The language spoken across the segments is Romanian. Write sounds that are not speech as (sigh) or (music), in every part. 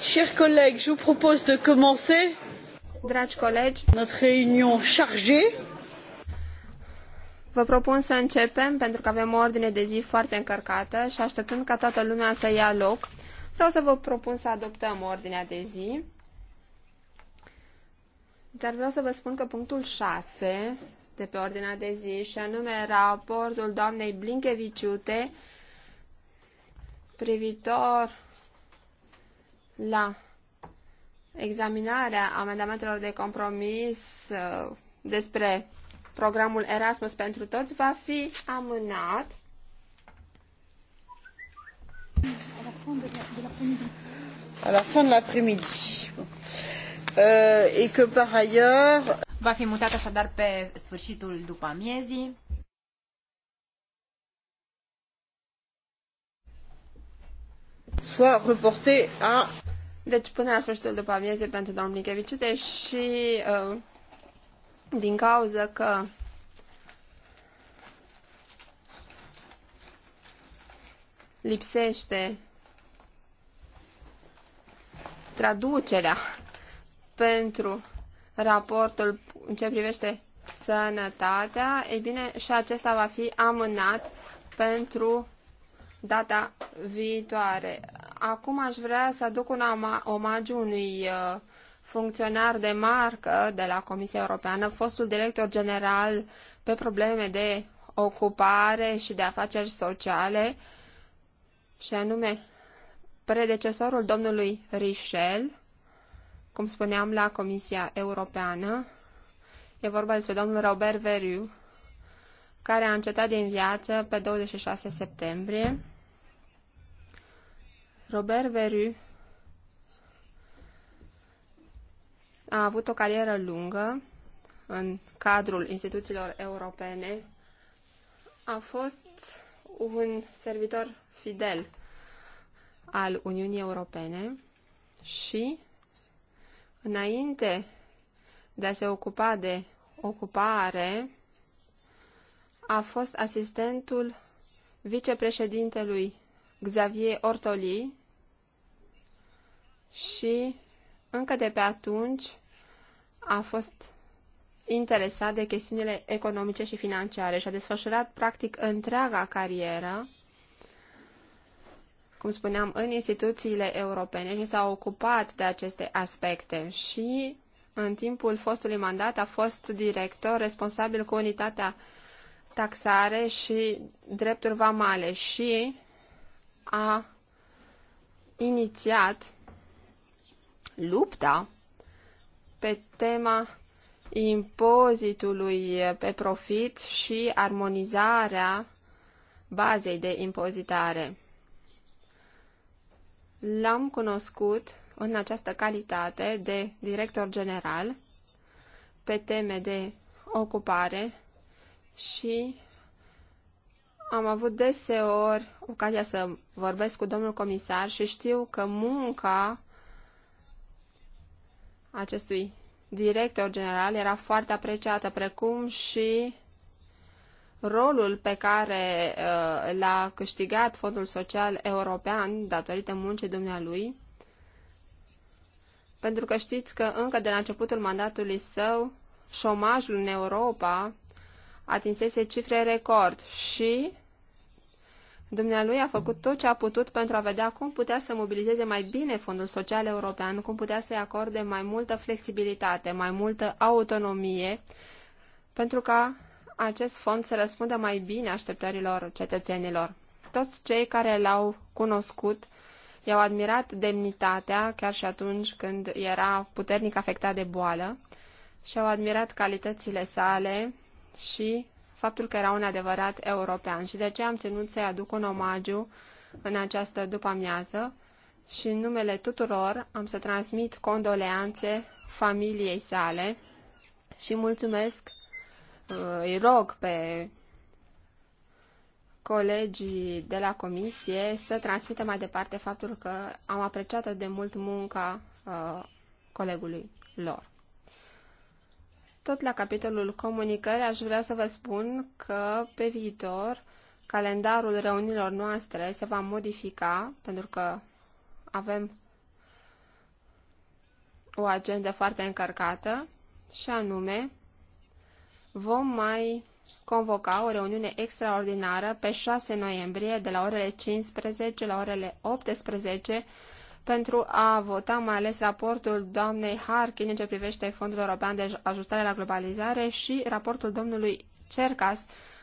Chers collègues, je vous propose de commencer Dragi colegi, notre réunion chargée. Vă propun să începem pentru că avem o ordine de zi foarte încărcată și așteptăm ca toată lumea să ia loc. Vreau să vă propun să adoptăm ordinea de zi. Dar vreau să vă spun că punctul 6 de pe ordinea de zi și anume raportul doamnei Blinkeviciute privitor la examinarea amendamentelor de compromis uh, despre programul Erasmus pentru toți va fi amânat. À la fin de l'après-midi. Euh, et que par ailleurs... Va fi mutat așadar pe sfârșitul după amiezii. soit reporté à... Deci până la sfârșitul după amieze pentru domnul Blinkeviciute și uh, din cauza că lipsește traducerea pentru raportul în ce privește sănătatea, e bine, și acesta va fi amânat pentru data viitoare. Acum aș vrea să aduc un omagiu unui uh, funcționar de marcă de la Comisia Europeană, fostul director general pe probleme de ocupare și de afaceri sociale, și anume predecesorul domnului Richel, cum spuneam, la Comisia Europeană. E vorba despre domnul Robert Veriu, care a încetat din viață pe 26 septembrie. Robert Veru a avut o carieră lungă în cadrul instituțiilor europene. A fost un servitor fidel al Uniunii Europene și înainte de a se ocupa de ocupare, a fost asistentul vicepreședintelui Xavier Ortoli și încă de pe atunci a fost interesat de chestiunile economice și financiare și a desfășurat practic întreaga carieră, cum spuneam, în instituțiile europene și s-a ocupat de aceste aspecte și în timpul fostului mandat a fost director responsabil cu unitatea taxare și drepturi vamale și a inițiat lupta pe tema impozitului pe profit și armonizarea bazei de impozitare. L-am cunoscut în această calitate de director general pe teme de ocupare și am avut deseori ocazia să vorbesc cu domnul comisar și știu că munca acestui director general era foarte apreciată, precum și rolul pe care uh, l-a câștigat Fondul Social European datorită muncii dumnealui, pentru că știți că încă de la începutul mandatului său, șomajul în Europa atinsese cifre record și Dumnealui a făcut tot ce a putut pentru a vedea cum putea să mobilizeze mai bine Fondul Social European, cum putea să-i acorde mai multă flexibilitate, mai multă autonomie, pentru ca acest fond să răspundă mai bine așteptărilor cetățenilor. Toți cei care l-au cunoscut i-au admirat demnitatea, chiar și atunci când era puternic afectat de boală, și au admirat calitățile sale și faptul că era un adevărat european și de aceea am ținut să-i aduc un omagiu în această după-amiază și în numele tuturor am să transmit condoleanțe familiei sale și mulțumesc, uh, îi rog pe colegii de la comisie să transmită mai departe faptul că am apreciat de mult munca uh, colegului lor. Tot la capitolul comunicări aș vrea să vă spun că pe viitor calendarul reunilor noastre se va modifica pentru că avem o agendă foarte încărcată și anume vom mai convoca o reuniune extraordinară pe 6 noiembrie de la orele 15 la orele 18 pentru a vota mai ales raportul doamnei Harkin în ce privește Fondul European de Ajustare la Globalizare și raportul domnului Cercas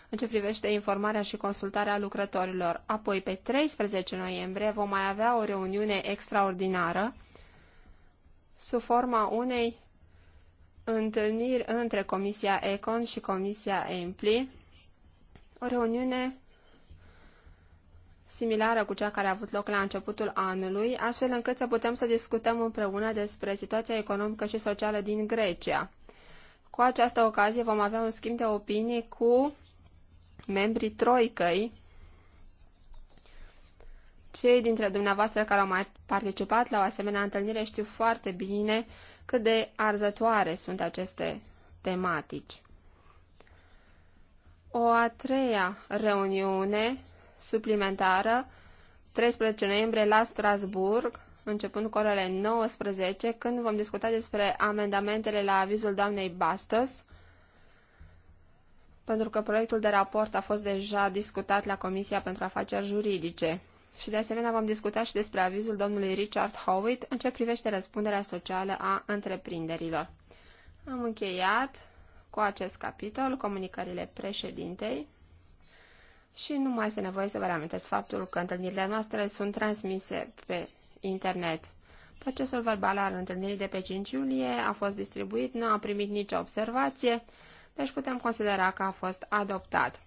în ce privește informarea și consultarea lucrătorilor. Apoi, pe 13 noiembrie, vom mai avea o reuniune extraordinară sub forma unei întâlniri între Comisia Econ și Comisia Empli, o reuniune similară cu cea care a avut loc la începutul anului, astfel încât să putem să discutăm împreună despre situația economică și socială din Grecia. Cu această ocazie vom avea un schimb de opinii cu membrii Troicăi, cei dintre dumneavoastră care au mai participat la o asemenea întâlnire știu foarte bine cât de arzătoare sunt aceste tematici. O a treia reuniune suplimentară 13 noiembrie la Strasburg, începând cu orele 19, când vom discuta despre amendamentele la avizul doamnei Bastos, pentru că proiectul de raport a fost deja discutat la Comisia pentru Afaceri Juridice. Și de asemenea vom discuta și despre avizul domnului Richard Howitt în ce privește răspunderea socială a întreprinderilor. Am încheiat cu acest capitol comunicările președintei și nu mai este nevoie să vă reamintesc faptul că întâlnirile noastre sunt transmise pe internet. Procesul verbal al întâlnirii de pe 5 iulie a fost distribuit, nu a primit nicio observație, deci putem considera că a fost adoptat.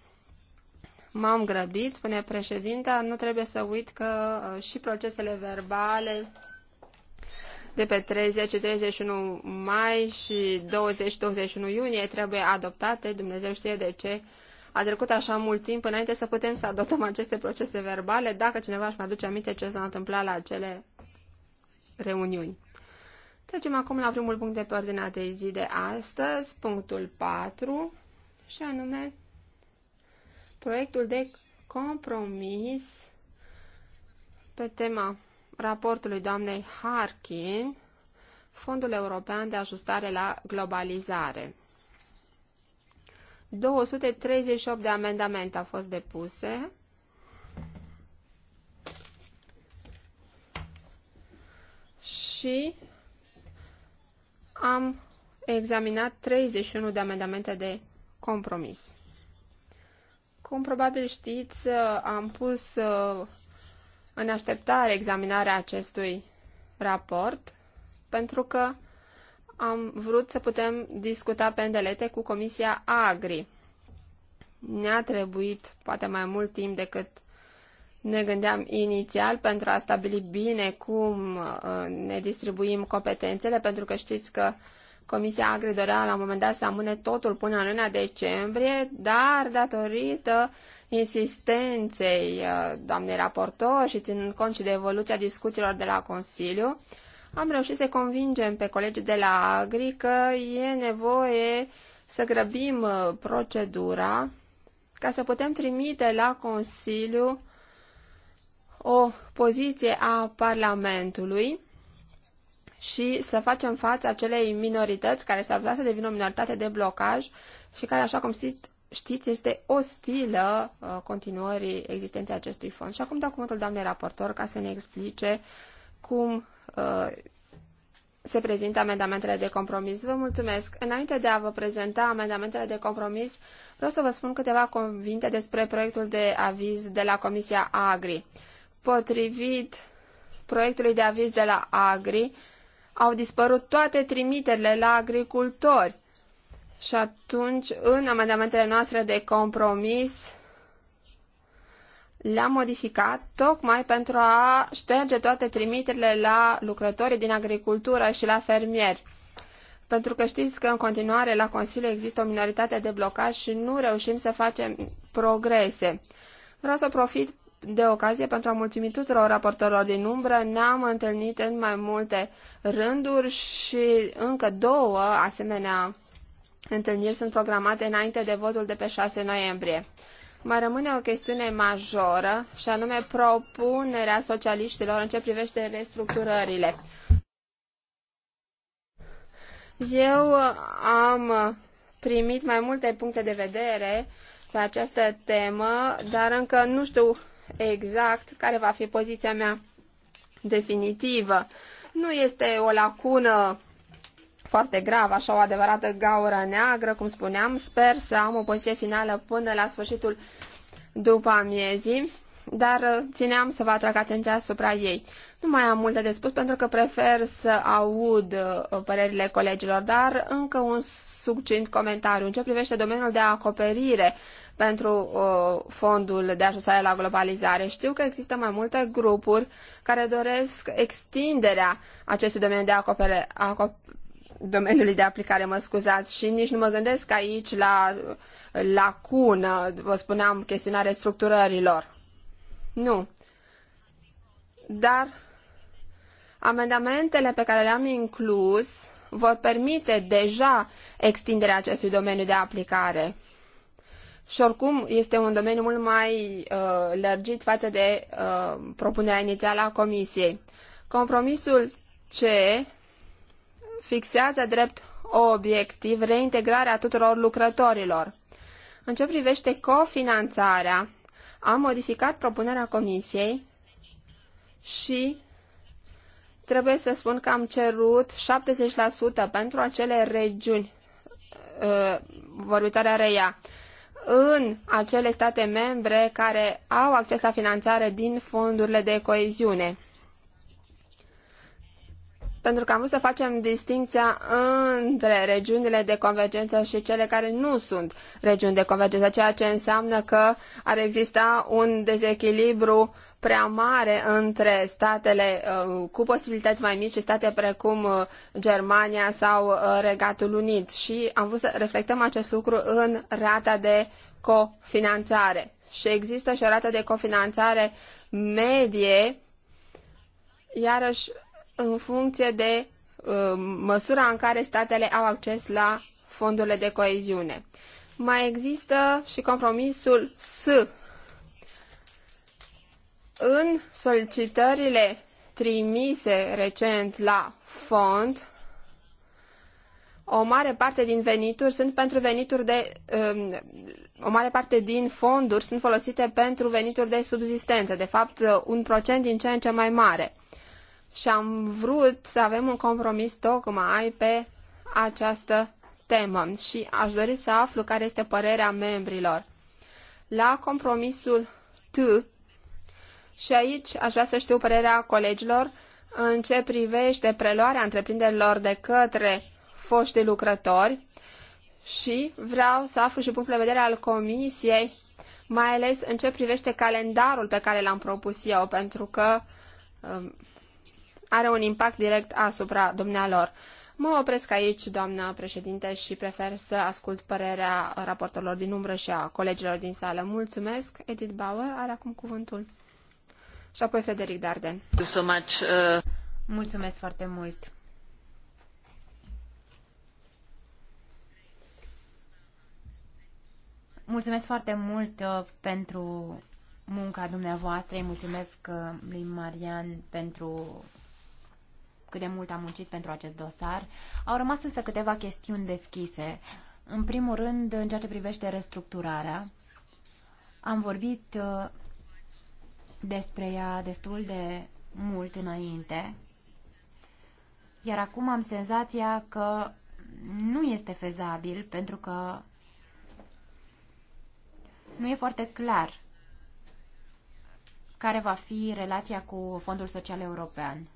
M-am grăbit, spune președinta, nu trebuie să uit că uh, și procesele verbale de pe 30-31 mai și 20-21 iunie trebuie adoptate, Dumnezeu știe de ce, a trecut așa mult timp înainte să putem să adoptăm aceste procese verbale, dacă cineva își mai aduce aminte ce s-a întâmplat la acele reuniuni. Trecem acum la primul punct de pe ordinea de zi de astăzi, punctul 4, și anume proiectul de compromis pe tema raportului doamnei Harkin, Fondul European de Ajustare la Globalizare. 238 de amendamente au fost depuse. Și am examinat 31 de amendamente de compromis. Cum probabil știți, uh, am pus uh, în așteptare examinarea acestui raport, pentru că am vrut să putem discuta pe îndelete cu Comisia Agri. Ne-a trebuit poate mai mult timp decât ne gândeam inițial pentru a stabili bine cum uh, ne distribuim competențele, pentru că știți că Comisia Agri dorea la un moment dat să amâne totul până în luna decembrie, dar datorită insistenței uh, doamnei raportor și ținând cont și de evoluția discuțiilor de la Consiliu, am reușit să convingem pe colegii de la Agri că e nevoie să grăbim uh, procedura ca să putem trimite la Consiliu o poziție a Parlamentului și să facem față acelei minorități care s-ar putea să devină o minoritate de blocaj și care, așa cum știți, este ostilă uh, continuării existenței acestui fond. Și acum dau cuvântul doamnei raportor ca să ne explice cum uh, se prezintă amendamentele de compromis. Vă mulțumesc. Înainte de a vă prezenta amendamentele de compromis, vreau să vă spun câteva convinte despre proiectul de aviz de la Comisia Agri. Potrivit proiectului de aviz de la Agri, au dispărut toate trimiterile la agricultori. Și atunci, în amendamentele noastre de compromis, le-am modificat tocmai pentru a șterge toate trimiterile la lucrătorii din agricultură și la fermieri. Pentru că știți că în continuare la Consiliu există o minoritate de blocaj și nu reușim să facem progrese. Vreau să profit de ocazie pentru a mulțumi tuturor raportorilor din umbră. Ne-am întâlnit în mai multe rânduri și încă două asemenea întâlniri sunt programate înainte de votul de pe 6 noiembrie mai rămâne o chestiune majoră, și anume propunerea socialiștilor în ce privește restructurările. Eu am primit mai multe puncte de vedere pe această temă, dar încă nu știu exact care va fi poziția mea definitivă. Nu este o lacună foarte grav, așa o adevărată gaură neagră, cum spuneam. Sper să am o poziție finală până la sfârșitul după amiezii, dar uh, țineam să vă atrag atenția asupra ei. Nu mai am multe de spus pentru că prefer să aud uh, părerile colegilor, dar încă un succint comentariu în ce privește domeniul de acoperire pentru uh, fondul de ajustare la globalizare. Știu că există mai multe grupuri care doresc extinderea acestui domeniu de acoperire. acop, domeniului de aplicare, mă scuzați, și nici nu mă gândesc aici la lacună, vă spuneam, chestiunea restructurărilor. Nu. Dar amendamentele pe care le-am inclus vor permite deja extinderea acestui domeniu de aplicare. Și oricum este un domeniu mult mai uh, lărgit față de uh, propunerea inițială a Comisiei. Compromisul C fixează drept obiectiv reintegrarea tuturor lucrătorilor. În ce privește cofinanțarea, am modificat propunerea comisiei și trebuie să spun că am cerut 70% pentru acele regiuni ă, vorbitoarea reia în acele state membre care au acces la finanțare din fondurile de coeziune pentru că am vrut să facem distinția între regiunile de convergență și cele care nu sunt regiuni de convergență, ceea ce înseamnă că ar exista un dezechilibru prea mare între statele uh, cu posibilități mai mici și state precum uh, Germania sau uh, Regatul Unit și am vrut să reflectăm acest lucru în rata de cofinanțare. Și există și o rată de cofinanțare medie, iarăși în funcție de uh, măsura în care statele au acces la fondurile de coeziune. Mai există și compromisul S. În solicitările trimise recent la fond, o mare parte din venituri sunt pentru venituri de. Um, o mare parte din fonduri sunt folosite pentru venituri de subzistență, de fapt uh, un procent din ce în ce mai mare și am vrut să avem un compromis tocmai pe această temă și aș dori să aflu care este părerea membrilor. La compromisul T, și aici aș vrea să știu părerea colegilor în ce privește preluarea întreprinderilor de către foștii lucrători și vreau să aflu și punctul de vedere al comisiei, mai ales în ce privește calendarul pe care l-am propus eu, pentru că um, are un impact direct asupra dumnealor. Mă opresc aici, doamnă președinte, și prefer să ascult părerea raportorilor din umbră și a colegilor din sală. Mulțumesc. Edith Bauer are acum cuvântul. Și apoi Frederic Darden. Uh, mulțumesc foarte mult. Mulțumesc foarte mult uh, pentru munca dumneavoastră. Îi mulțumesc uh, lui Marian pentru cât de mult a muncit pentru acest dosar. Au rămas însă câteva chestiuni deschise. În primul rând, în ceea ce privește restructurarea, am vorbit uh, despre ea destul de mult înainte, iar acum am senzația că nu este fezabil pentru că nu e foarte clar care va fi relația cu Fondul Social European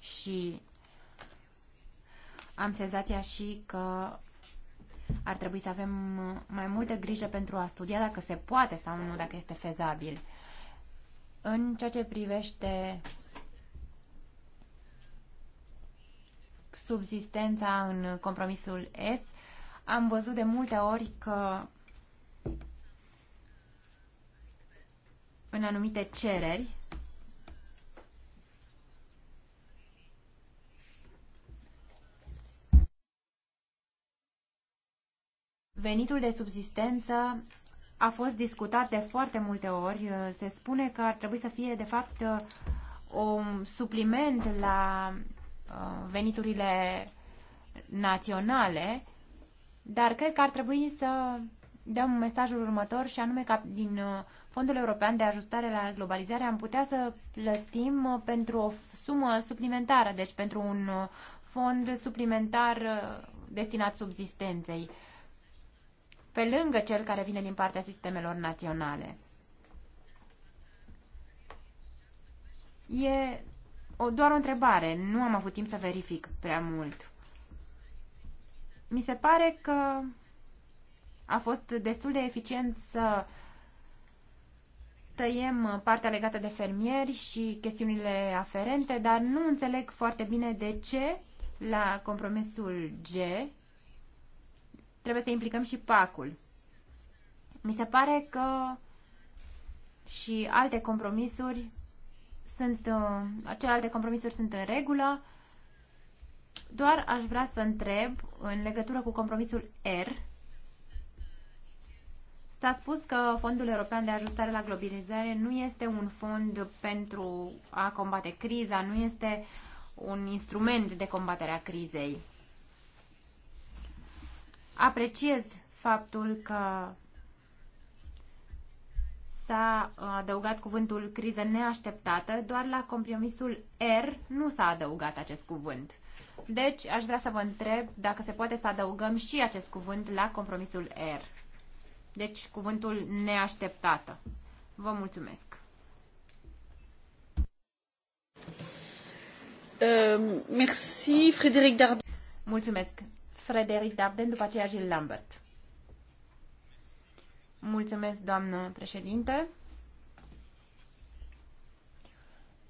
și am senzația și că ar trebui să avem mai multă grijă pentru a studia dacă se poate sau nu, dacă este fezabil. În ceea ce privește subsistența în compromisul S, am văzut de multe ori că în anumite cereri Venitul de subsistență a fost discutat de foarte multe ori. Uh, se spune că ar trebui să fie, de fapt, uh, un supliment la uh, veniturile naționale, dar cred că ar trebui să dăm mesajul următor și anume că din Fondul European de Ajustare la Globalizare am putea să plătim pentru o sumă suplimentară, deci pentru un fond suplimentar destinat subsistenței pe lângă cel care vine din partea sistemelor naționale. E o, doar o întrebare, nu am avut timp să verific prea mult. Mi se pare că a fost destul de eficient să tăiem partea legată de fermieri și chestiunile aferente, dar nu înțeleg foarte bine de ce la compromisul G trebuie să implicăm și pacul. Mi se pare că și alte compromisuri sunt, uh, celelalte compromisuri sunt în regulă. Doar aș vrea să întreb, în legătură cu compromisul R, s-a spus că Fondul European de Ajustare la Globalizare nu este un fond pentru a combate criza, nu este un instrument de combatere a crizei. Apreciez faptul că s-a adăugat cuvântul criză neașteptată, doar la compromisul R nu s-a adăugat acest cuvânt. Deci, aș vrea să vă întreb dacă se poate să adăugăm și acest cuvânt la compromisul R. Deci, cuvântul neașteptată. Vă mulțumesc. Uh, merci, Frédéric Dardin. Mulțumesc. Frederic Darden, după aceea Gilles Lambert. Mulțumesc, doamnă președinte.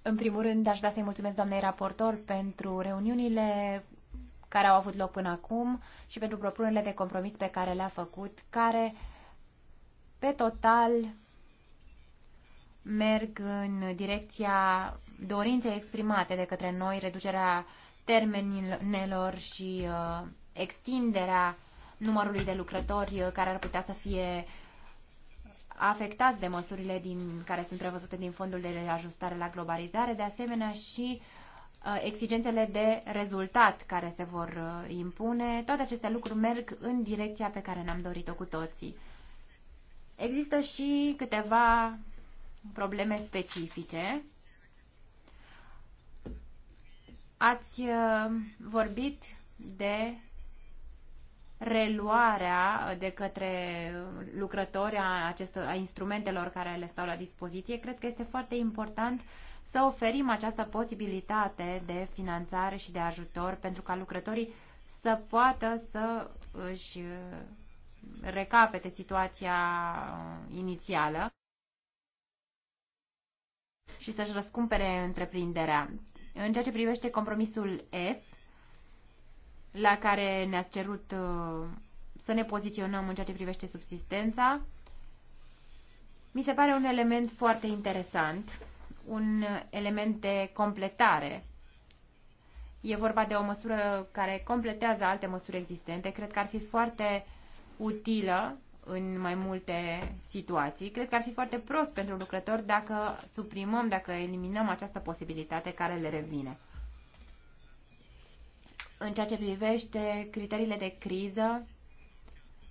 În primul rând, aș vrea să-i mulțumesc doamnei raportor pentru reuniunile care au avut loc până acum și pentru propunerile de compromis pe care le-a făcut, care, pe total, merg în direcția dorinței exprimate de către noi, reducerea termenilor și uh, extinderea numărului de lucrători uh, care ar putea să fie afectați de măsurile din, care sunt prevăzute din Fondul de reajustare la Globalizare, de asemenea și uh, exigențele de rezultat care se vor uh, impune. Toate aceste lucruri merg în direcția pe care ne-am dorit-o cu toții. Există și câteva probleme specifice. Ați vorbit de reluarea de către lucrători a, acestor, a instrumentelor care le stau la dispoziție, cred că este foarte important să oferim această posibilitate de finanțare și de ajutor pentru ca lucrătorii să poată să își recapete situația inițială și să-și răscumpere întreprinderea. În ceea ce privește compromisul S, la care ne-ați cerut uh, să ne poziționăm în ceea ce privește subsistența. Mi se pare un element foarte interesant, un element de completare. E vorba de o măsură care completează alte măsuri existente. Cred că ar fi foarte utilă în mai multe situații. Cred că ar fi foarte prost pentru lucrători dacă suprimăm, dacă eliminăm această posibilitate care le revine. În ceea ce privește criteriile de criză,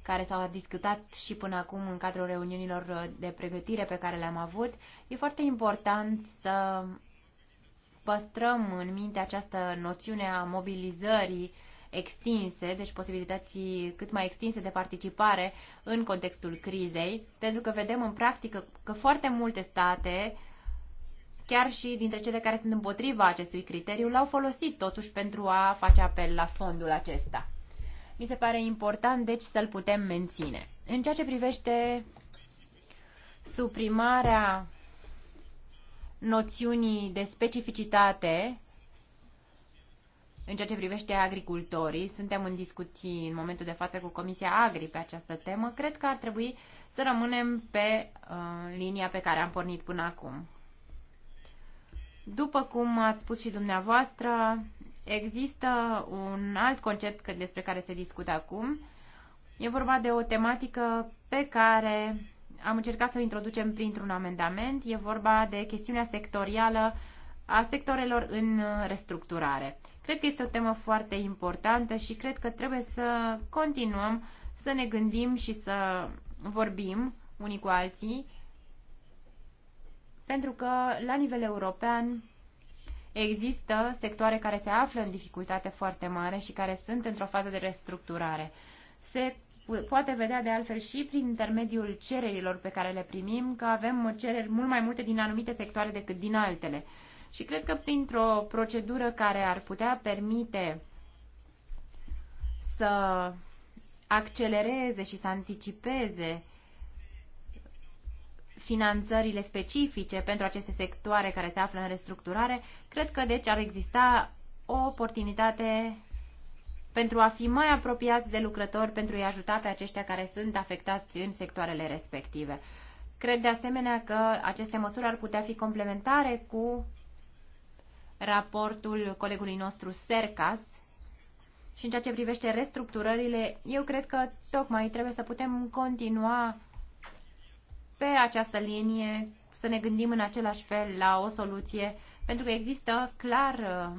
care s-au discutat și până acum în cadrul reuniunilor de pregătire pe care le-am avut, e foarte important să păstrăm în minte această noțiune a mobilizării extinse, deci posibilității cât mai extinse de participare în contextul crizei, pentru că vedem în practică că foarte multe state chiar și dintre cele care sunt împotriva acestui criteriu, l-au folosit totuși pentru a face apel la fondul acesta. Mi se pare important, deci, să-l putem menține. În ceea ce privește suprimarea noțiunii de specificitate în ceea ce privește agricultorii, suntem în discuții în momentul de față cu Comisia Agri pe această temă, cred că ar trebui să rămânem pe uh, linia pe care am pornit până acum. După cum ați spus și dumneavoastră, există un alt concept despre care se discută acum. E vorba de o tematică pe care am încercat să o introducem printr-un amendament. E vorba de chestiunea sectorială a sectorelor în restructurare. Cred că este o temă foarte importantă și cred că trebuie să continuăm să ne gândim și să vorbim unii cu alții pentru că la nivel european există sectoare care se află în dificultate foarte mare și care sunt într-o fază de restructurare. Se poate vedea de altfel și prin intermediul cererilor pe care le primim că avem cereri mult mai multe din anumite sectoare decât din altele. Și cred că printr-o procedură care ar putea permite să accelereze și să anticipeze finanțările specifice pentru aceste sectoare care se află în restructurare, cred că deci ar exista o oportunitate pentru a fi mai apropiați de lucrători, pentru a-i ajuta pe aceștia care sunt afectați în sectoarele respective. Cred de asemenea că aceste măsuri ar putea fi complementare cu raportul colegului nostru Sercas și în ceea ce privește restructurările, eu cred că tocmai trebuie să putem continua pe această linie să ne gândim în același fel la o soluție, pentru că există clar uh,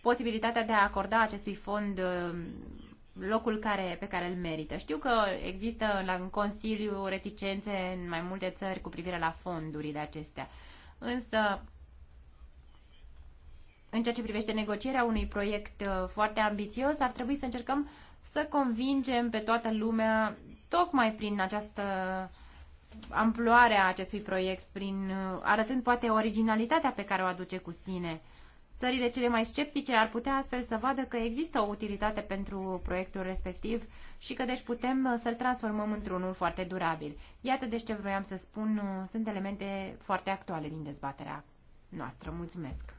posibilitatea de a acorda acestui fond uh, locul care, pe care îl merită. Știu că există la, în Consiliu reticențe în mai multe țări cu privire la fondurile acestea, însă în ceea ce privește negocierea unui proiect uh, foarte ambițios, ar trebui să încercăm să convingem pe toată lumea tocmai prin această amploare a acestui proiect, prin uh, arătând poate originalitatea pe care o aduce cu sine. Țările cele mai sceptice ar putea astfel să vadă că există o utilitate pentru proiectul respectiv și că deci putem uh, să-l transformăm într-unul foarte durabil. Iată deci ce vroiam să spun, uh, sunt elemente foarte actuale din dezbaterea noastră. Mulțumesc!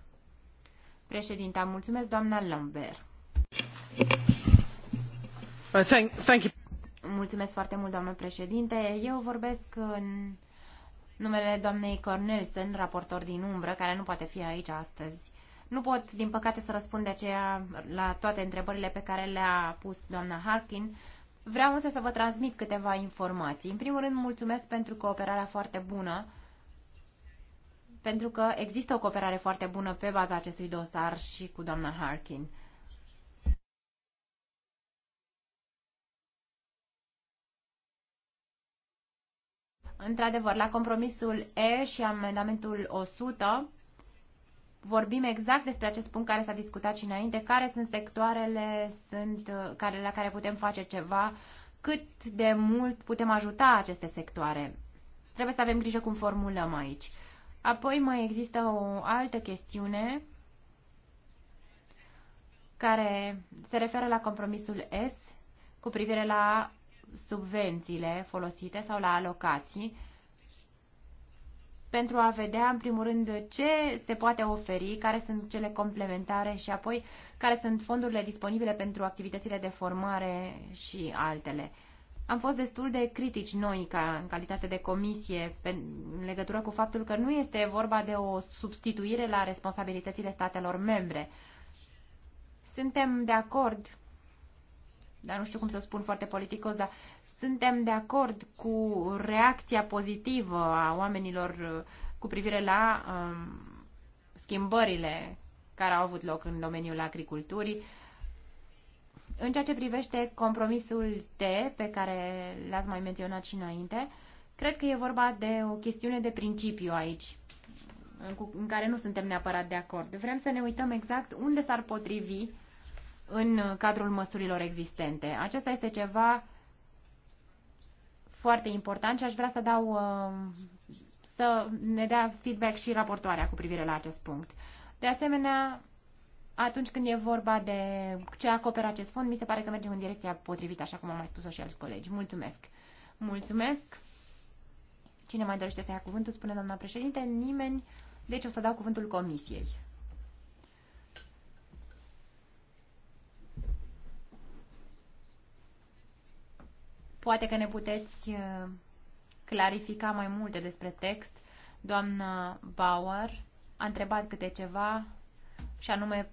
Președinta, mulțumesc doamna Lambert. thank, thank you. Mulțumesc foarte mult, doamnă președinte. Eu vorbesc în numele doamnei Cornelsen, raportor din umbră, care nu poate fi aici astăzi. Nu pot, din păcate, să răspund de aceea la toate întrebările pe care le-a pus doamna Harkin. Vreau însă să vă transmit câteva informații. În primul rând, mulțumesc pentru cooperarea foarte bună, pentru că există o cooperare foarte bună pe baza acestui dosar și cu doamna Harkin. Într-adevăr, la compromisul E și amendamentul 100 vorbim exact despre acest punct care s-a discutat și înainte, care sunt sectoarele sunt, care, la care putem face ceva, cât de mult putem ajuta aceste sectoare. Trebuie să avem grijă cum formulăm aici. Apoi mai există o altă chestiune care se referă la compromisul S cu privire la subvențiile folosite sau la alocații pentru a vedea, în primul rând, ce se poate oferi, care sunt cele complementare și apoi care sunt fondurile disponibile pentru activitățile de formare și altele. Am fost destul de critici noi ca în calitate de comisie pe, în legătură cu faptul că nu este vorba de o substituire la responsabilitățile statelor membre. Suntem de acord dar nu știu cum să spun foarte politicos, dar suntem de acord cu reacția pozitivă a oamenilor uh, cu privire la um, schimbările care au avut loc în domeniul agriculturii. În ceea ce privește compromisul T, pe care l-ați mai menționat și înainte, cred că e vorba de o chestiune de principiu aici, în, cu, în care nu suntem neapărat de acord. Vrem să ne uităm exact unde s-ar potrivi uh, în cadrul măsurilor existente. Acesta este ceva foarte important și aș vrea să dau uh, să ne dea feedback și raportoarea cu privire la acest punct. De asemenea, atunci când e vorba de ce acoperă acest fond, mi se pare că mergem în direcția potrivită, așa cum am mai spus-o și alți colegi. Mulțumesc! Mulțumesc! Cine mai dorește să ia cuvântul, spune doamna președinte, nimeni. Deci o să dau cuvântul comisiei. Poate că ne puteți uh, clarifica mai multe despre text. Doamna Bauer a întrebat câte ceva și anume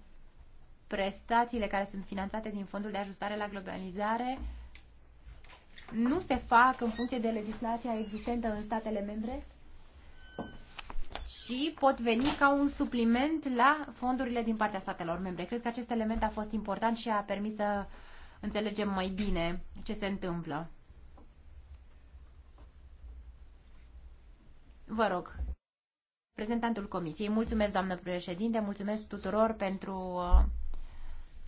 prestațiile care sunt finanțate din Fondul de Ajustare la Globalizare nu se fac în funcție de legislația existentă în statele membre și pot veni ca un supliment la fondurile din partea statelor membre. Cred că acest element a fost important și a permis să înțelegem mai bine ce se întâmplă. Vă rog. Reprezentantul Comisiei, mulțumesc, doamnă președinte, mulțumesc tuturor pentru uh,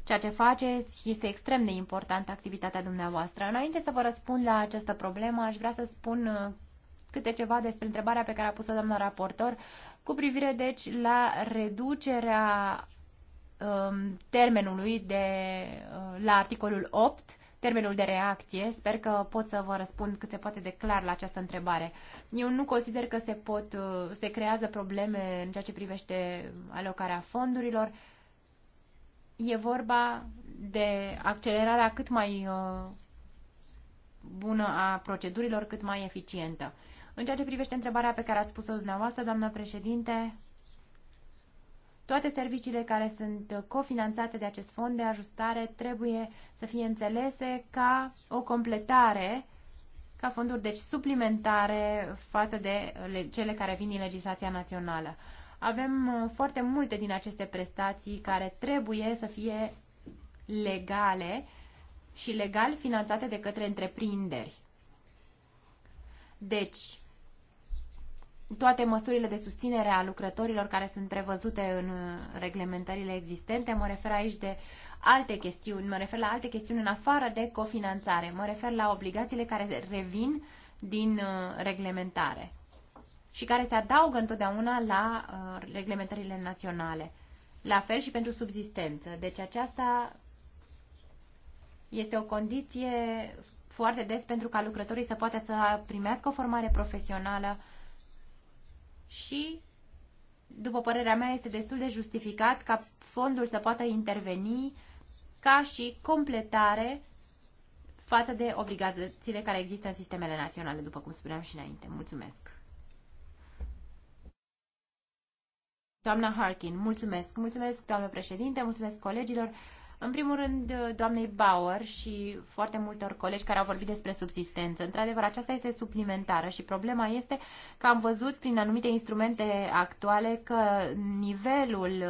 ceea ce faceți. Este extrem de importantă activitatea dumneavoastră. Înainte să vă răspund la această problemă, aș vrea să spun uh, câte ceva despre întrebarea pe care a pus-o doamna raportor cu privire, deci, la reducerea um, termenului de, uh, la articolul 8 termenul de reacție. Sper că pot să vă răspund cât se poate de clar la această întrebare. Eu nu consider că se pot, uh, se creează probleme în ceea ce privește alocarea fondurilor. E vorba de accelerarea cât mai uh, bună a procedurilor, cât mai eficientă. În ceea ce privește întrebarea pe care ați spus-o dumneavoastră, doamnă președinte, toate serviciile care sunt cofinanțate de acest fond de ajustare trebuie să fie înțelese ca o completare, ca fonduri deci suplimentare față de cele care vin din legislația națională. Avem uh, foarte multe din aceste prestații care trebuie să fie legale și legal finanțate de către întreprinderi. Deci, toate măsurile de susținere a lucrătorilor care sunt prevăzute în uh, reglementările existente. Mă refer aici de alte chestiuni, mă refer la alte chestiuni în afară de cofinanțare, mă refer la obligațiile care revin din uh, reglementare și care se adaugă întotdeauna la uh, reglementările naționale. La fel și pentru subzistență. Deci aceasta este o condiție foarte des pentru ca lucrătorii să poată să primească o formare profesională și, după părerea mea, este destul de justificat ca fondul să poată interveni ca și completare față de obligațiile care există în sistemele naționale, după cum spuneam și înainte. Mulțumesc! Doamna Harkin, mulțumesc, mulțumesc, doamnă președinte, mulțumesc colegilor. În primul rând, uh, doamnei Bauer și foarte multor colegi care au vorbit despre subsistență. Într-adevăr, aceasta este suplimentară și problema este că am văzut prin anumite instrumente actuale că nivelul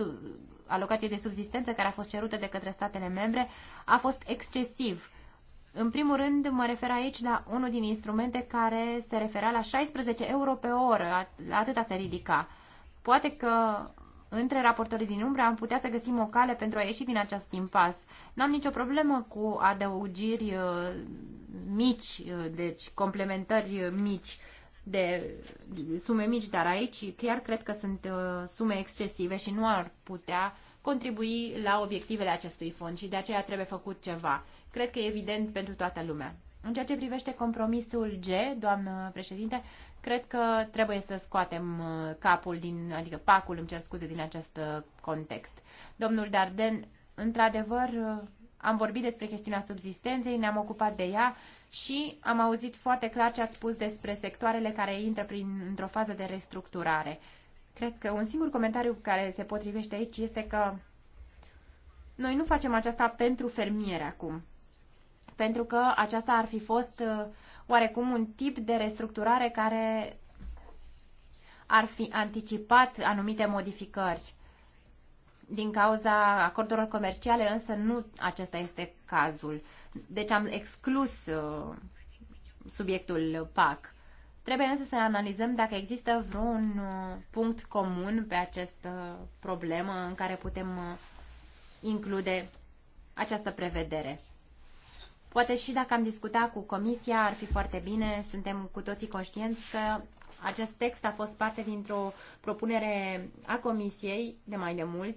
uh, alocației de subsistență care a fost cerută de către statele membre a fost excesiv. În primul rând, mă refer aici la unul din instrumente care se refera la 16 euro pe oră, atâta se ridica. Poate că între raportorii din umbră am putea să găsim o cale pentru a ieși din acest impas. N-am nicio problemă cu adăugiri uh, mici, uh, deci complementări mici de sume mici, dar aici chiar cred că sunt uh, sume excesive și nu ar putea contribui la obiectivele acestui fond și de aceea trebuie făcut ceva. Cred că e evident pentru toată lumea. În ceea ce privește compromisul G, doamnă președinte, Cred că trebuie să scoatem uh, capul din, adică pacul, îmi cer scuze, din acest uh, context. Domnul Darden, într-adevăr, uh, am vorbit despre chestiunea subsistenței, ne-am ocupat de ea și am auzit foarte clar ce ați spus despre sectoarele care intră prin, într-o fază de restructurare. Cred că un singur comentariu care se potrivește aici este că noi nu facem aceasta pentru fermieri acum, pentru că aceasta ar fi fost oarecum un tip de restructurare care ar fi anticipat anumite modificări. Din cauza acordurilor comerciale, însă nu acesta este cazul. Deci am exclus uh, subiectul PAC. Trebuie însă să analizăm dacă există vreun uh, punct comun pe această problemă în care putem uh, include această prevedere. Poate și dacă am discutat cu Comisia, ar fi foarte bine. Suntem cu toții conștienți că acest text a fost parte dintr-o propunere a Comisiei de mai de mult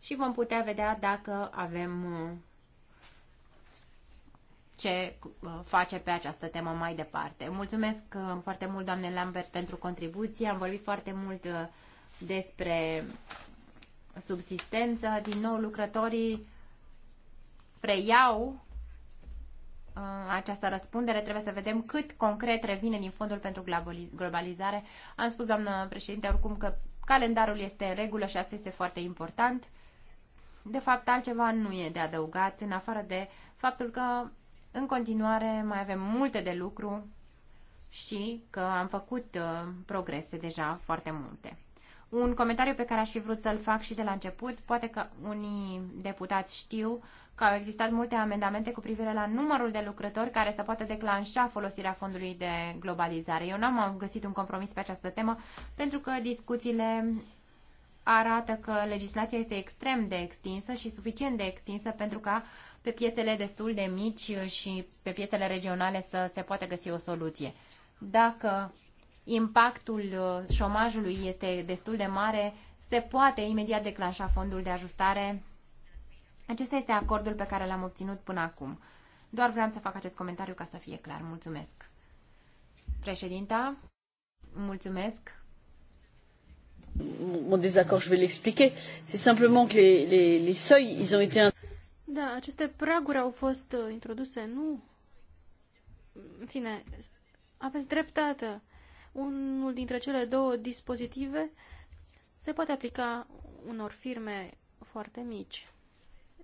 și vom putea vedea dacă avem uh, ce uh, face pe această temă mai departe. Mulțumesc uh, foarte mult, doamne Lambert, pentru contribuție. Am vorbit foarte mult despre subsistență. Din nou, lucrătorii preiau Uh, această răspundere. Trebuie să vedem cât concret revine din fondul pentru globalizare. Am spus, doamnă președinte, oricum că calendarul este în regulă și asta este foarte important. De fapt, altceva nu e de adăugat, în afară de faptul că în continuare mai avem multe de lucru și că am făcut uh, progrese deja foarte multe. Un comentariu pe care aș fi vrut să-l fac și de la început, poate că unii deputați știu că au existat multe amendamente cu privire la numărul de lucrători care să poată declanșa folosirea fondului de globalizare. Eu n-am găsit un compromis pe această temă pentru că discuțiile arată că legislația este extrem de extinsă și suficient de extinsă pentru ca pe piețele destul de mici și pe piețele regionale să se poată găsi o soluție. Dacă impactul uh, șomajului este destul de mare, se poate imediat declanșa fondul de ajustare. Acesta este acordul pe care l-am obținut până acum. Doar vreau să fac acest comentariu ca să fie clar. Mulțumesc. Președinta, mulțumesc. Mon désaccord, je vais l'expliquer. C'est simplement que les, les, les seuils, ils ont été... Da, aceste praguri au fost uh, introduse, nu? În fine, aveți dreptate unul dintre cele două dispozitive se poate aplica unor firme foarte mici.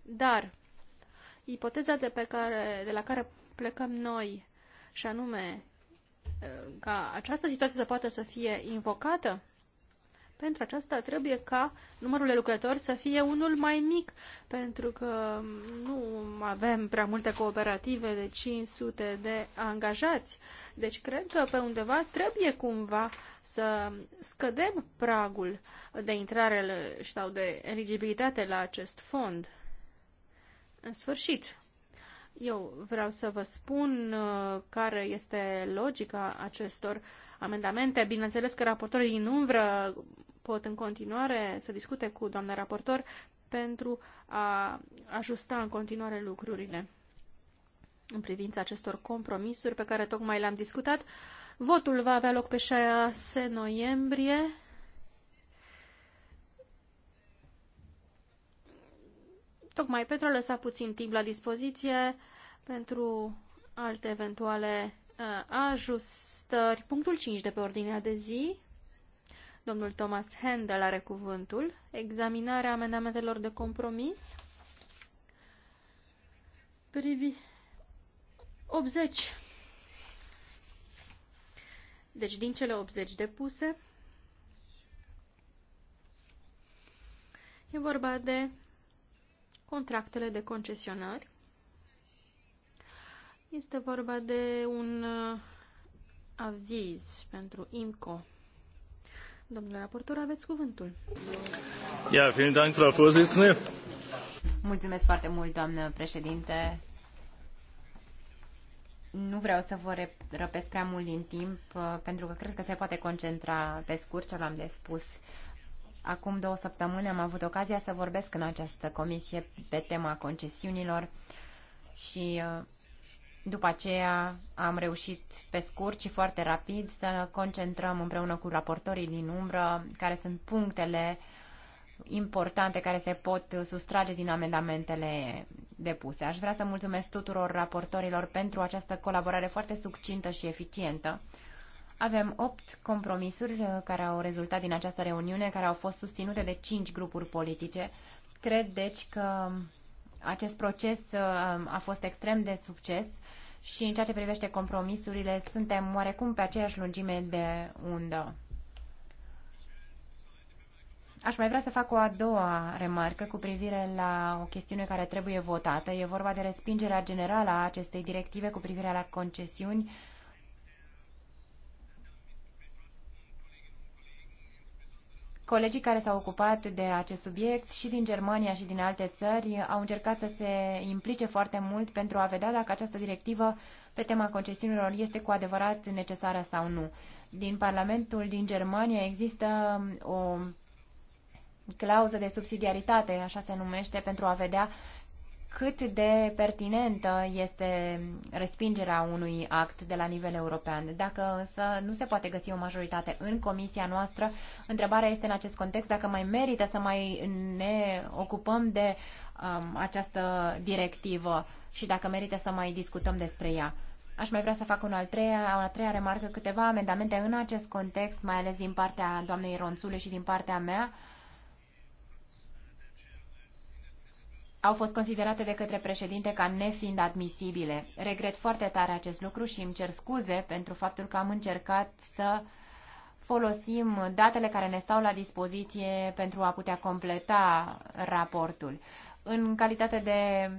Dar ipoteza de, pe care, de la care plecăm noi, și anume eh, ca această situație să poată să fie invocată pentru aceasta trebuie ca numărul de lucrători să fie unul mai mic, pentru că mm, nu avem prea multe cooperative de 500 de angajați. Deci cred că pe undeva trebuie cumva să scădem pragul de intrare sau de eligibilitate la acest fond. În sfârșit, eu vreau să vă spun uh, care este logica acestor amendamente. Bineînțeles că raportorii din umbră pot în continuare să discute cu doamna raportor pentru a ajusta în continuare lucrurile în privința acestor compromisuri pe care tocmai le-am discutat. Votul va avea loc pe 6 noiembrie. Tocmai pentru a lăsa puțin timp la dispoziție pentru alte eventuale uh, ajustări. Punctul 5 de pe ordinea de zi. Domnul Thomas Handel are cuvântul. Examinarea amendamentelor de compromis. Privi 80. Deci din cele 80 depuse e vorba de contractele de concesionari. Este vorba de un uh, aviz pentru IMCO. Domnule raportor, aveți cuvântul. Ja, vielen Dank, Frau Vorsitzende. Mulțumesc foarte mult, doamnă președinte. Nu vreau să vă răpesc prea mult din timp, uh, pentru că cred că se poate concentra pe scurt ce l-am de spus. Acum două săptămâni am avut ocazia să vorbesc în această comisie pe tema concesiunilor și uh, după aceea am reușit pe scurt și foarte rapid să concentrăm împreună cu raportorii din umbră care sunt punctele importante care se pot sustrage din amendamentele depuse. Aș vrea să mulțumesc tuturor raportorilor pentru această colaborare foarte succintă și eficientă. Avem opt compromisuri care au rezultat din această reuniune, care au fost susținute de cinci grupuri politice. Cred, deci, că acest proces uh, a fost extrem de succes și în ceea ce privește compromisurile suntem oarecum pe aceeași lungime de undă. Aș mai vrea să fac o a doua remarcă cu privire la o chestiune care trebuie votată. E vorba de respingerea generală a acestei directive cu privire la concesiuni Colegii care s-au ocupat de acest subiect și din Germania și din alte țări au încercat să se implice foarte mult pentru a vedea dacă această directivă pe tema concesiunilor este cu adevărat necesară sau nu. Din Parlamentul din Germania există um, o clauză de subsidiaritate, așa se numește, pentru a vedea uh, cât de pertinentă este respingerea unui act de la nivel european. Dacă însă nu se poate găsi o majoritate în comisia noastră, întrebarea este în acest context dacă mai merită să mai ne ocupăm de um, această directivă și dacă merită să mai discutăm despre ea. Aș mai vrea să fac un al treia, o a treia remarcă, câteva amendamente în acest context, mai ales din partea doamnei Ronțule și din partea mea, uh, au fost considerate de către președinte ca nefiind admisibile. Regret foarte tare acest lucru și îmi cer scuze pentru faptul că am încercat să folosim datele care ne stau la dispoziție pentru a putea completa raportul. În calitate de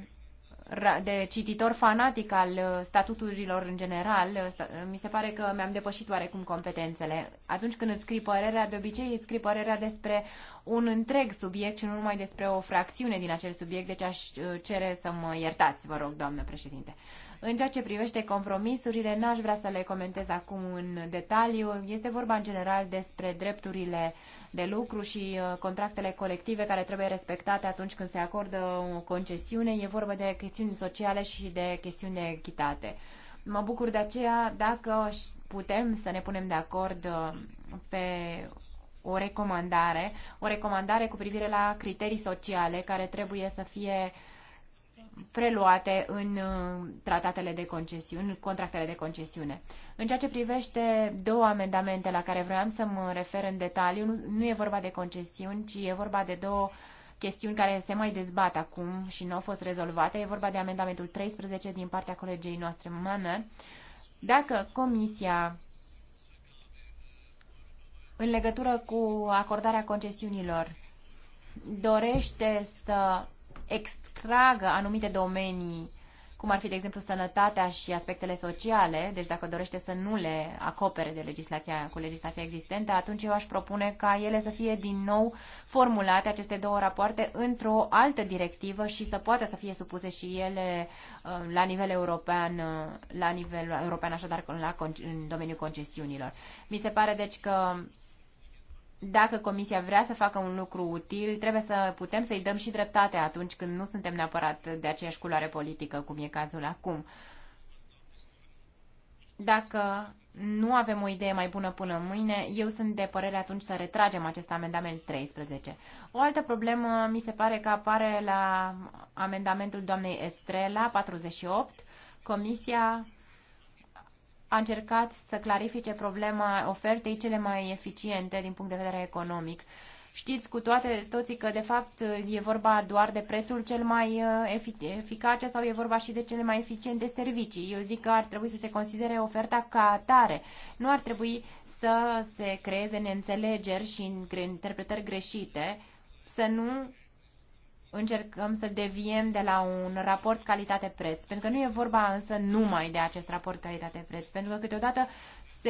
de cititor fanatic al uh, statuturilor în general, uh, uh, mi se pare că mi-am depășit oarecum competențele. Atunci când îți scrii părerea, de obicei îți scrii părerea despre un întreg subiect și nu numai despre o fracțiune din acel subiect, deci aș cere să mă iertați, vă rog, doamnă președinte. În ceea ce privește compromisurile, n-aș vrea să le comentez acum în detaliu. Este vorba în general despre drepturile uh, de lucru și uh, contractele colective care trebuie respectate atunci când se acordă o concesiune. E vorba de chestiuni sociale și de chestiuni de echitate. Mă bucur de aceea dacă putem să ne punem de acord uh, pe o recomandare, o recomandare cu privire la criterii sociale care trebuie să fie uh, preluate în uh, tratatele de concesiune, contractele de concesiune. În ceea ce privește două amendamente la care vreau să mă refer în detaliu, nu, e vorba de concesiuni, ci e vorba de două chestiuni care se mai dezbat acum și nu au fost rezolvate. E vorba de amendamentul 13 din partea colegei noastre Manner. Dacă Comisia în legătură cu acordarea concesiunilor dorește să ex retragă anumite domenii, cum ar fi, de exemplu, sănătatea și aspectele sociale, deci dacă dorește să nu le acopere de legislația cu legislația existentă, atunci eu aș propune ca ele să fie din nou formulate, aceste două rapoarte, într-o altă directivă și să poată să fie supuse și ele uh, la nivel european, uh, la nivel european, așadar, la, în domeniul concesiunilor. Mi se pare, deci, că dacă Comisia vrea să facă un lucru util, trebuie să putem să-i dăm și dreptate atunci când nu suntem neapărat de aceeași culoare politică, cum e cazul acum. Dacă nu avem o idee mai bună până mâine, eu sunt de părere atunci să retragem acest amendament 13. O altă problemă mi se pare că apare la amendamentul doamnei Estrela 48. Comisia a încercat să clarifice problema ofertei cele mai eficiente din punct de vedere economic. Știți cu toate toții că de fapt e vorba doar de prețul cel mai uh, eficace sau e vorba și de cele mai eficiente servicii. Eu zic că ar trebui să se considere oferta ca atare. Nu ar trebui să se creeze neînțelegeri și interpretări greșite, să nu încercăm să deviem de la un raport calitate-preț, pentru că nu e vorba însă numai de acest raport calitate-preț, pentru că câteodată se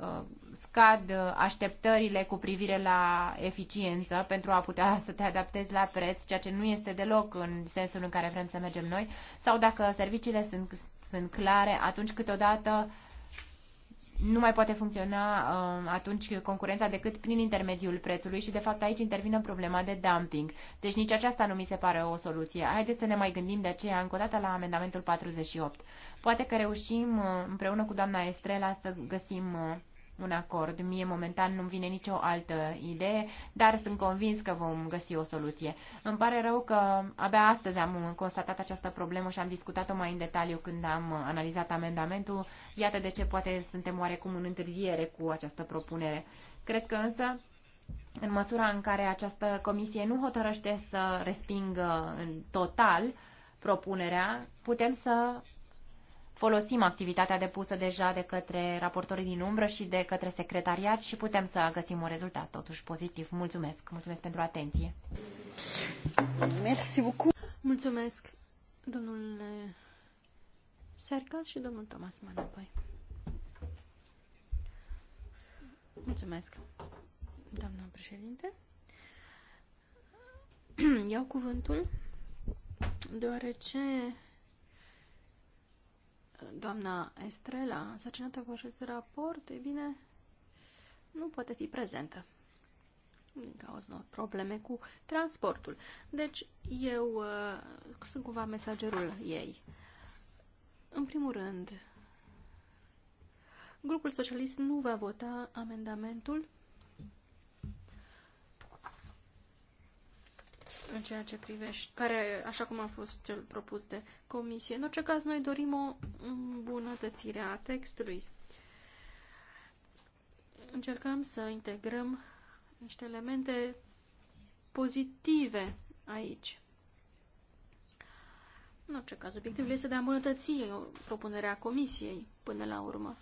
uh, scad așteptările cu privire la eficiență pentru a putea să te adaptezi la preț, ceea ce nu este deloc în sensul în care vrem să mergem noi, sau dacă serviciile sunt, sunt clare, atunci câteodată uh, nu mai poate funcționa uh, atunci concurența decât prin intermediul prețului și de fapt aici intervine problema de dumping. Deci nici aceasta nu mi se pare o soluție. Haideți să ne mai gândim de aceea încă o dată la amendamentul 48. Poate că reușim uh, împreună cu doamna Estrela să găsim uh, un acord. Mie momentan nu-mi vine nicio altă idee, dar sunt convins că vom găsi o soluție. Îmi pare rău că abia astăzi am constatat această problemă și am discutat-o mai în detaliu când am analizat amendamentul. Iată de ce poate suntem oarecum în întârziere cu această propunere. Cred că însă în măsura în care această comisie nu hotărăște să respingă în total propunerea, putem să folosim activitatea depusă deja de către raportorii din umbră și de către secretariat și putem să găsim un rezultat totuși pozitiv. Mulțumesc! Mulțumesc pentru atenție! Merci beaucoup. Mulțumesc, domnule Sercal și domnul Thomas Manapoi. Mulțumesc, doamna președinte. (clears throat) Iau cuvântul deoarece doamna Estrela, însărcinată cu acest raport, e bine, nu poate fi prezentă din cauza unor probleme cu transportul. Deci, eu uh, sunt cumva mesagerul ei. În primul rând, grupul socialist nu va vota amendamentul în ceea ce privește, care, așa cum a fost cel propus de comisie. În orice caz, noi dorim o îmbunătățire a textului. Încercăm să integrăm niște elemente pozitive aici. În orice caz, obiectivul este de a îmbunătăți propunerea comisiei până la urmă.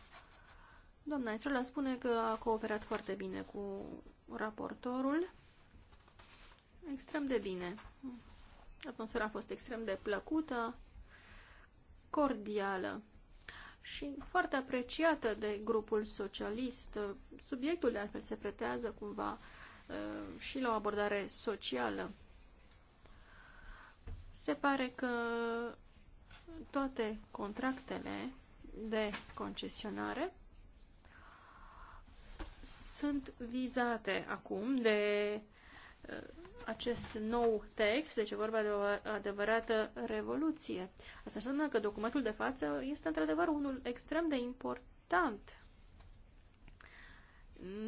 Doamna Estrela spune că a cooperat foarte bine cu raportorul extrem de bine. Atmosfera a fost extrem de plăcută, cordială și foarte apreciată de grupul socialist. Subiectul de altfel se pretează cumva și la o abordare socială. Se pare că toate contractele de concesionare sunt vizate acum de acest nou text, deci e vorba de o adevărată revoluție. Asta înseamnă că documentul de față este într-adevăr unul extrem de important.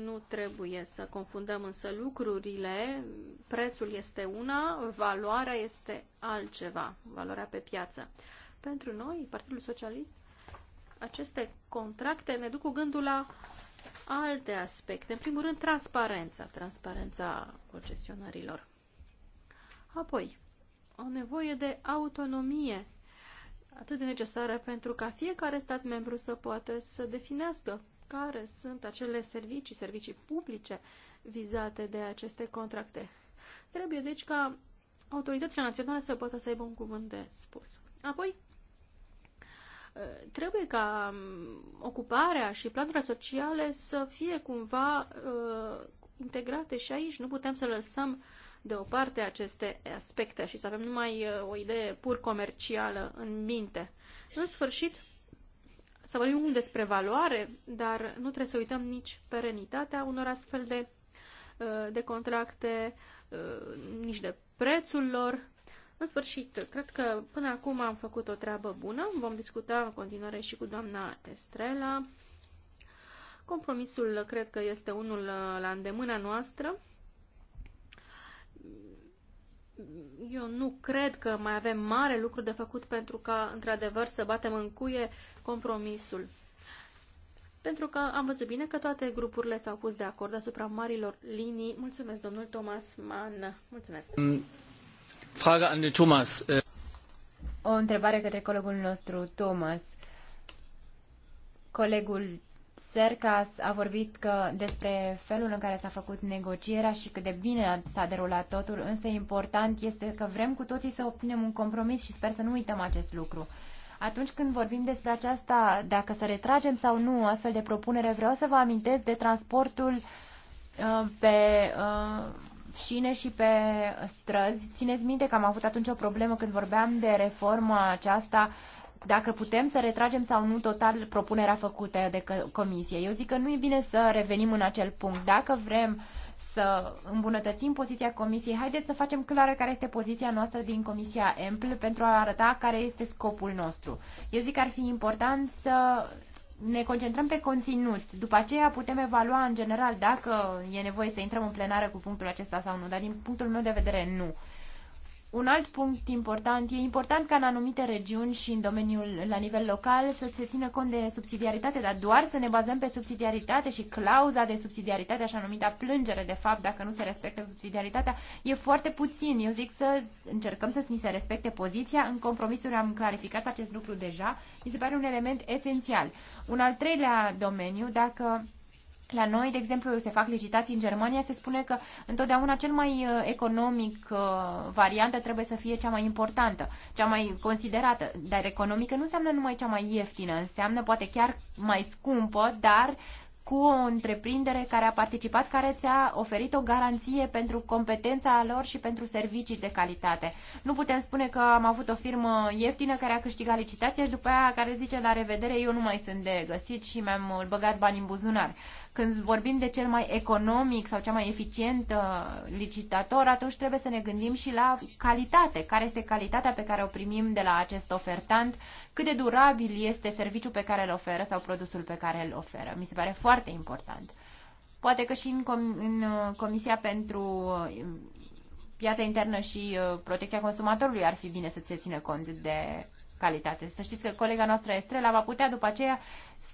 Nu trebuie să confundăm însă lucrurile. Prețul este una, valoarea este altceva, valoarea pe piață. Pentru noi, Partidul Socialist, aceste contracte ne duc cu gândul la alte aspecte. În primul rând, transparența, transparența concesionarilor. Apoi, o nevoie de autonomie atât de necesară pentru ca fiecare stat membru să poată să definească care sunt acele servicii, servicii publice vizate de aceste contracte. Trebuie deci ca autoritățile naționale să poată să aibă un cuvânt de spus. Apoi, Eh, trebuie ca mm, ocuparea și planurile sociale să fie cumva eh, integrate și aici. Nu putem să lăsăm deoparte aceste aspecte și să avem numai eh, o idee pur comercială în minte. În sfârșit, să vorbim despre valoare, dar nu trebuie să uităm nici perenitatea unor astfel de, de contracte, nici de prețul lor în sfârșit, cred că până acum am făcut o treabă bună. Vom discuta în continuare și cu doamna Testrela. Compromisul cred că este unul uh, la îndemâna noastră. Eu nu cred că mai avem mare lucru de făcut pentru ca, într-adevăr, să batem în cuie compromisul. Pentru că am văzut bine că toate grupurile s-au pus de acord asupra marilor linii. Mulțumesc, domnul Thomas Mann. Mulțumesc. Mm. Frage an den Thomas. Eh. O întrebare către colegul nostru, Thomas. Colegul Sercas a vorbit că despre felul în care s-a făcut negocierea și cât de bine s-a derulat totul, însă important este că vrem cu toții să obținem un compromis și sper să nu uităm acest lucru. Atunci când vorbim despre aceasta, dacă să retragem sau nu astfel de propunere, vreau să vă amintesc de transportul uh, pe uh, șine și pe străzi. Țineți minte că am avut atunci o problemă când vorbeam de reforma aceasta dacă putem să retragem sau nu total propunerea făcută de comisie. Eu zic că nu e bine să revenim în acel punct. Dacă vrem să îmbunătățim poziția comisiei, haideți să facem clară care este poziția noastră din comisia EMPL pentru a arăta care este scopul nostru. Eu zic că ar fi important să ne concentrăm pe conținut. După aceea putem evalua în general dacă e nevoie să intrăm în plenară cu punctul acesta sau nu, dar din punctul meu de vedere nu. Un alt punct important, e important ca în anumite regiuni și în domeniul la nivel local să se țină cont de subsidiaritate, dar doar să ne bazăm pe subsidiaritate și clauza de subsidiaritate, așa numita plângere, de fapt, dacă nu se respectă subsidiaritatea, e foarte puțin. Eu zic să încercăm să ni se respecte poziția. În compromisuri am clarificat acest lucru deja. Mi se pare un element esențial. Un al treilea domeniu, dacă la noi, de exemplu, se fac licitații în Germania, se spune că întotdeauna cel mai uh, economic uh, variantă trebuie să fie cea mai importantă, cea mai considerată. Dar economică nu înseamnă numai cea mai ieftină, înseamnă poate chiar mai scumpă, dar cu o întreprindere care a participat, care ți-a oferit o garanție pentru competența lor și pentru servicii de calitate. Nu putem spune că am avut o firmă ieftină care a câștigat licitația și după aia care zice la revedere, eu nu mai sunt de găsit și mi-am uh, băgat bani în buzunar. Când vorbim de cel mai economic sau cea mai eficient uh, licitator, atunci trebuie să ne gândim și la calitate. Care este calitatea pe care o primim de la acest ofertant? Cât de durabil este serviciul pe care îl oferă sau produsul pe care îl oferă? Mi se pare foarte important. Poate că și în, com- în uh, Comisia pentru uh, piața internă și protecția consumatorului ar fi bine să se țină cont de calitate. Să știți că colega noastră Estrela va putea după aceea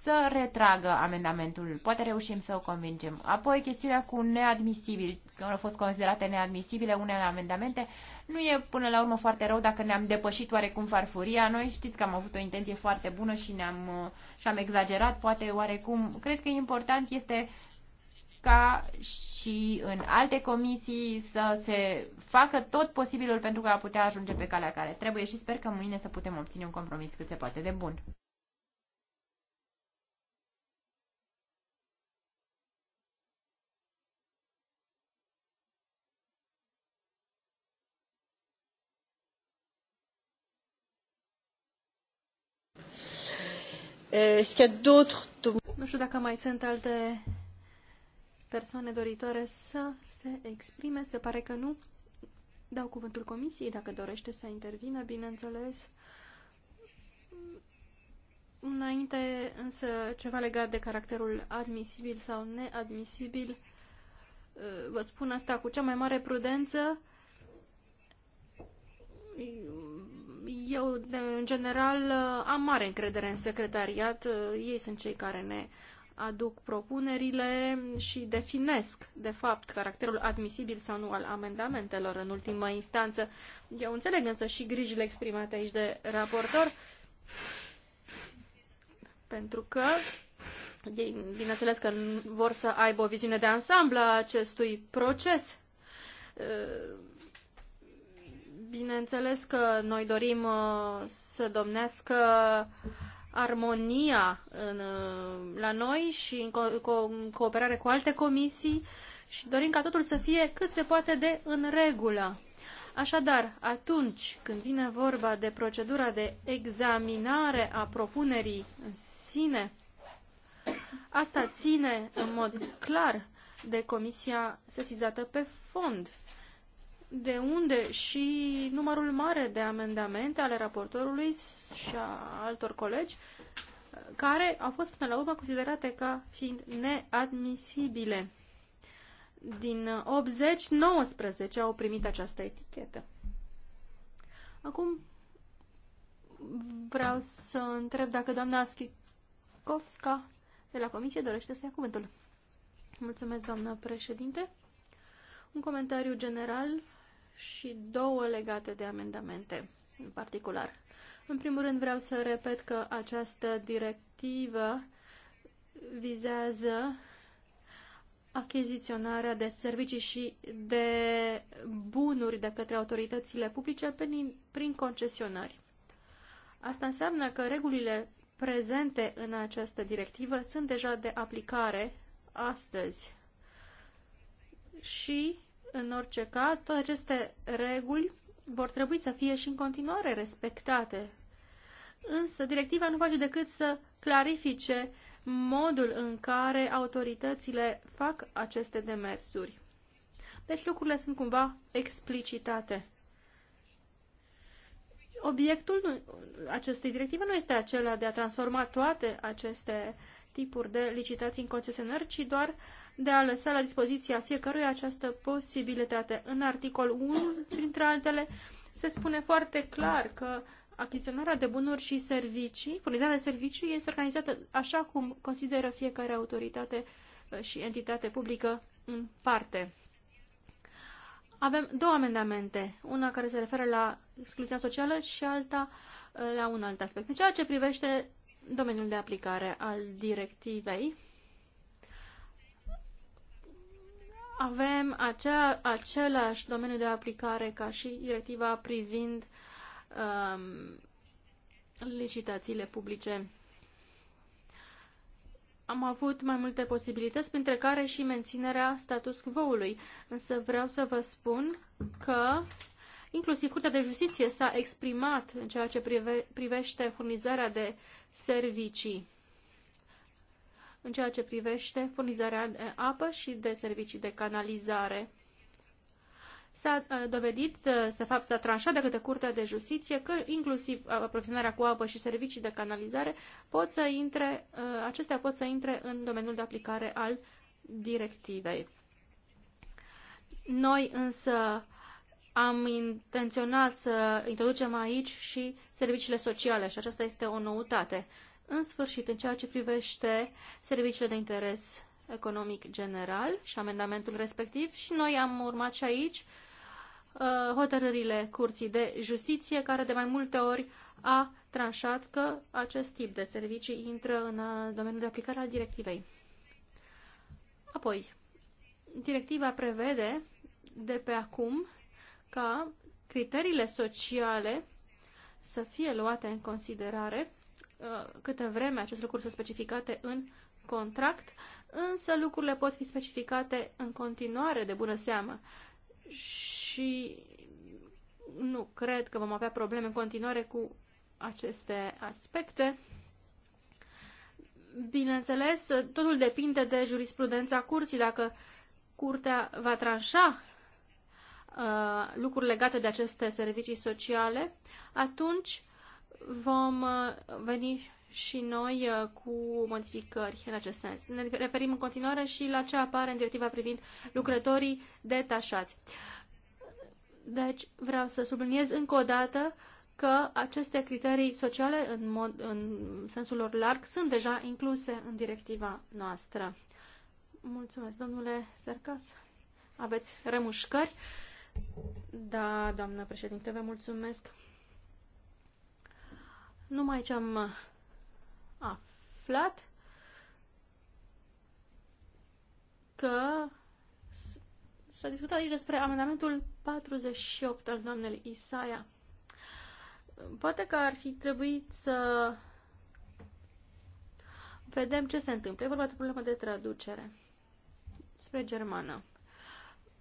să retragă amendamentul. Poate reușim să o convingem. Apoi chestiunea cu neadmisibil, că au fost considerate neadmisibile unele amendamente, nu e până la urmă foarte rău dacă ne-am depășit oarecum farfuria. Noi știți că am avut o intenție foarte bună și ne-am uh, și am exagerat, poate oarecum. Cred că important este ca și în alte comisii să se facă tot posibilul pentru a putea ajunge pe calea care trebuie și sper că mâine să putem obține un compromis cât se poate de bun. Nu știu dacă mai sunt alte persoane doritoare să se exprime. Se pare că nu. Dau cuvântul comisiei dacă dorește să intervină, bineînțeles. Înainte, însă, ceva legat de caracterul admisibil sau neadmisibil, vă spun asta cu cea mai mare prudență. Eu, în general, am mare încredere în secretariat. Ei sunt cei care ne uh, aduc propunerile și definesc, de fapt, caracterul admisibil sau nu al amendamentelor în ultima instanță. Eu înțeleg însă și grijile exprimate aici de raportor, pentru că ei, bineînțeles că vor să aibă o viziune de ansamblu a acestui proces. Bineînțeles că noi dorim uh, să domnească armonia în, uh, la noi și în co- co- cooperare cu alte comisii și dorim ca totul să fie cât se poate de în regulă. Așadar, atunci când vine vorba de procedura de examinare a propunerii în sine, asta ține în mod clar de comisia sesizată pe fond, de unde și numărul mare de amendamente ale raportorului și a altor colegi care au fost până la urmă considerate ca fiind neadmisibile. Din 80, 19 au primit această etichetă. Acum vreau să întreb dacă doamna Schikovska de la Comisie dorește să ia cuvântul. Mulțumesc, doamna președinte. Un comentariu general și două legate de amendamente în particular. În primul rând vreau să repet că această directivă vizează achiziționarea de servicii și de bunuri de către autoritățile publice prin, concesionari. concesionări. Asta înseamnă că regulile prezente în această directivă sunt deja de aplicare astăzi și în orice caz, toate aceste reguli vor trebui să fie și în continuare respectate. Însă, directiva nu face decât să clarifice modul în care autoritățile fac aceste demersuri. Deci lucrurile sunt cumva explicitate. Obiectul acestei directive nu este acela de a transforma toate aceste tipuri de licitații în concesionări, ci doar uh, de a lăsa la dispoziția fiecăruia această posibilitate. În articolul 1, printre altele, se spune foarte clar că achiziționarea de bunuri și servicii, furnizarea de servicii este organizată așa cum consideră fiecare autoritate uh, și entitate publică în parte. Avem două amendamente, una care se referă la excluziunea socială și alta uh, la un alt aspect. În ceea ce privește domeniul de aplicare al directivei, avem acea, același domeniu de aplicare ca și directiva privind um, licitațiile publice. Am avut mai multe posibilități, printre care și menținerea status quo-ului. Însă vreau să vă spun că inclusiv Curtea de Justiție s-a exprimat în ceea ce prive, privește furnizarea de servicii în ceea ce privește furnizarea de apă și de servicii de canalizare. S-a uh, dovedit, uh, de fapt s-a tranșat de către Curtea de Justiție că inclusiv uh, aprovizionarea cu apă și servicii de canalizare pot să intre, acestea pot să intre în domeniul de aplicare al directivei. Noi însă am intenționat să introducem aici și serviciile sociale și aceasta este o noutate. În sfârșit, în ceea ce privește serviciile de interes economic general și amendamentul respectiv, și noi am urmat și aici uh, hotărârile Curții de Justiție, care de mai multe ori a tranșat că acest tip de servicii intră în uh, domeniul de aplicare al directivei. Apoi, directiva prevede de pe acum ca criteriile sociale să fie luate în considerare Uh, câtă vreme acest lucru sunt specificate în contract, însă lucrurile pot fi specificate în continuare de bună seamă și nu cred că vom avea probleme în continuare cu aceste aspecte. Bineînțeles, totul depinde de jurisprudența curții. Dacă curtea va tranșa uh, lucruri legate de aceste servicii sociale, atunci vom uh, veni și noi uh, cu modificări în acest sens. Ne referim în continuare și la ce apare în directiva privind lucrătorii detașați. Deci vreau să subliniez încă o dată că aceste criterii sociale în, mod, în sensul lor larg sunt deja incluse în directiva noastră. Mulțumesc, domnule Sercas. Aveți remușcări? Da, doamnă președinte, vă mulțumesc. Numai ce am uh, aflat că s-a discutat aici despre amendamentul 48 al doamnei Isaia. Poate că ar fi trebuit să vedem ce se întâmplă. E vorba de o problemă de traducere spre germană.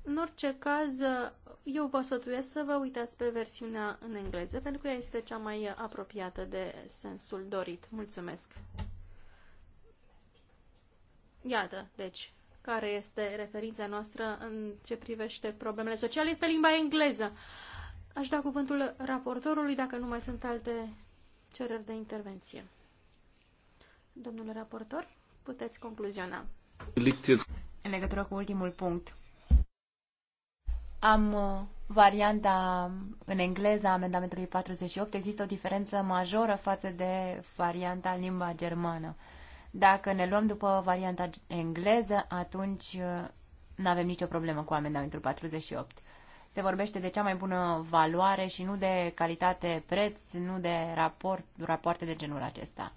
În orice caz, eu vă sfătuiesc să vă uitați pe versiunea în engleză, pentru că ea este cea mai apropiată de sensul dorit. Mulțumesc! Iată, deci, care este referința noastră în ce privește problemele sociale, este limba engleză. Aș da cuvântul raportorului dacă nu mai sunt alte cereri de intervenție. Domnule raportor, puteți concluziona. În legătură cu ultimul punct, am uh, varianta um, în engleză a amendamentului 48. Există o diferență majoră față de varianta în limba germană. Dacă ne luăm după varianta engleză, atunci uh, nu avem nicio problemă cu amendamentul 48. Se vorbește de cea mai bună valoare și nu de calitate-preț, nu de raport, rapoarte de genul acesta.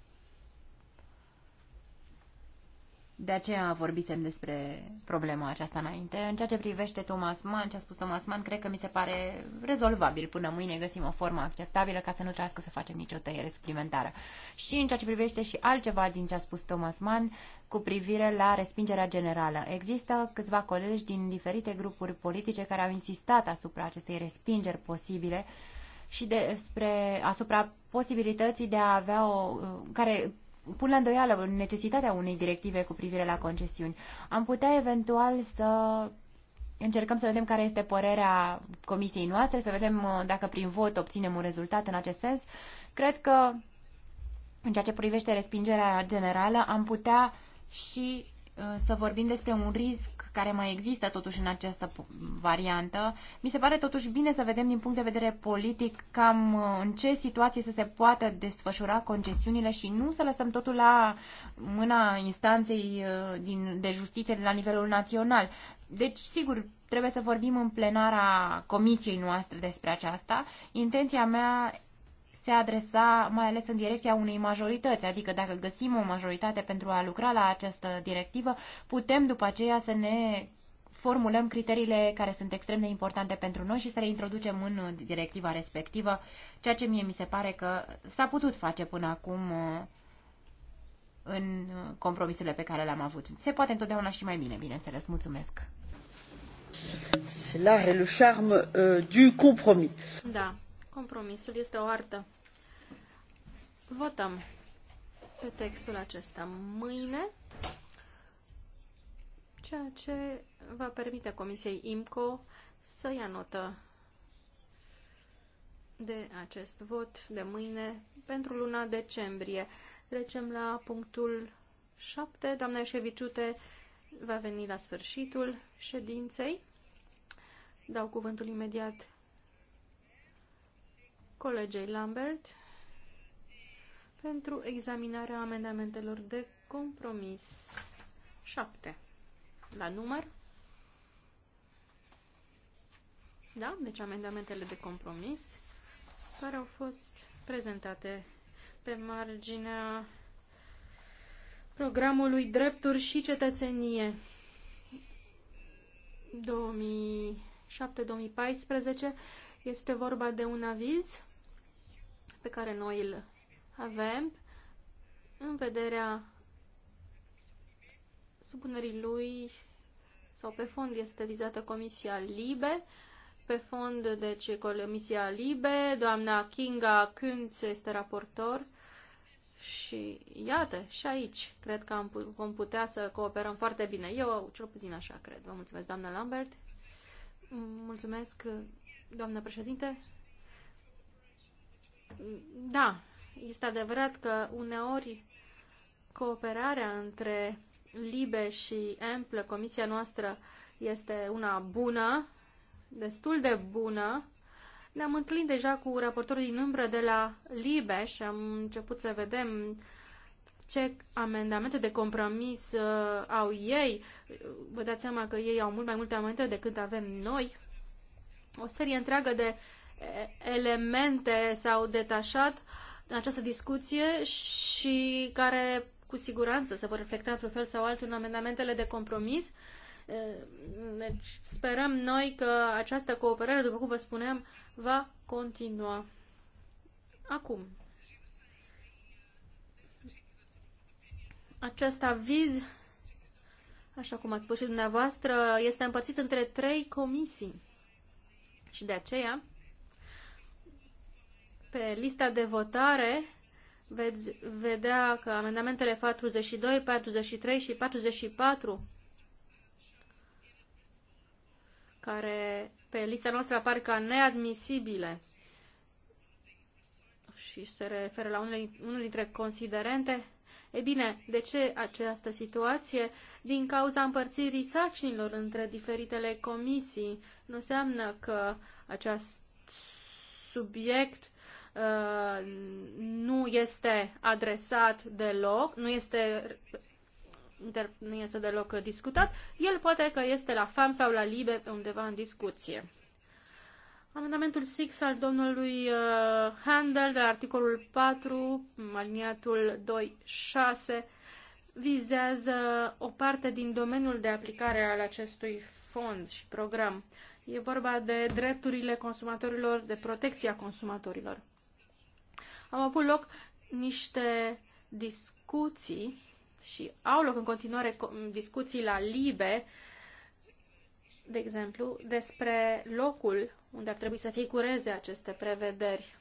De aceea vorbisem despre problema aceasta înainte. În ceea ce privește Thomas Mann, ce a spus Thomas Mann, cred că mi se pare rezolvabil. Până mâine găsim o formă acceptabilă ca să nu trească să facem nicio tăiere suplimentară. Și în ceea ce privește și altceva din ce a spus Thomas Mann cu privire la respingerea generală. Există câțiva colegi din diferite grupuri politice care au insistat asupra acestei respingeri posibile și despre asupra posibilității de a avea o care pun la îndoială necesitatea unei directive cu privire la concesiuni. Am putea eventual să încercăm să vedem care este părerea comisiei noastre, să vedem uh, dacă prin vot obținem un rezultat în acest sens. Cred că în ceea ce privește respingerea generală am putea și uh, să vorbim despre un risc care mai există totuși în această variantă. Mi se pare totuși bine să vedem din punct de vedere politic cam uh, în ce situație să se poată desfășura concesiunile și nu să lăsăm totul la mâna instanței uh, din, de justiție de la nivelul național. Deci, sigur, trebuie să vorbim în plenara comisiei noastre despre aceasta. Intenția mea se adresa mai ales în direcția unei majorități, adică dacă găsim o majoritate pentru a lucra la această directivă, putem după aceea să ne formulăm criteriile care sunt extrem de importante pentru noi și să le introducem în directiva respectivă, ceea ce mie mi se pare că s-a putut face până acum uh, în compromisurile pe care le-am avut. Se poate întotdeauna și mai bine, bineînțeles. Mulțumesc! C'est là le charme euh, du compromis. Da, Compromisul este o artă. Votăm pe textul acesta mâine, ceea ce va permite Comisiei IMCO să ia notă de acest vot de mâine pentru luna decembrie. Trecem la punctul 7. Doamna Eșeviciute va veni la sfârșitul ședinței. Dau cuvântul imediat colegei Lambert pentru examinarea amendamentelor de compromis 7 la număr. Da? Deci amendamentele de compromis care au fost prezentate pe marginea programului Drepturi și Cetățenie 2007-2014. Este vorba de un aviz pe care noi îl avem în vederea supunerii lui sau pe fond este vizată Comisia Libe, pe fond deci Comisia Libe, doamna Kinga Kunz este raportor și iată, și aici cred că am, vom putea să cooperăm foarte bine. Eu cel puțin așa cred. Vă mulțumesc, doamna Lambert. Mulțumesc, doamna președinte. Da, este adevărat că uneori cooperarea între LIBE și EMPLE, comisia noastră, este una bună, destul de bună. Ne-am întâlnit deja cu raportorul din umbră de la LIBE și am început să vedem ce amendamente de compromis uh, au ei. Vă dați seama că ei au mult mai multe amendamente decât avem noi. O serie întreagă de uh, elemente s-au detașat în această discuție și care cu siguranță se vor reflecta într-un fel sau altul în amendamentele de compromis. Deci sperăm noi că această cooperare, după cum vă spuneam, va continua. Acum, acest aviz, așa cum ați spus și dumneavoastră, este împărțit între trei comisii. Și de aceea pe lista de votare veți vedea că amendamentele 42, 43 și 44 care pe lista noastră apar ca neadmisibile și se referă la unul, unul dintre considerente. E bine, de ce această situație? Din cauza împărțirii sarcinilor între diferitele comisii. Nu înseamnă că acest subiect Uh, nu este adresat deloc, nu este, nu este deloc discutat, el poate că este la FAM sau la LIBE undeva în discuție. Amendamentul 6 al domnului uh, Handel de la articolul 4, aliniatul 2.6, vizează o parte din domeniul de aplicare al acestui fond și program. E vorba de drepturile consumatorilor, de protecția consumatorilor. Am avut loc niște discuții și au loc în continuare discuții la LIBE, de exemplu, despre locul unde ar trebui să figureze aceste prevederi.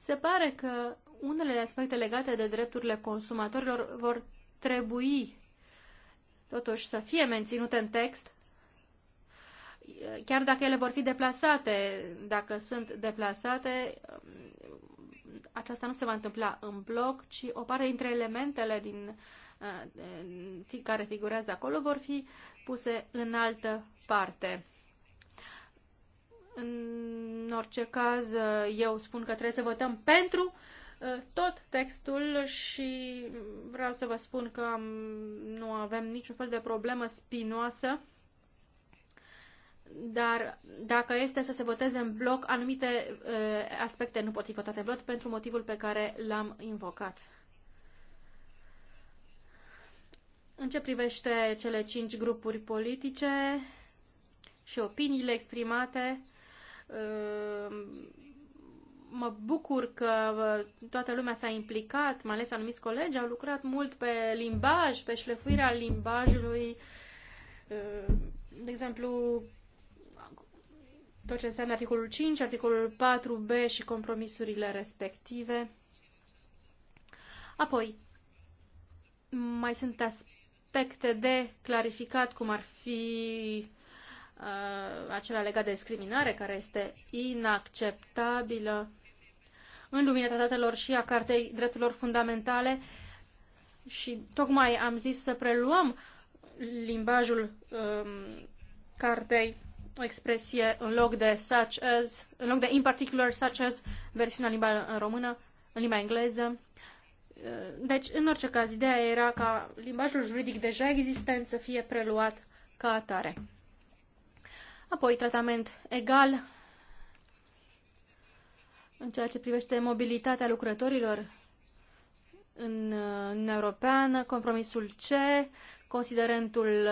Se pare că unele aspecte legate de drepturile consumatorilor vor trebui totuși să fie menținute în text, chiar dacă ele vor fi deplasate, dacă sunt deplasate, aceasta nu se va întâmpla în bloc, ci o parte dintre elementele din, uh, care figurează acolo vor fi puse în altă parte. În orice caz, uh, eu spun că trebuie să votăm pentru uh, tot textul și vreau să vă spun că nu avem niciun fel de problemă spinoasă dar dacă este să se voteze în bloc, anumite uh, aspecte nu pot fi votate în bloc pentru motivul pe care l-am invocat. În ce privește cele cinci grupuri politice și opiniile exprimate, uh, mă bucur că uh, toată lumea s-a implicat, mai ales anumiți colegi, au lucrat mult pe limbaj, pe șlefuirea limbajului. Uh, de exemplu, tot ce înseamnă articolul 5, articolul 4b și compromisurile respective. Apoi, mai sunt aspecte de clarificat, cum ar fi uh, acela legat de discriminare, care este inacceptabilă în lumina tratatelor și a Cartei Drepturilor Fundamentale și tocmai am zis să preluăm limbajul uh, Cartei o expresie în loc de such as, în loc de in particular such as, versiunea în limba română, în limba engleză. Deci, în orice caz, ideea era ca limbajul juridic deja existent să fie preluat ca atare. Apoi, tratament egal în ceea ce privește mobilitatea lucrătorilor în Uniunea Europeană, compromisul C, considerentul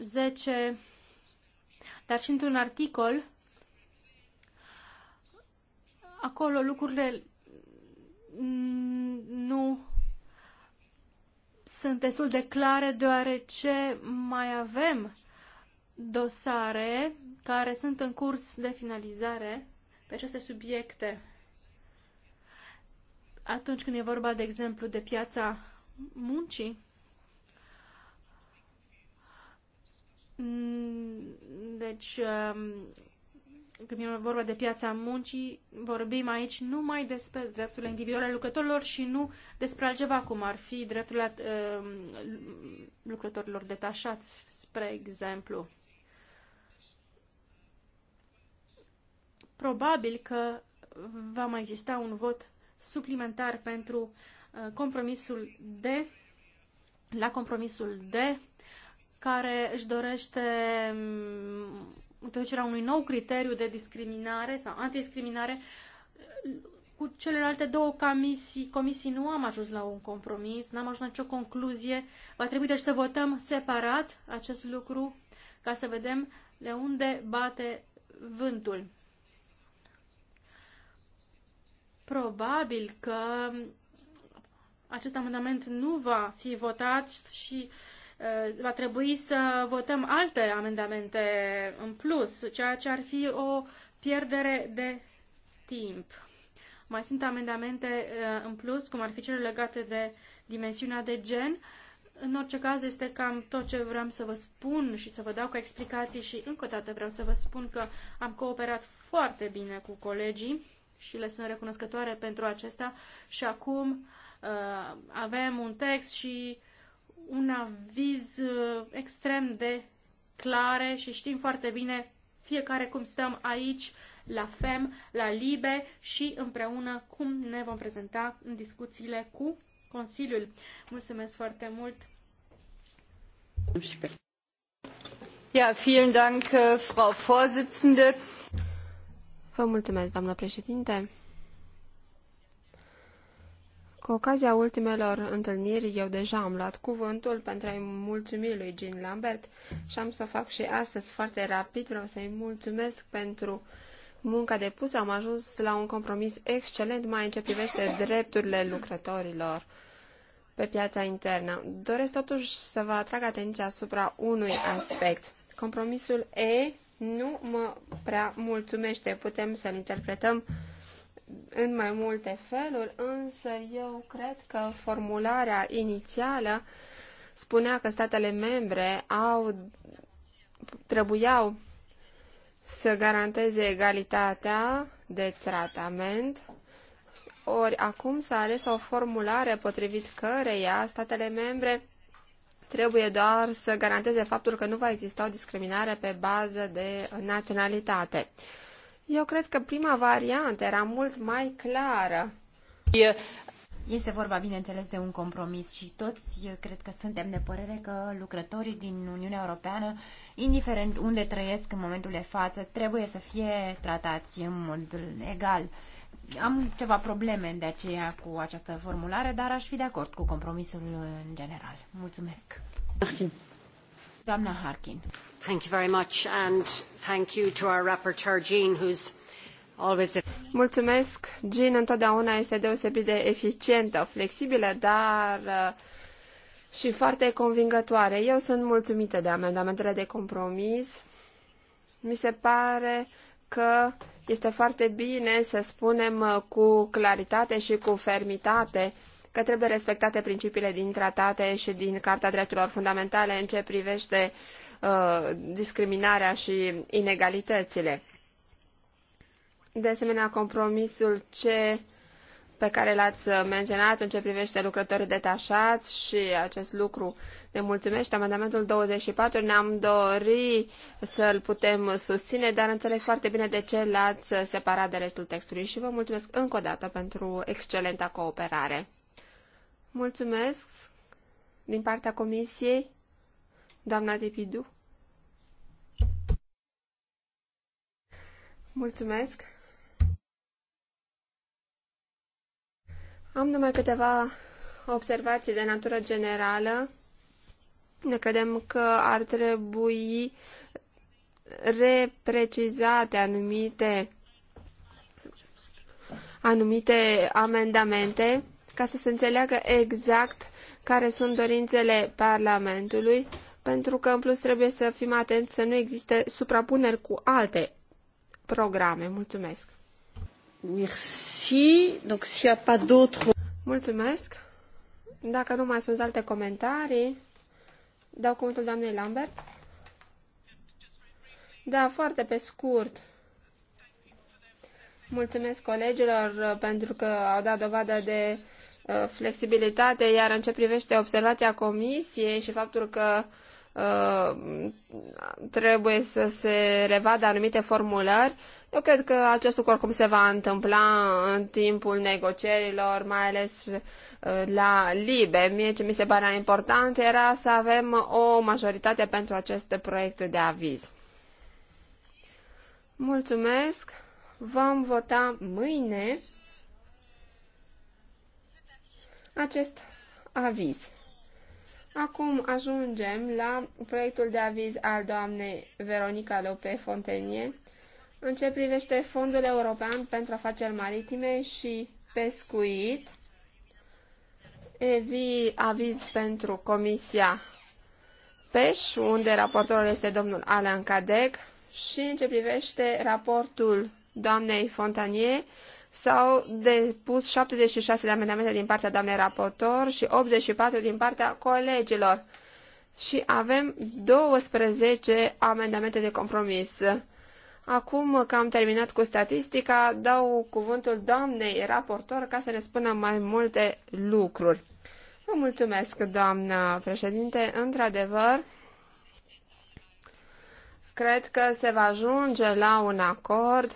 10, dar și într-un articol, acolo lucrurile nu sunt destul de clare, deoarece mai avem dosare care sunt în curs de finalizare pe aceste subiecte. Atunci când e vorba, de exemplu, de piața muncii, Mm, deci, um, când e vorba de piața muncii, vorbim aici numai despre drepturile individuale ale lucrătorilor și nu despre altceva, cum ar fi drepturile um, lucrătorilor detașați, spre exemplu. Probabil că va mai exista un vot suplimentar pentru uh, compromisul D, la compromisul D, care își dorește mm, introducerea unui nou criteriu de discriminare sau antidiscriminare. Cu celelalte două comisii, comisii nu am ajuns la un compromis, n-am ajuns la nicio concluzie. Va trebui deci să votăm separat acest lucru ca să vedem de unde bate vântul. Probabil că acest amendament nu va fi votat și uh, Eh, va trebui să votăm alte amendamente în plus, ceea ce ar fi o pierdere de timp. Mai sunt amendamente eh, în plus, cum ar fi cele legate de dimensiunea de gen. În orice caz, este cam tot ce vreau să vă spun și să vă dau ca explicații și încă o dată vreau să vă spun că am cooperat foarte bine cu colegii și le sunt recunoscătoare pentru acesta și acum uh, avem un text și uh, un aviz uh, extrem de clare și știm foarte bine fiecare cum stăm aici, la FEM, la LIBE și împreună cum ne vom prezenta în discuțiile cu Consiliul. Mulțumesc foarte mult! Ja, vielen Dank, äh, Frau Vorsitzende. Vă mulțumesc, doamnă președinte. Cu ocazia ultimelor întâlniri, eu deja am luat cuvântul pentru a-i mulțumi lui Jean Lambert și am să o fac și astăzi foarte rapid. Vreau să-i mulțumesc pentru munca depusă. Am ajuns la un compromis excelent mai în ce privește drepturile lucrătorilor pe piața internă. Doresc totuși să vă atrag atenția asupra unui aspect. Compromisul E nu mă prea mulțumește. Putem să-l interpretăm uh, în mai multe feluri, însă eu cred că formularea inițială spunea că statele membre au trebuiau să garanteze egalitatea de tratament, ori acum s-a ales o formulare potrivit căreia statele membre trebuie doar să garanteze faptul că nu va exista o discriminare pe bază de naționalitate. Eu cred că prima variantă era mult mai clară. Este vorba, bineînțeles, de un compromis și toți cred că suntem de părere că lucrătorii din Uniunea Europeană, indiferent unde trăiesc în momentul de față, trebuie să fie tratați în mod egal. Am ceva probleme de aceea cu această formulare, dar aș fi de acord cu compromisul în general. Mulțumesc! Martin. Doamna Harkin. Thank you very much and thank you to our rapporteur Jean who's always Mulțumesc. Jean întotdeauna este deosebit de eficientă, flexibilă, dar uh, și foarte convingătoare. Eu sunt mulțumită de amendamentele de compromis. Mi se pare că este foarte bine să spunem uh, cu claritate și cu fermitate că trebuie respectate principiile din tratate și din Carta Drepturilor Fundamentale în ce privește uh, discriminarea și inegalitățile. De asemenea, compromisul C pe care l-ați menționat în ce privește lucrătorii detașați și acest lucru ne mulțumește. Amendamentul 24 ne-am dori să-l putem susține, dar înțeleg foarte bine de ce l-ați separat de restul textului și vă mulțumesc încă o dată pentru excelenta cooperare. Mulțumesc din partea comisiei, doamna Tepidu. Mulțumesc. Am numai câteva observații de natură generală. Ne credem că ar trebui reprecizate anumite anumite amendamente ca să se înțeleagă exact care sunt dorințele Parlamentului, pentru că în plus trebuie să fim atenți să nu existe suprapuneri cu alte programe. Mulțumesc! Merci. Donc, s'il n'y a pas d'autres... Mulțumesc! Dacă nu mai sunt alte comentarii, dau cuvântul doamnei Lambert. Da, foarte pe scurt. Mulțumesc colegilor pentru că au dat dovadă de Uh, flexibilitate, iar în ce privește observația comisiei și faptul că uh, trebuie să se revadă anumite formulări, eu cred că acest lucru oricum se va întâmpla în timpul negocierilor, mai ales uh, la LIBE. Mie ce mi se pare important era să avem o majoritate pentru acest proiect de aviz. Mulțumesc! Vom vota mâine acest aviz. Acum ajungem la proiectul de aviz al doamnei Veronica Lope Fontenie în ce privește Fondul European pentru Afaceri Maritime și Pescuit. Evi aviz pentru Comisia PEș, unde raportorul este domnul Alan Cadec și în ce privește raportul doamnei Fontanie S-au depus 76 de amendamente din partea doamnei raportor și 84 din partea colegilor. Și avem 12 amendamente de compromis. Acum că am terminat cu statistica, dau cuvântul doamnei raportor ca să ne spună mai multe lucruri. Vă mulțumesc, doamna președinte. Într-adevăr, cred că se va ajunge la un acord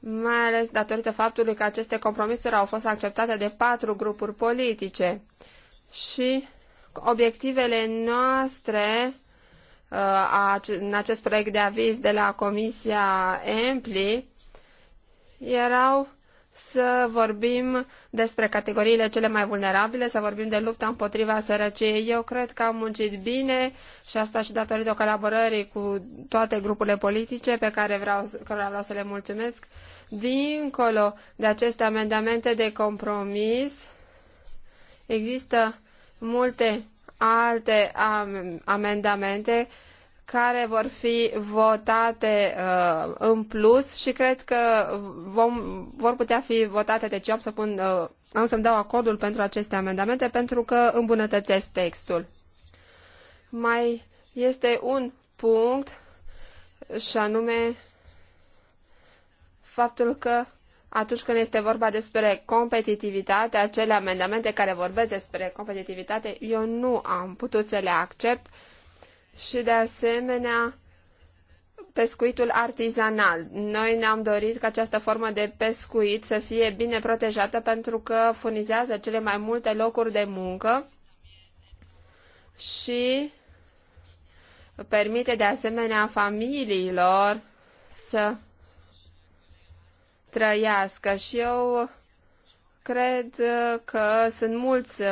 mai ales datorită faptului că aceste compromisuri au fost acceptate de patru grupuri politice și obiectivele noastre uh, în acest proiect de aviz de la Comisia EMPLI erau să vorbim despre categoriile cele mai vulnerabile, să vorbim de lupta împotriva sărăciei. Eu cred că am muncit bine și asta și datorită colaborării cu toate grupurile politice pe care vreau, cărora vreau să le mulțumesc. Dincolo de aceste amendamente de compromis, există multe alte am, amendamente care vor fi votate uh, în plus și cred că vom, vor putea fi votate, deci eu am să pun, uh, am să-mi dau acordul pentru aceste amendamente pentru că îmbunătățesc textul. Mai este un punct și anume faptul că atunci când este vorba despre competitivitate, acele amendamente care vorbesc despre competitivitate, eu nu am putut să le accept uh, și de asemenea pescuitul artizanal. Noi ne-am dorit ca această formă de pescuit să fie bine protejată pentru că furnizează cele mai multe locuri de muncă și permite de asemenea familiilor să trăiască. Și eu Cred uh, că sunt mulți uh,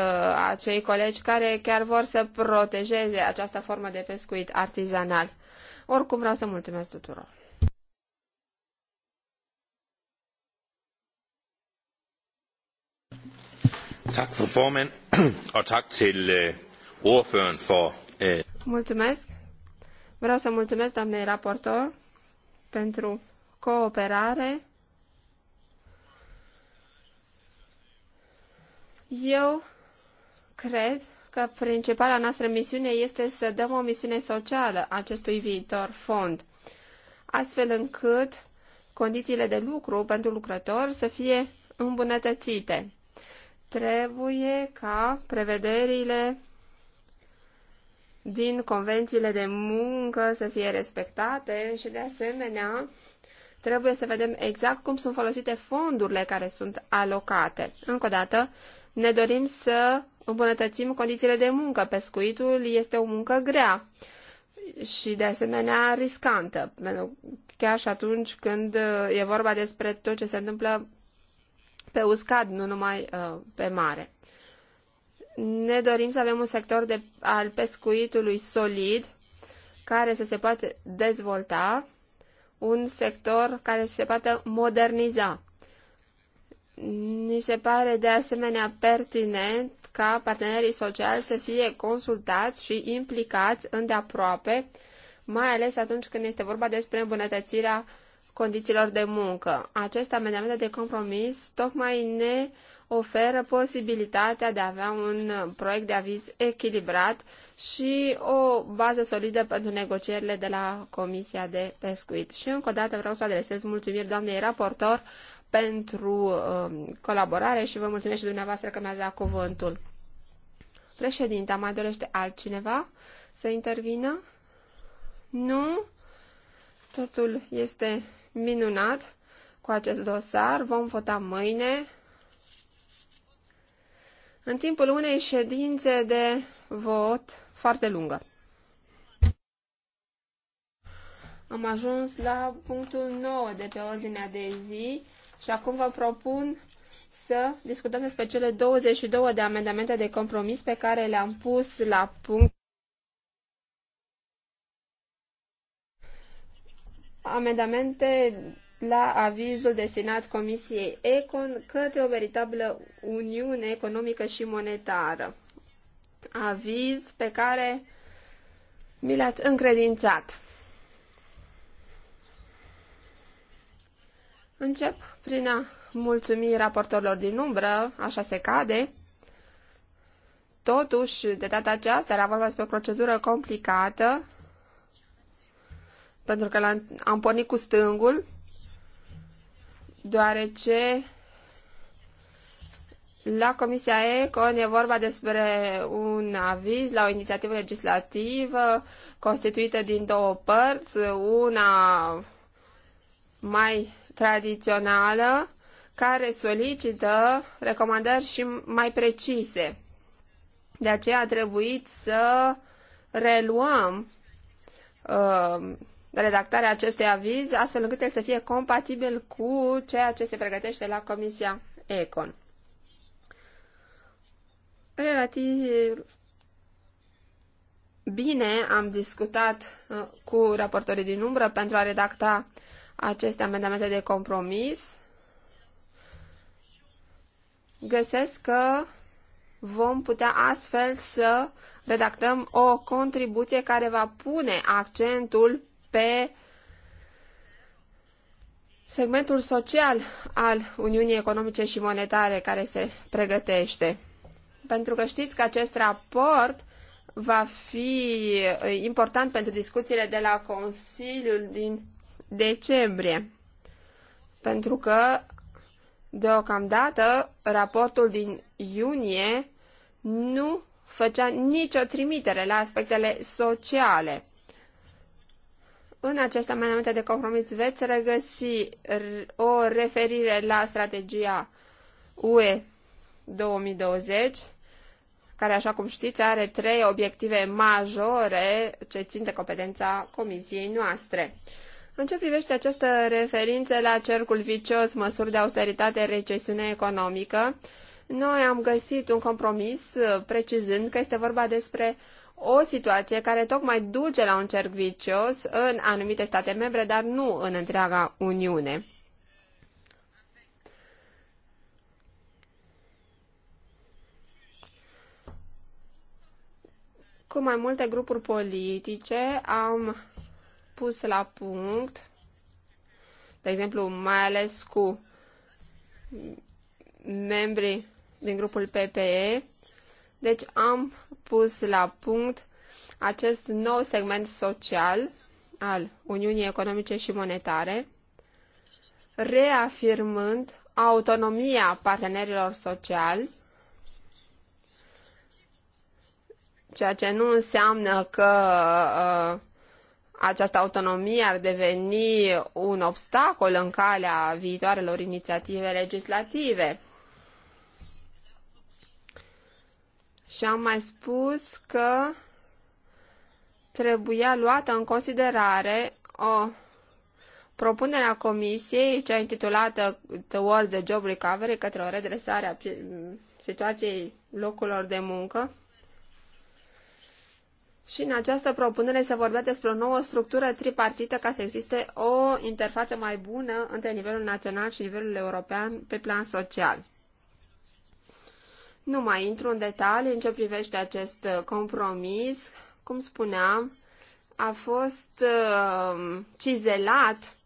acei colegi care chiar vor să protejeze această formă de pescuit artizanal. Oricum vreau să mulțumesc tuturor. Tak for formand, (clears throat) og tak til øh, ordføreren for... Øh. Mulțumesc. Vreau să mulțumesc doamnei raportor pentru cooperare Eu cred că principala noastră misiune este să dăm o misiune socială acestui viitor fond, astfel încât condițiile de lucru pentru lucrător să fie îmbunătățite. Trebuie ca prevederile din convențiile de muncă să fie respectate și, de asemenea, trebuie să vedem exact cum sunt folosite fondurile care sunt alocate. Încă o dată, ne dorim să îmbunătățim condițiile de muncă. Pescuitul este o muncă grea și de asemenea riscantă, chiar și atunci când uh, e vorba despre tot ce se întâmplă pe uscat, nu numai uh, pe mare. Ne dorim să avem un sector de, al pescuitului solid care să se poată dezvolta, un sector care se poată moderniza. Ni se pare de asemenea pertinent ca partenerii sociali să fie consultați și implicați îndeaproape, mai ales atunci când este vorba despre îmbunătățirea condițiilor de muncă. Acest amendament de compromis tocmai ne oferă posibilitatea de a avea un proiect de aviz echilibrat și o bază solidă pentru negocierile de la Comisia de Pescuit. Și încă o dată vreau să adresez mulțumiri doamnei raportor pentru um, colaborare și vă mulțumesc și dumneavoastră că mi-ați dat cuvântul. Președinta, mai dorește altcineva să intervină? Nu? Totul este minunat cu acest dosar. Vom vota mâine. În timpul unei ședințe de vot foarte lungă. Am ajuns la punctul 9 de pe ordinea de zi. Și acum vă propun să discutăm despre cele 22 de amendamente de compromis pe care le-am pus la punct. Amendamente la avizul destinat Comisiei Econ către o veritabilă uniune economică și monetară. Aviz pe care mi l-ați încredințat. Încep prin a mulțumi raportorilor din umbră, așa se cade. Totuși, de data aceasta era vorba despre o procedură complicată, pentru că am pornit cu stângul, deoarece la Comisia Econ e vorba despre un aviz la o inițiativă legislativă constituită din două părți, una mai tradițională care solicită recomandări și mai precise. De aceea a trebuit să reluăm uh, redactarea acestui aviz astfel încât el să fie compatibil cu ceea ce se pregătește la Comisia Econ. Relativ bine am discutat uh, cu raportorii din umbră pentru a redacta uh, aceste amendamente de compromis, găsesc că vom putea astfel să redactăm o contribuție care va pune accentul pe segmentul social al Uniunii Economice și Monetare care se pregătește. Pentru că știți că acest raport va fi eh, important pentru discuțiile de la Consiliul din decembrie, pentru că deocamdată raportul din iunie nu făcea nicio trimitere la aspectele sociale. În aceste amendamente de compromis veți regăsi o referire la strategia UE 2020, care, așa cum știți, are trei obiective majore ce țin de competența comisiei noastre. În ce privește această referință la cercul vicios, măsuri de austeritate, recesiune economică, noi am găsit un compromis uh, precizând că este vorba despre o situație care tocmai duce la un cerc vicios în anumite state membre, dar nu în întreaga Uniune. Cu mai multe grupuri politice am pus la punct, de exemplu, mai ales cu membrii din grupul PPE. Deci am pus la punct acest nou segment social al Uniunii Economice și Monetare, reafirmând autonomia partenerilor sociali, ceea ce nu înseamnă că uh, această autonomie ar deveni un obstacol în calea viitoarelor inițiative legislative. Și am mai spus că trebuia luată în considerare o propunere a comisiei, cea intitulată Towards the Job Recovery, către o redresare a situației locurilor de muncă, și în această propunere se vorbea despre o nouă structură tripartită ca să existe o interfață mai bună între nivelul național și nivelul european pe plan social. Nu mai intru în detalii în ce privește acest compromis. Cum spuneam, a fost uh, cizelat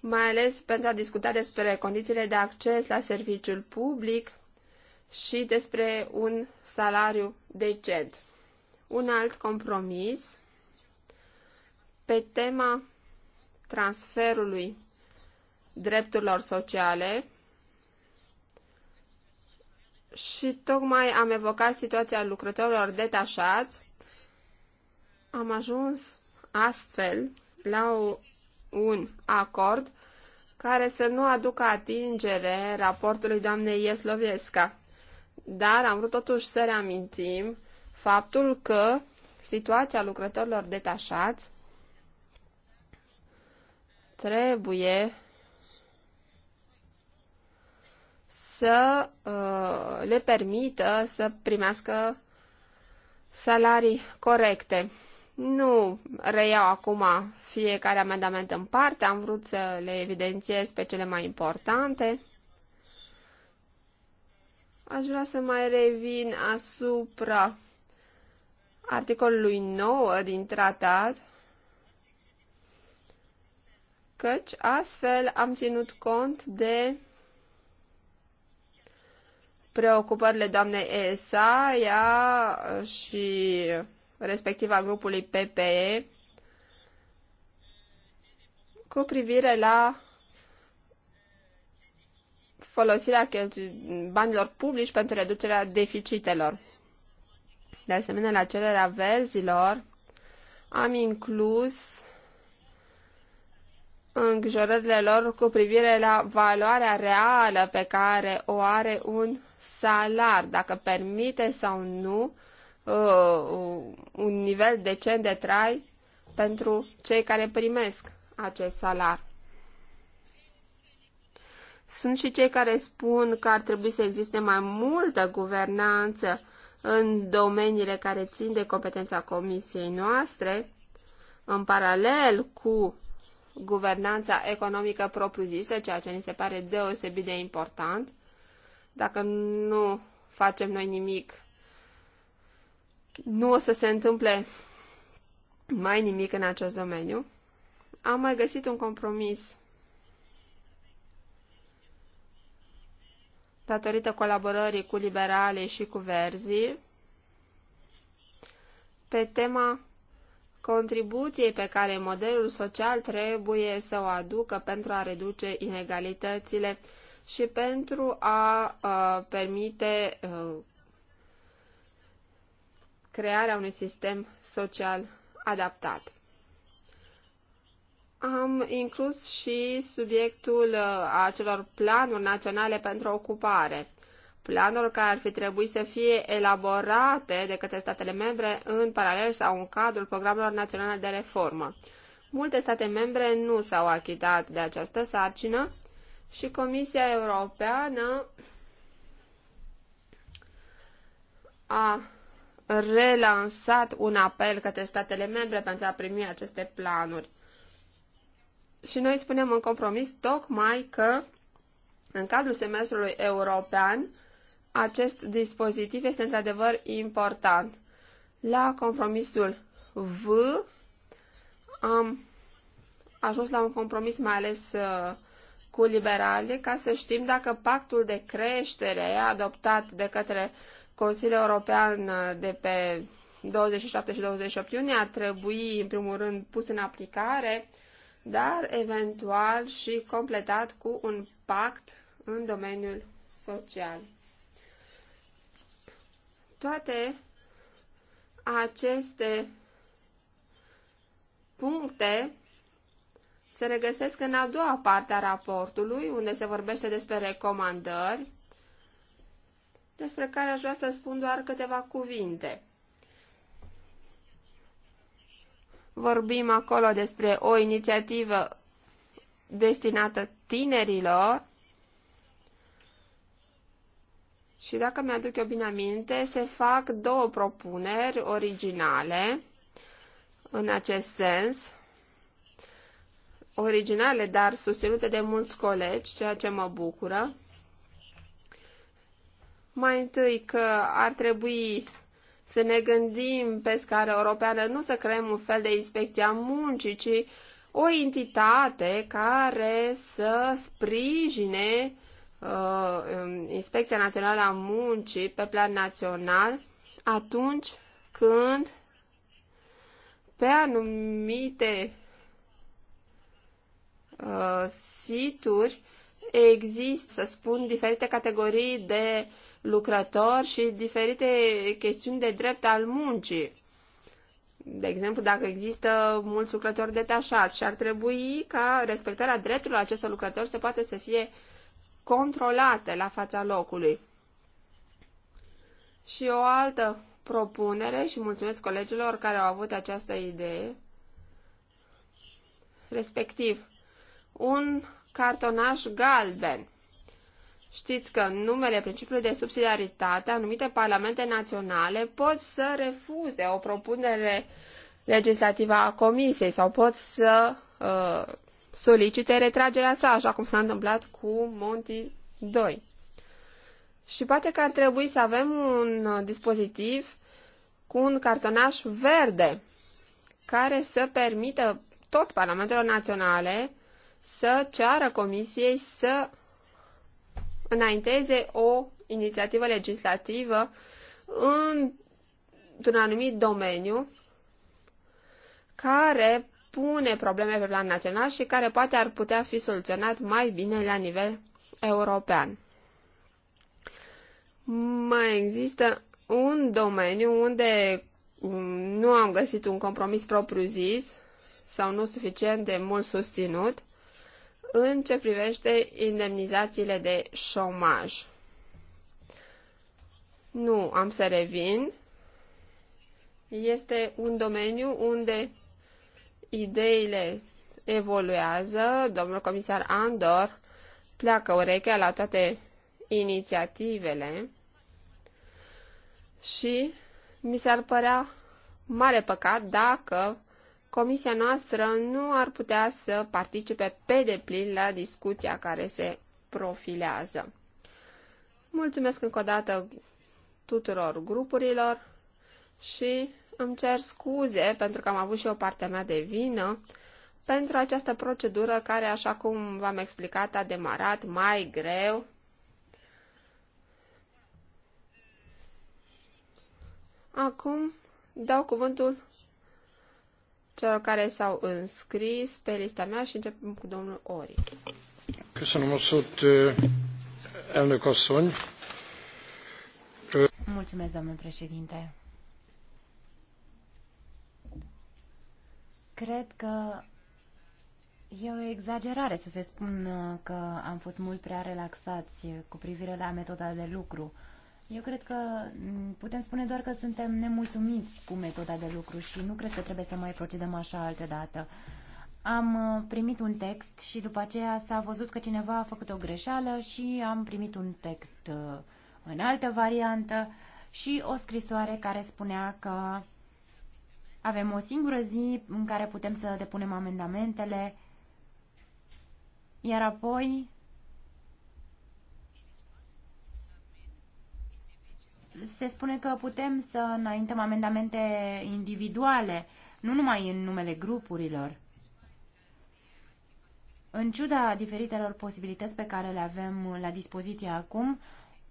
mai ales pentru a discuta despre condițiile de acces la serviciul public și despre un salariu decent un alt compromis pe tema transferului drepturilor sociale și tocmai am evocat situația lucrătorilor detașați. Am ajuns astfel la o, un acord care să nu aducă atingere raportului doamnei Ieslovesca. Dar am vrut totuși să reamintim faptul că situația lucrătorilor detașați trebuie să uh, le permită să primească salarii corecte. Nu reiau acum fiecare amendament în parte, am vrut să le evidențiez pe cele mai importante. Aș vrea să mai revin asupra articolului 9 din tratat, căci astfel am ținut cont de preocupările doamnei ESA, ea și respectiva grupului PPE cu privire la folosirea banilor publici pentru reducerea deficitelor de asemenea la cererea verzilor, am inclus îngrijorările lor cu privire la valoarea reală pe care o are un salar, dacă permite sau nu uh, un nivel decent de trai pentru cei care primesc acest salar. Sunt și cei care spun că ar trebui să existe mai multă guvernanță în domeniile care țin de competența comisiei noastre, în paralel cu guvernanța economică propriu-zisă, ceea ce ni se pare deosebit de important. Dacă nu facem noi nimic, nu o să se întâmple mai nimic în acest domeniu. Am mai găsit un compromis datorită colaborării cu liberale și cu verzii, pe tema contribuției pe care modelul social trebuie să o aducă pentru a reduce inegalitățile și pentru a uh, permite uh, crearea unui sistem social adaptat am inclus și subiectul uh, acelor planuri naționale pentru ocupare. Planuri care ar fi trebuit să fie elaborate de către statele membre în paralel sau în cadrul programelor naționale de reformă. Multe state membre nu s-au achitat de această sarcină și Comisia Europeană a relansat un apel către statele membre pentru a primi aceste planuri. Și noi spunem în compromis tocmai că în cadrul semestrului european acest dispozitiv este într-adevăr important. La compromisul V am ajuns la un compromis mai ales uh, cu liberale ca să știm dacă pactul de creștere adoptat de către Consiliul European uh, de pe 27 și 28 iunie ar trebui, în primul rând, pus în aplicare dar eventual și completat cu un pact în domeniul social. Toate aceste puncte se regăsesc în a doua parte a raportului, unde se vorbește despre recomandări, despre care aș vrea să spun doar câteva cuvinte. Vorbim acolo despre o inițiativă destinată tinerilor și dacă mi-aduc eu bine aminte, se fac două propuneri originale în acest sens, originale, dar susținute de mulți colegi, ceea ce mă bucură. Mai întâi că ar trebui să ne gândim pe scară europeană, nu să creăm un fel de inspecție a muncii, ci o entitate care să sprijine uh, um, Inspecția Națională a Muncii pe plan național atunci când pe anumite uh, situri există, să spun, diferite categorii de uh, lucrători și diferite chestiuni de drept al muncii. De exemplu, dacă există mulți lucrători detașați și ar trebui ca respectarea drepturilor acestor lucrători să poată să fie controlate la fața locului. Și o altă propunere, și mulțumesc colegilor care au avut această idee, respectiv un cartonaș galben Știți că în numele principiului de subsidiaritate, anumite parlamente naționale pot să refuze o propunere legislativă a Comisiei sau pot să uh, solicite retragerea sa, așa cum s-a întâmplat cu Monti 2. Și poate că ar trebui să avem un dispozitiv cu un cartonaș verde care să permită tot parlamentelor naționale să ceară comisiei să înainteze o inițiativă legislativă într-un anumit domeniu care pune probleme pe plan național și care poate ar putea fi soluționat mai bine la nivel european. Mai există un domeniu unde mm, nu am găsit un compromis propriu-zis sau nu suficient de mult susținut în ce privește indemnizațiile de șomaj. Nu am să revin. Este un domeniu unde ideile evoluează. Domnul comisar Andor pleacă urechea la toate inițiativele și mi s-ar părea mare păcat dacă comisia noastră nu ar putea să participe pe deplin la discuția care se profilează. Mulțumesc încă o dată tuturor grupurilor și îmi cer scuze pentru că am avut și o partea mea de vină pentru această procedură care, așa cum v-am explicat, a demarat mai greu. Acum dau cuvântul celor care s-au înscris pe lista mea și începem cu domnul Ori. Köszönöm elnök asszony. Mulțumesc, domnul președinte. Cred că e o exagerare să se spun că am fost mult prea relaxați cu privire la metoda de lucru. Eu cred că mm, putem spune doar că suntem nemulțumiți cu metoda de lucru și nu cred că trebuie să mai procedăm așa altă dată. Am uh, primit un text și după aceea s-a văzut că cineva a făcut o greșeală și am primit un text uh, în altă variantă și o scrisoare care spunea că avem o singură zi în care putem să depunem amendamentele, iar apoi se spune că putem să înaintăm amendamente individuale, nu numai în numele grupurilor. În ciuda diferitelor posibilități pe care le avem la dispoziție acum,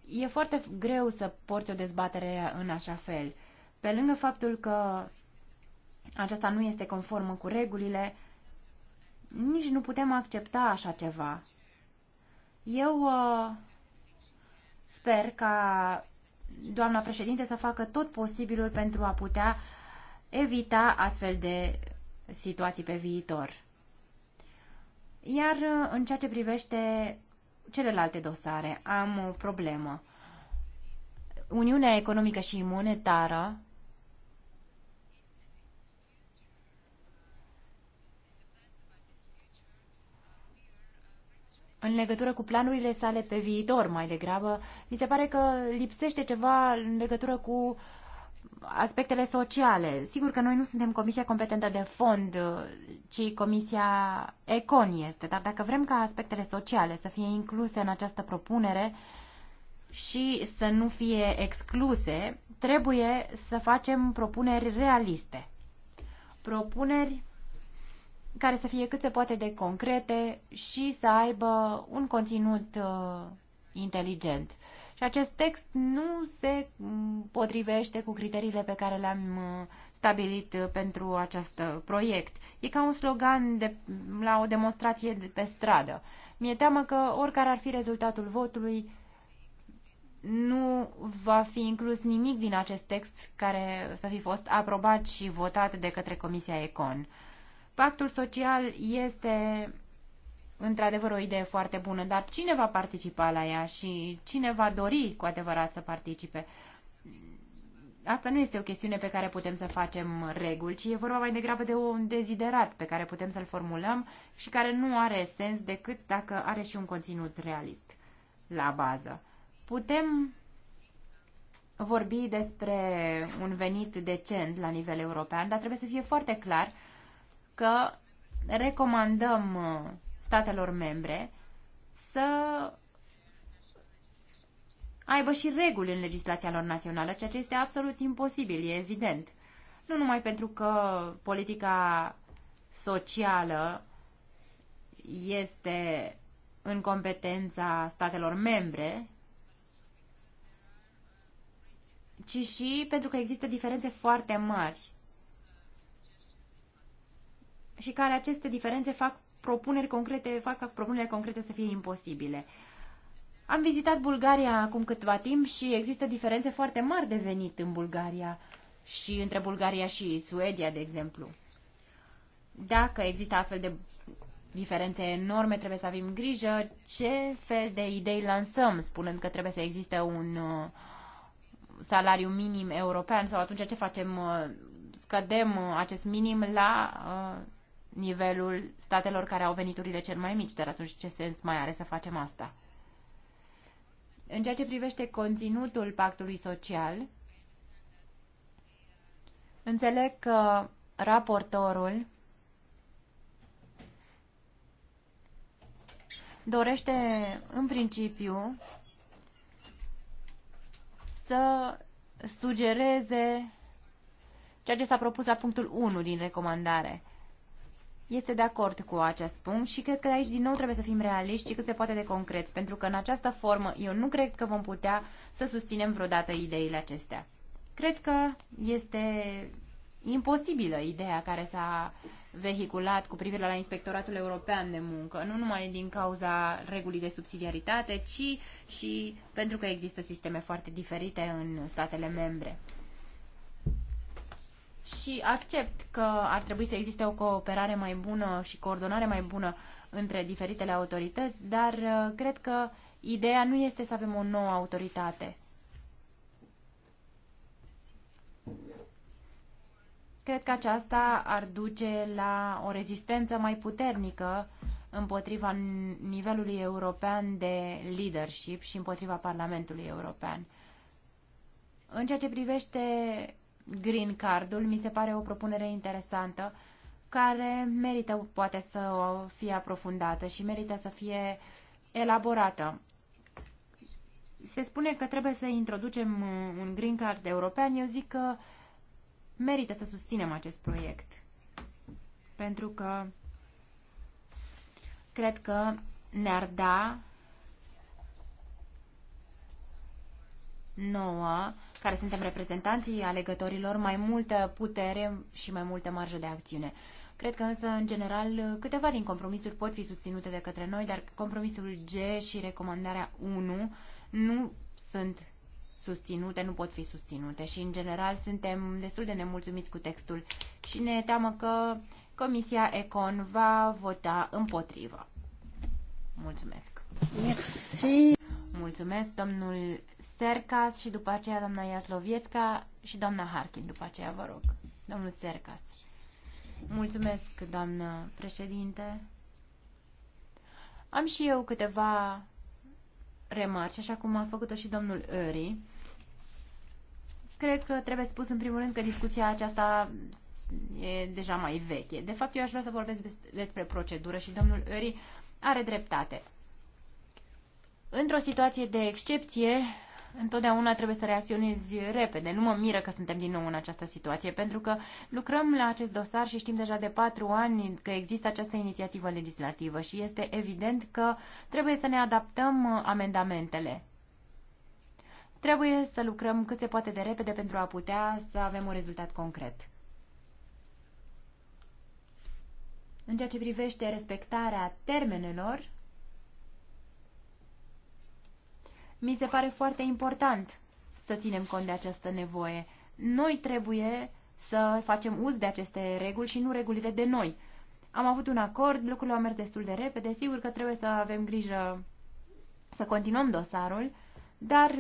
e foarte greu să porți o dezbatere în așa fel. Pe lângă faptul că aceasta nu este conformă cu regulile, nici nu putem accepta așa ceva. Eu uh, sper ca doamna președinte să facă tot posibilul pentru a putea evita astfel de situații pe viitor. Iar uh, în ceea ce privește celelalte dosare, am o problemă. Uniunea economică și monetară în legătură cu planurile sale pe viitor, mai degrabă. Mi se pare că lipsește ceva în legătură cu aspectele sociale. Sigur că noi nu suntem comisia competentă de fond, ci comisia ECON este, dar dacă vrem ca aspectele sociale să fie incluse în această propunere și să nu fie excluse, trebuie să facem propuneri realiste. Propuneri care să fie cât se poate de concrete și să aibă un conținut uh, inteligent. Și acest text nu se mm, potrivește cu criteriile pe care le-am uh, stabilit uh, pentru acest proiect. E ca un slogan de, la o demonstrație de pe stradă. Mi-e teamă că oricare ar fi rezultatul votului, nu va fi inclus nimic din acest text care să fi fost aprobat și votat de către Comisia Econ. Pactul social este într-adevăr o idee foarte bună, dar cine va participa la ea și cine va dori cu adevărat să participe? Asta nu este o chestiune pe care putem să facem reguli, ci e vorba mai degrabă de un deziderat pe care putem să-l formulăm și care nu are sens decât dacă are și un conținut realist la bază. Putem vorbi despre un venit decent la nivel european, dar trebuie să fie foarte clar că recomandăm uh, statelor membre să aibă și reguli în legislația lor națională, ceea ce este absolut imposibil, e evident. Nu numai pentru că politica socială este în competența statelor membre, ci și pentru că există diferențe foarte mari și care aceste diferențe fac propuneri concrete, fac ca propunerile concrete să fie imposibile. Am vizitat Bulgaria acum câtva timp și există diferențe foarte mari de venit în Bulgaria și între Bulgaria și Suedia, de exemplu. Dacă există astfel de diferențe enorme, trebuie să avem grijă ce fel de idei lansăm, spunând că trebuie să existe un uh, salariu minim european sau atunci ce facem? Uh, scădem uh, acest minim la nivelul statelor care au veniturile cel mai mici, dar atunci ce sens mai are să facem asta? În ceea ce privește conținutul pactului social, înțeleg că raportorul dorește în principiu să sugereze ceea ce s-a propus la punctul 1 din recomandare este de acord cu acest punct și cred că aici din nou trebuie să fim realiști și cât se poate de concret, pentru că în această formă eu nu cred că vom putea să susținem vreodată ideile acestea. Cred că este imposibilă ideea care s-a vehiculat cu privire la Inspectoratul European de Muncă, nu numai din cauza regulii de subsidiaritate, ci și pentru că există sisteme foarte diferite în statele membre și accept că ar trebui să existe o cooperare mai bună și coordonare mai bună între diferitele autorități, dar uh, cred că ideea nu este să avem o nouă autoritate. Cred că aceasta ar duce la o rezistență mai puternică împotriva nivelului european de leadership și împotriva Parlamentului European. În ceea ce privește green cardul, mi se pare o propunere interesantă care merită poate să fie aprofundată și merită să fie elaborată. Se spune că trebuie să introducem un green card european. Eu zic că merită să susținem acest proiect. Pentru că cred că ne-ar da nouă, care suntem reprezentanții alegătorilor, mai multă putere și mai multă marjă de acțiune. Cred că însă, în general, câteva din compromisuri pot fi susținute de către noi, dar compromisul G și recomandarea 1 nu sunt susținute, nu pot fi susținute și, în general, suntem destul de nemulțumiți cu textul și ne teamă că Comisia Econ va vota împotrivă. Mulțumesc! Merci! Mulțumesc, domnul Sercas și după aceea doamna Iaslovietska și doamna Harkin, după aceea vă rog. Domnul Sercas. Mulțumesc, doamnă președinte. Am și eu câteva remarci, așa cum a făcut-o și domnul Öri. Cred că trebuie spus în primul rând că discuția aceasta e deja mai veche. De fapt, eu aș vrea să vorbesc despre procedură și domnul Öri are dreptate. Într-o situație de excepție, întotdeauna trebuie să reacționezi repede. Nu mă miră că suntem din nou în această situație, pentru că lucrăm la acest dosar și știm deja de patru ani că există această inițiativă legislativă și este evident că trebuie să ne adaptăm amendamentele. Trebuie să lucrăm cât se poate de repede pentru a putea să avem un rezultat concret. În ceea ce privește respectarea termenelor, Mi se pare foarte important să ținem cont de această nevoie. Noi trebuie să facem uz de aceste reguli și nu regulile de noi. Am avut un acord, lucrurile au mers destul de repede, sigur că trebuie să avem grijă să continuăm dosarul, dar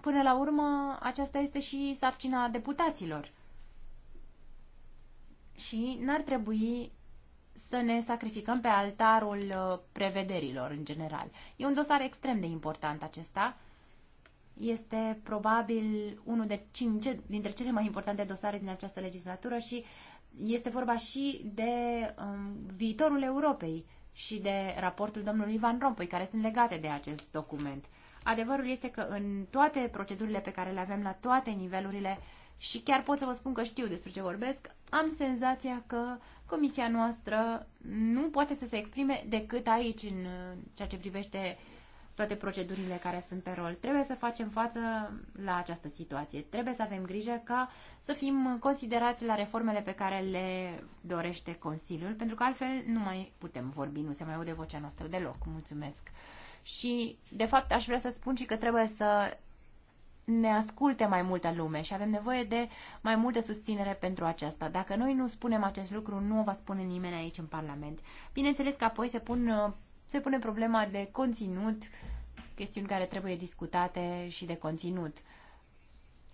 până la urmă aceasta este și sarcina deputaților. Și n-ar trebui să ne sacrificăm pe altarul uh, prevederilor în general. E un dosar extrem de important acesta. Este probabil unul de cinci, dintre cele mai importante dosare din această legislatură și este vorba și de um, viitorul Europei și de raportul domnului Van Rompuy, care sunt legate de acest document. Adevărul este că în toate procedurile pe care le avem la toate nivelurile, și chiar pot să vă spun că știu despre ce vorbesc, am senzația că comisia noastră nu poate să se exprime decât aici, în uh, ceea ce privește toate procedurile care sunt pe rol. Trebuie să facem față la această situație. Trebuie să avem grijă ca să fim considerați la reformele pe care le dorește Consiliul, pentru că altfel nu mai putem vorbi, nu se mai aude vocea noastră deloc. Mulțumesc! Și, de fapt, aș vrea să spun și că trebuie să ne asculte mai multă lume și avem nevoie de mai multă susținere pentru aceasta. Dacă noi nu spunem acest lucru, nu o va spune nimeni aici în Parlament. Bineînțeles că apoi se, pun, se pune problema de conținut, chestiuni care trebuie discutate și de conținut.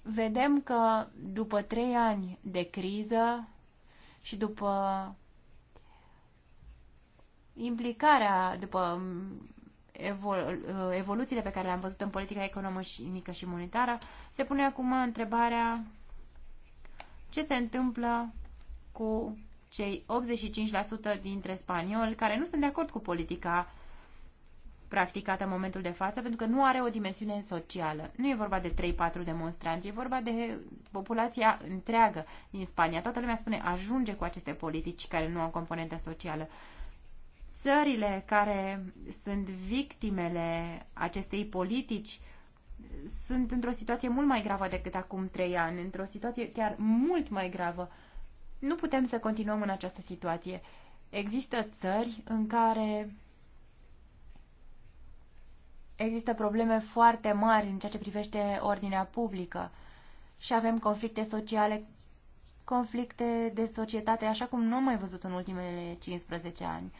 Vedem că după trei ani de criză și după implicarea, după evolu- uh, evoluțiile pe care le-am văzut în politica economică și monetară, se pune acum întrebarea ce se întâmplă cu cei 85% dintre spanioli care nu sunt de acord cu politica practicată în momentul de față, pentru că nu are o dimensiune socială. Nu e vorba de 3-4 demonstranți, e vorba de populația întreagă din Spania. Toată lumea spune ajunge cu aceste politici care nu au componentă socială. Uh, țările care sunt victimele acestei politici sunt într-o situație mult mai gravă decât acum trei ani, într-o situație chiar mult mai gravă. Nu putem să continuăm în această situație. Există țări în care există probleme foarte mari în ceea ce privește ordinea publică și avem conflicte sociale, conflicte de societate, așa cum nu am mai văzut în ultimele 15 ani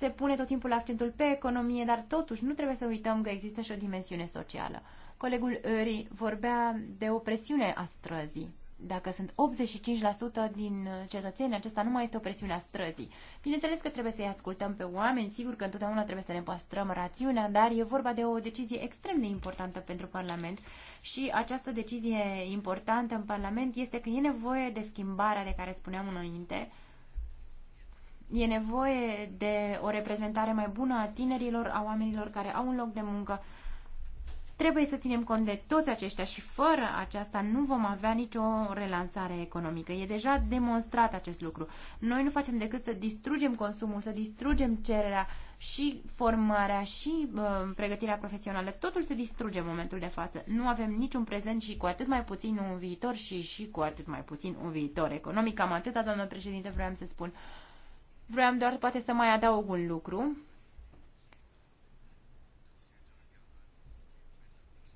se pune tot timpul accentul pe economie, dar totuși nu trebuie să uităm că există și o dimensiune socială. Colegul Uri vorbea de o presiune a străzii. Dacă sunt 85% din cetățenii acesta nu mai este o presiune a străzii. Bineînțeles că trebuie să-i ascultăm pe oameni, sigur că întotdeauna trebuie să ne păstrăm rațiunea, dar e vorba de o decizie extrem de importantă pentru Parlament și această decizie importantă în Parlament este că e nevoie de schimbarea de care spuneam înainte, E nevoie de o reprezentare mai bună a tinerilor, a oamenilor care au un loc de muncă. Trebuie să ținem cont de toți aceștia și fără aceasta nu vom avea nicio relansare economică. E deja demonstrat acest lucru. Noi nu facem decât să distrugem consumul, să distrugem cererea și formarea și uh, pregătirea profesională. Totul se distruge în momentul de față. Nu avem niciun prezent și cu atât mai puțin un viitor și și cu atât mai puțin un viitor economic. Cam atâta, doamnă președinte, vreau să spun. Uh, Vreau doar poate să mai adaug un lucru.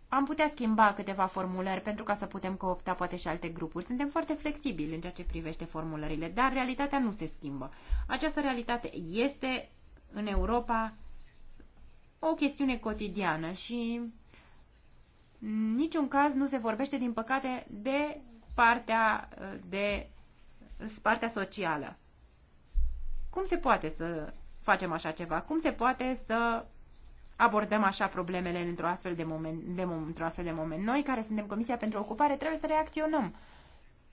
Am putea schimba câteva formulări pentru ca să putem coopta poate și alte grupuri. Suntem foarte flexibili în ceea ce privește formulările, dar realitatea nu se schimbă. Această realitate este în Europa o chestiune cotidiană și în niciun caz nu se vorbește, din păcate, de partea, de partea socială. Cum se poate să facem așa ceva? Cum se poate să abordăm așa problemele într o astfel de moment, de, într o astfel de moment? Noi, care suntem Comisia pentru Ocupare, trebuie să reacționăm.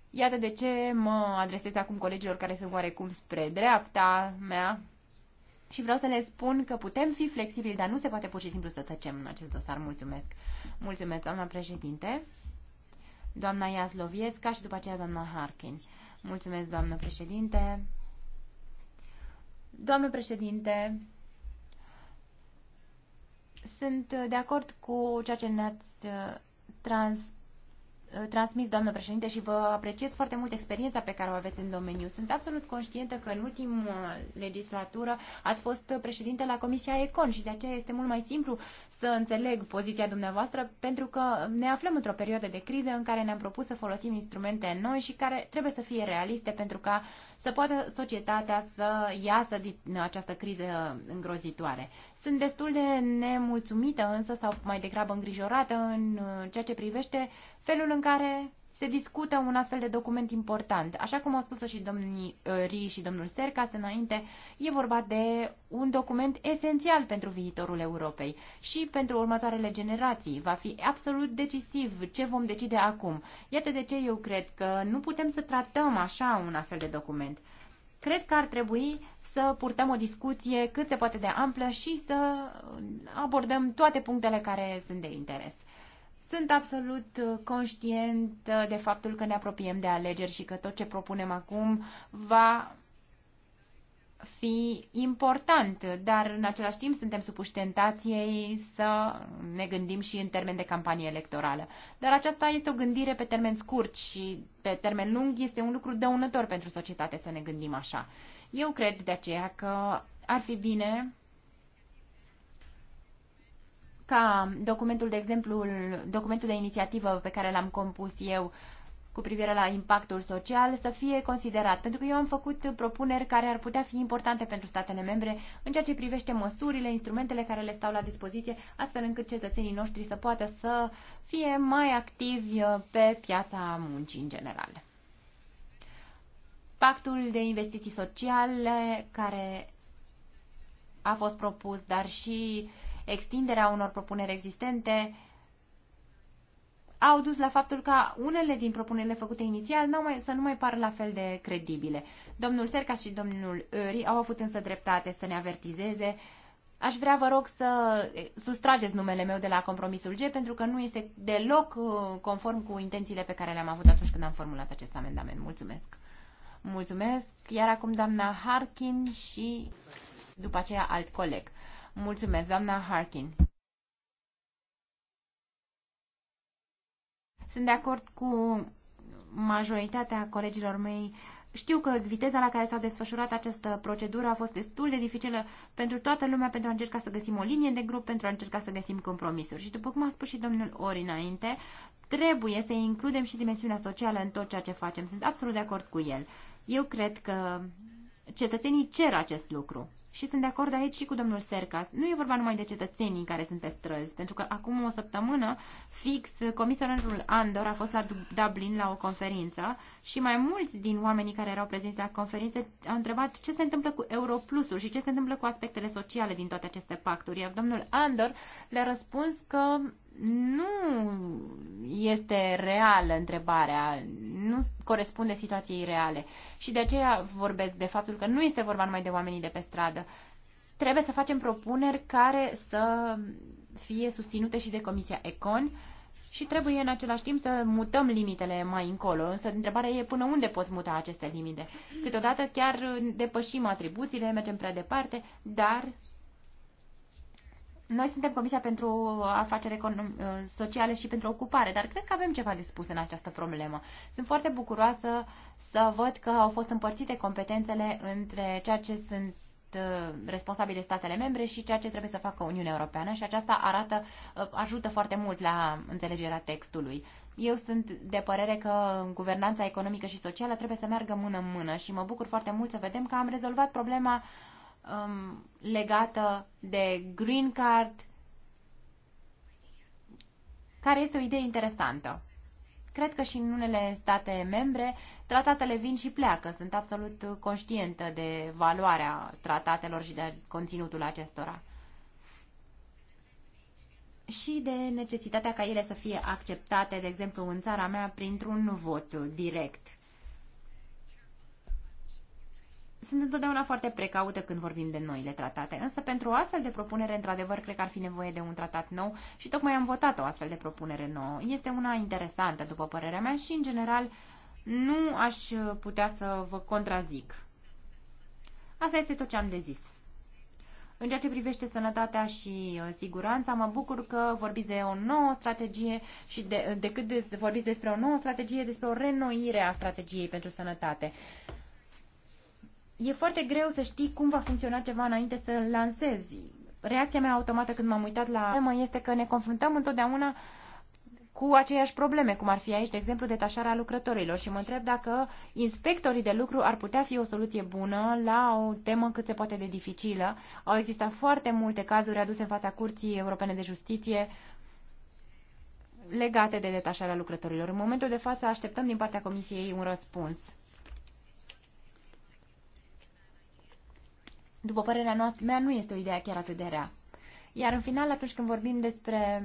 Iată de ce mă adresez acum colegilor care sunt oarecum spre dreapta mea și vreau să le spun că putem fi flexibili, dar nu se poate pur și simplu să tăcem în acest dosar. Mulțumesc. Mulțumesc, doamna președinte, doamna Iasloviesca și după aceea doamna Harkin. Mulțumesc, doamnă președinte. Doamnă președinte, sunt de acord cu ceea ce ne-ați uh, trans, uh, transmis, doamnă președinte, și vă apreciez foarte mult experiența pe care o aveți în domeniu. Sunt absolut conștientă că în ultima legislatură ați fost președinte la Comisia Econ și de aceea este mult mai simplu să înțeleg poziția dumneavoastră, pentru că ne aflăm într-o perioadă de criză în care ne-am propus să folosim instrumente noi și care trebuie să fie realiste pentru ca uh, să poată societatea să iasă din această criză îngrozitoare. Sunt destul de nemulțumită însă, sau mai degrabă îngrijorată, în uh, ceea ce privește felul în care se discută un astfel de document important. Așa cum au spus-o și domnii uh, Ri și domnul Sercas înainte, e vorba de un document esențial pentru viitorul Europei și pentru următoarele generații. Va fi absolut decisiv ce vom decide acum. Iată de ce eu cred că nu putem să tratăm așa un astfel de document. Cred că ar trebui să purtăm o discuție cât se poate de amplă și să abordăm toate punctele care sunt de interes. Sunt absolut uh, conștient uh, de faptul că ne apropiem de alegeri și că tot ce propunem acum va fi important, dar în același timp suntem supuși tentației să ne gândim și în termen de campanie electorală. Dar aceasta este o gândire pe termen scurt și pe termen lung este un lucru dăunător pentru societate să ne gândim așa. Eu cred de aceea că ar fi bine ca documentul, de exemplu, documentul de inițiativă pe care l-am compus eu cu privire la impactul social să fie considerat, pentru că eu am făcut propuneri care ar putea fi importante pentru statele membre în ceea ce privește măsurile, instrumentele care le stau la dispoziție, astfel încât cetățenii noștri să poată să fie mai activi pe piața muncii în general. Pactul de investiții sociale care a fost propus, dar și uh, extinderea unor propuneri existente, au dus la faptul că unele din propunerile făcute inițial n mai, să nu mai par la fel de credibile. Domnul Serca și domnul Öri au avut însă dreptate să ne avertizeze. Aș vrea, vă rog, să sustrageți numele meu de la compromisul G, pentru că nu este deloc uh, conform cu intențiile pe care le-am avut atunci când am formulat acest amendament. Mulțumesc! Mulțumesc! Iar acum doamna Harkin și după aceea alt coleg. Mulțumesc, doamna Harkin. Sunt de acord cu majoritatea colegilor mei știu că viteza la care s-a desfășurat această procedură a fost destul de dificilă pentru toată lumea, pentru a încerca să găsim o linie de grup, pentru a încerca să găsim compromisuri. Și după cum a spus și domnul Ori înainte, trebuie să includem și dimensiunea socială în tot ceea ce facem. Sunt absolut de acord cu el. Eu cred că cetățenii cer acest lucru. Și sunt de acord aici și cu domnul Sercas. Nu e vorba numai de cetățenii care sunt pe străzi, pentru că acum o săptămână fix comisarul Andor a fost la Dublin la o conferință și mai mulți din oamenii care erau prezenți la conferință au întrebat ce se întâmplă cu Europlusul și ce se întâmplă cu aspectele sociale din toate aceste pacturi. Iar domnul Andor le-a răspuns că nu este reală întrebarea, nu corespunde situației reale. Și de aceea vorbesc de faptul că nu este vorba numai de oamenii de pe stradă. Trebuie să facem propuneri care să fie susținute și de Comisia Econ și trebuie în același timp să mutăm limitele mai încolo. Însă întrebarea e până unde poți muta aceste limite. Câteodată chiar depășim atribuțiile, mergem prea departe, dar noi suntem Comisia pentru Afaceri uh, Sociale și pentru Ocupare, dar cred că avem ceva de spus în această problemă. Sunt foarte bucuroasă să văd că au fost împărțite competențele între ceea ce sunt uh, responsabile statele membre și ceea ce trebuie să facă Uniunea Europeană și aceasta arată, uh, ajută foarte mult la înțelegerea textului. Eu sunt de părere că guvernanța economică și socială trebuie să meargă mână în mână și mă bucur foarte mult să vedem că am rezolvat problema uh, um, legată de green card, care este o idee interesantă. Cred că și în unele state membre tratatele vin și pleacă. Sunt absolut conștientă de valoarea tratatelor și de conținutul acestora. Și de necesitatea ca ele să fie acceptate, de exemplu, în țara mea, printr-un vot direct sunt întotdeauna foarte precaută când vorbim de noile tratate, însă pentru o astfel de propunere, într-adevăr, cred că ar fi nevoie de un tratat nou și tocmai am votat o astfel de propunere nouă. Este una interesantă, după părerea mea, și, în general, nu aș putea să vă contrazic. Asta este tot ce am de zis. În ceea ce privește sănătatea și uh, siguranța, mă bucur că vorbiți de o nouă strategie și de, decât de, vorbiți despre o nouă strategie, despre o renoire a strategiei pentru sănătate e foarte greu să știi cum va funcționa ceva înainte să îl lansezi. Reacția mea automată când m-am uitat la temă este că ne confruntăm întotdeauna cu aceeași probleme, cum ar fi aici, de exemplu, detașarea lucrătorilor și mă întreb dacă inspectorii de lucru ar putea fi o soluție bună la o temă cât se poate de dificilă. Au existat foarte multe cazuri aduse în fața Curții Europene de Justiție legate de detașarea lucrătorilor. În momentul de față așteptăm din partea Comisiei un răspuns. după părerea noastră, mea, nu este o idee chiar atât de rea. Iar în final, atunci când vorbim despre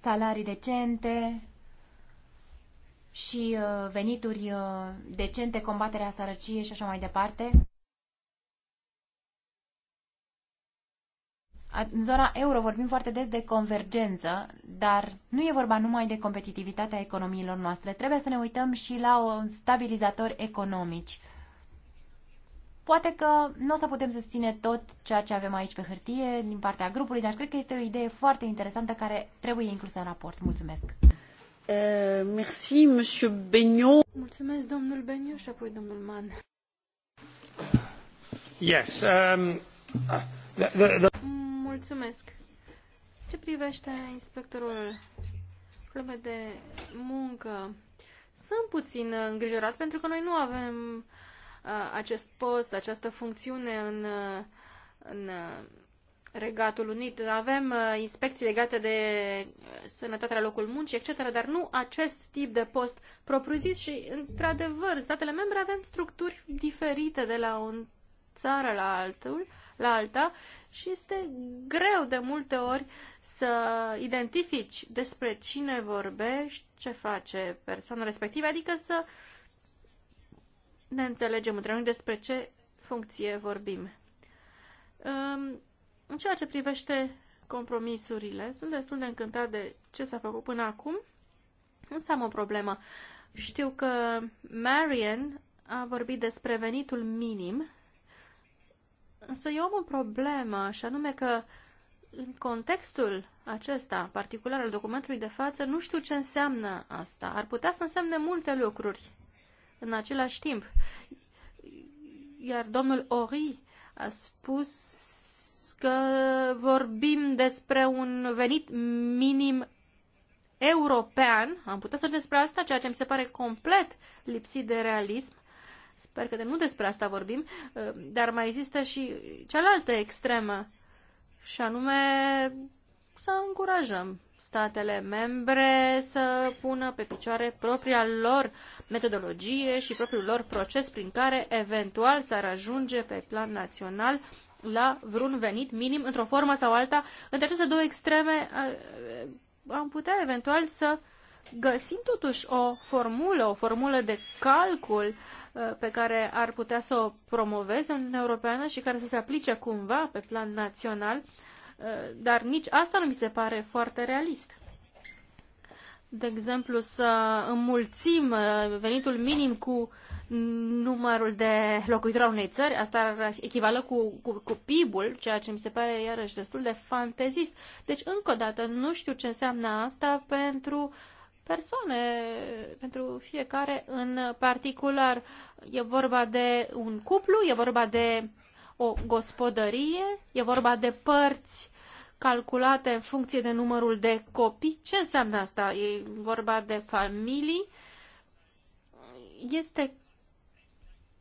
salarii decente și uh, venituri uh, decente, combaterea sărăciei și așa mai departe, în zona euro vorbim foarte des de convergență, dar nu e vorba numai de competitivitatea economiilor noastre. Trebuie să ne uităm și la stabilizatori economici Poate că nu o să putem susține tot ceea ce avem aici pe hârtie din partea grupului, dar cred că este o idee foarte interesantă care trebuie inclusă în raport. Mulțumesc! Uh, merci, monsieur Beignon. Mulțumesc, domnul Beniu și apoi domnul Man. Yes, um, the, the, the... Mulțumesc. Ce privește inspectorul club de muncă, sunt puțin îngrijorat pentru că noi nu avem uh, acest post, această funcțiune în, în Regatul Unit. Avem inspecții legate de sănătatea locul muncii, etc., dar nu acest tip de post propriu-zis și, într-adevăr, statele membre avem structuri diferite de la o țară la, altul, la alta și este greu de multe ori să identifici despre cine vorbești, ce face persoana respectivă, adică să uh, ne înțelegem între noi despre ce funcție vorbim. În ceea ce privește compromisurile, sunt destul de încântat de ce s-a făcut până acum, însă am o problemă. Știu că Marian a vorbit despre venitul minim, însă eu am o problemă, și anume că în contextul acesta particular al documentului de față, nu știu ce înseamnă asta. Ar putea să însemne multe lucruri în același timp. Iar domnul Ori a spus că vorbim despre un venit minim european, am putea să despre asta, ceea ce mi se pare complet lipsit de realism. Sper că de nu despre asta vorbim, dar mai există și cealaltă extremă, și anume să încurajăm statele membre să pună pe picioare propria lor metodologie și propriul lor proces prin care eventual s-ar ajunge pe plan național la vreun venit minim într-o formă sau alta. Între aceste două extreme am putea eventual să găsim totuși o formulă, o formulă de calcul pe care ar putea să o promoveze Uniunea Europeană și care să se aplice cumva pe plan național Eh, dar nici asta nu mi se pare foarte realist. De exemplu, să înmulțim eh, venitul minim cu numărul de locuitori al unei țări, asta ar echivală cu, cu, cu PIB-ul, ceea ce mi se pare iarăși destul de fantezist. Deci, încă o dată, nu știu ce înseamnă asta pentru persoane, pentru fiecare în particular. E vorba de un cuplu, e vorba de o gospodărie, e vorba de părți calculate în funcție de numărul de copii. Ce înseamnă asta? E vorba de familii. Este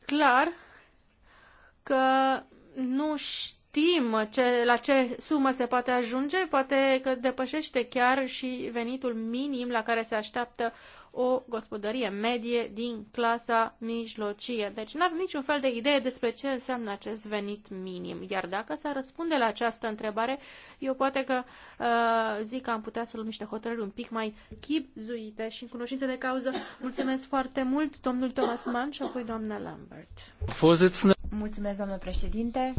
clar că nu știu știm ce, la ce sumă se poate ajunge, poate că depășește chiar și venitul minim la care se așteaptă o gospodărie medie din clasa mijlocie. Deci nu avem niciun fel de idee despre ce înseamnă acest venit minim. Iar dacă s-ar răspunde la această întrebare, eu poate că uh, zic că am putea să luăm niște hotărâri un pic mai chipzuite și în cunoștință de cauză. Mulțumesc foarte mult, domnul Thomas Mann și apoi doamna Lambert. Mulțumesc, domnule președinte.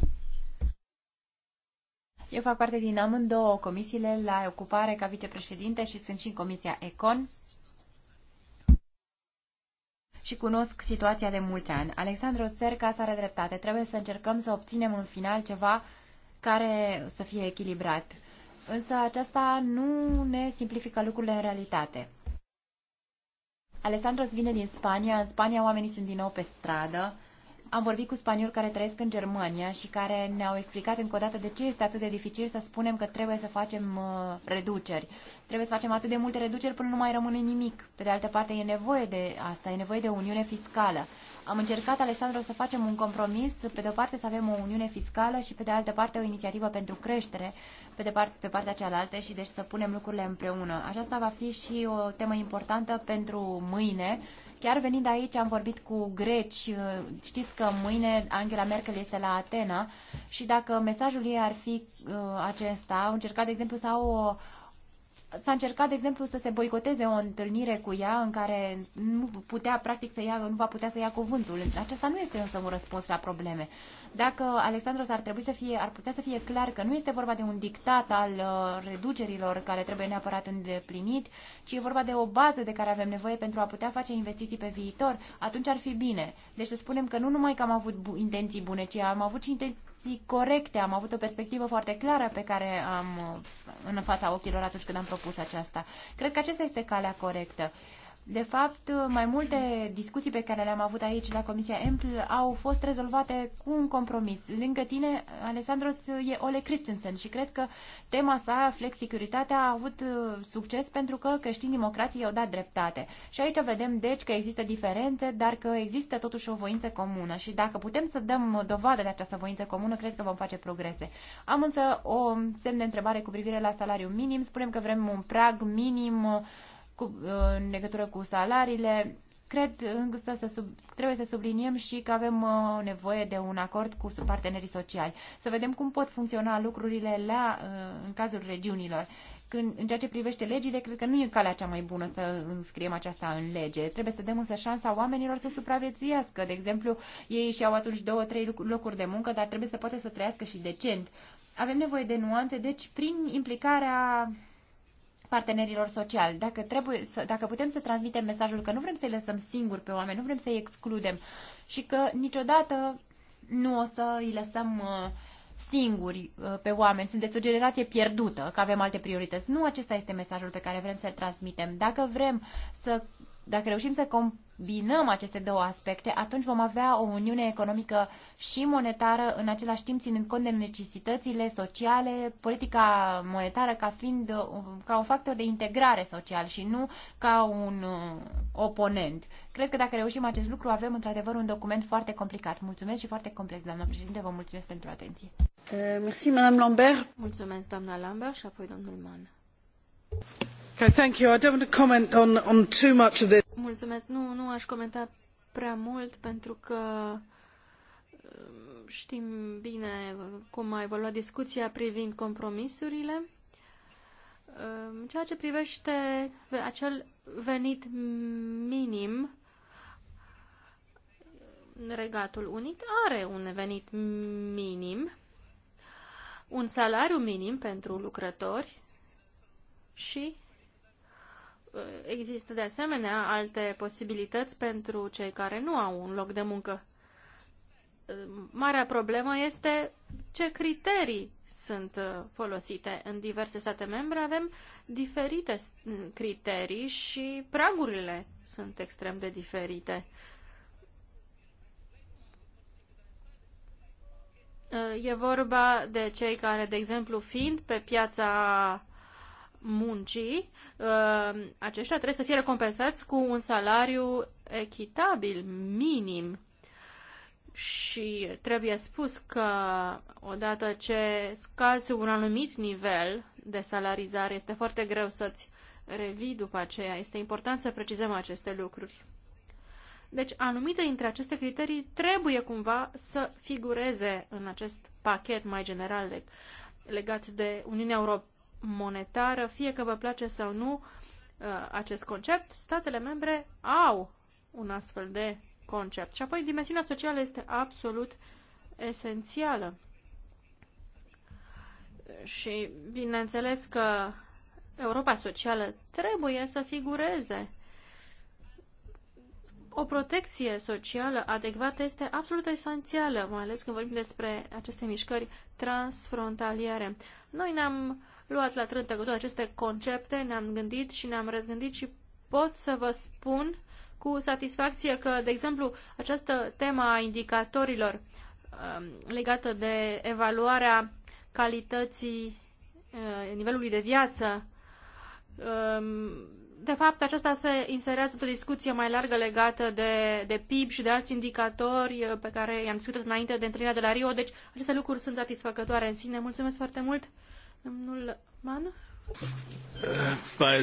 Eu fac parte din amândouă comisiile la ocupare ca vicepreședinte și sunt și în comisia Econ și cunosc situația de mulți ani. Alexandru s are dreptate. Trebuie să încercăm să obținem în final ceva care să fie echilibrat. Însă aceasta nu ne simplifică lucrurile în realitate. Alessandros vine din Spania. În Spania oamenii sunt din nou pe stradă am vorbit cu spanioli care trăiesc în Germania și care ne-au explicat încă o dată de ce este atât de dificil să spunem că trebuie să facem uh, reduceri. Trebuie să facem atât de multe reduceri până nu mai rămâne nimic. Pe de altă parte, e nevoie de asta, e nevoie de o uniune fiscală. Am încercat, Alessandro, să facem un compromis, pe de o parte să avem o uniune fiscală și pe de altă parte o inițiativă pentru creștere, pe, de part, pe partea cealaltă și deci să punem lucrurile împreună. Aceasta va fi și o temă importantă pentru mâine, Chiar venind aici am vorbit cu greci, uh, știți că mâine Angela Merkel este la Atena și dacă mesajul ei ar fi uh, acesta, au încercat, de exemplu, să au o S-a încercat, de exemplu, să se boicoteze o întâlnire cu ea în care nu putea, practic, să ia, nu va putea să ia cuvântul. Acesta nu este însă un răspuns la probleme. Dacă Alexandros ar trebui să fie, ar putea să fie clar că nu este vorba de un dictat al uh, reducerilor care trebuie neapărat îndeplinit, ci e vorba de o bază de care avem nevoie pentru a putea face investiții pe viitor, atunci ar fi bine. Deci să spunem că nu numai că am avut intenții bune, ci am avut și intenții poziții corecte. Am avut o perspectivă foarte clară pe care am în fața ochilor atunci când am propus aceasta. Cred că aceasta este calea corectă. De fapt, mai multe discuții pe care le-am avut aici la Comisia EMPL au fost rezolvate cu un compromis. Lângă tine, Alessandros, e Ole Christensen și cred că tema sa, flexicuritatea, a avut uh, succes pentru că creștinii democrații i-au dat dreptate. Și aici vedem, deci, că există diferențe, dar că există totuși o voință comună. Și dacă putem să dăm dovadă de această voință comună, cred că vom face progrese. Am însă o semn de întrebare cu privire la salariul minim. Spunem că vrem un prag minim cu, în legătură cu salariile. Cred însă să sub, trebuie să subliniem și că avem uh, nevoie de un acord cu partenerii sociali. Să vedem cum pot funcționa lucrurile la, uh, în cazul regiunilor. Când, în ceea ce privește legile, cred că nu e calea cea mai bună să înscriem aceasta în lege. Trebuie să dăm însă șansa oamenilor să supraviețuiască. De exemplu, ei și-au atunci două, trei locuri de muncă, dar trebuie să poată să trăiască și decent. Avem nevoie de nuanțe, deci prin implicarea partenerilor sociali. Dacă, trebuie să, dacă putem să transmitem mesajul că nu vrem să-i lăsăm singuri pe oameni, nu vrem să-i excludem și că niciodată nu o să îi lăsăm uh, singuri uh, pe oameni, sunteți o generație pierdută, că avem alte priorități. Nu acesta este mesajul pe care vrem să-l transmitem. Dacă vrem să dacă reușim să combinăm aceste două aspecte, atunci vom avea o uniune economică și monetară, în același timp ținând cont de necesitățile sociale, politica monetară ca fiind ca un factor de integrare social și nu ca un uh, oponent. Cred că dacă reușim acest lucru, avem într-adevăr un document foarte complicat. Mulțumesc și foarte complex, doamna președinte, vă mulțumesc pentru atenție. Eh, mulțumesc, doamna Lambert și apoi domnul Mann. Mulțumesc. Nu, nu aș comenta prea mult pentru că um, știm bine cum a evoluat discuția privind compromisurile. Um, în ceea ce privește acel venit minim, Regatul Unit are un venit minim, un salariu minim pentru lucrători și Uh, există de asemenea alte posibilități pentru cei care nu au un loc de muncă. Uh, marea problemă este ce criterii sunt uh, folosite în diverse state membre. Avem diferite criterii și pragurile sunt extrem de diferite. E vorba de cei care, de exemplu, fiind pe piața muncii, uh, aceștia trebuie să fie recompensați cu un salariu echitabil, minim. Și trebuie spus că odată ce scazi un anumit nivel de salarizare, este foarte greu să-ți revii după aceea. Este important să precizăm aceste lucruri. Deci, anumite dintre aceste criterii trebuie cumva să figureze în acest pachet mai general legat de Uniunea Europeană monetară, fie că vă place sau nu uh, acest concept, statele membre au un astfel de concept. Și apoi dimensiunea socială este absolut esențială. Și bineînțeles că Europa socială trebuie să figureze o protecție socială adecvată este absolut esențială, mai ales când vorbim despre aceste mișcări transfrontaliere. Noi ne-am luat la trântă cu toate aceste concepte, ne-am gândit și ne-am răzgândit și pot să vă spun cu satisfacție că, de exemplu, această tema a indicatorilor um, legată de evaluarea calității uh, nivelului de viață um, de fapt, aceasta se inserează într-o discuție mai largă legată de, de PIB și de alți indicatori uh, pe care i-am discutat înainte de întâlnirea de la Rio. Deci, aceste lucruri sunt satisfăcătoare în sine. Mulțumesc foarte mult, domnul Mann. Eh,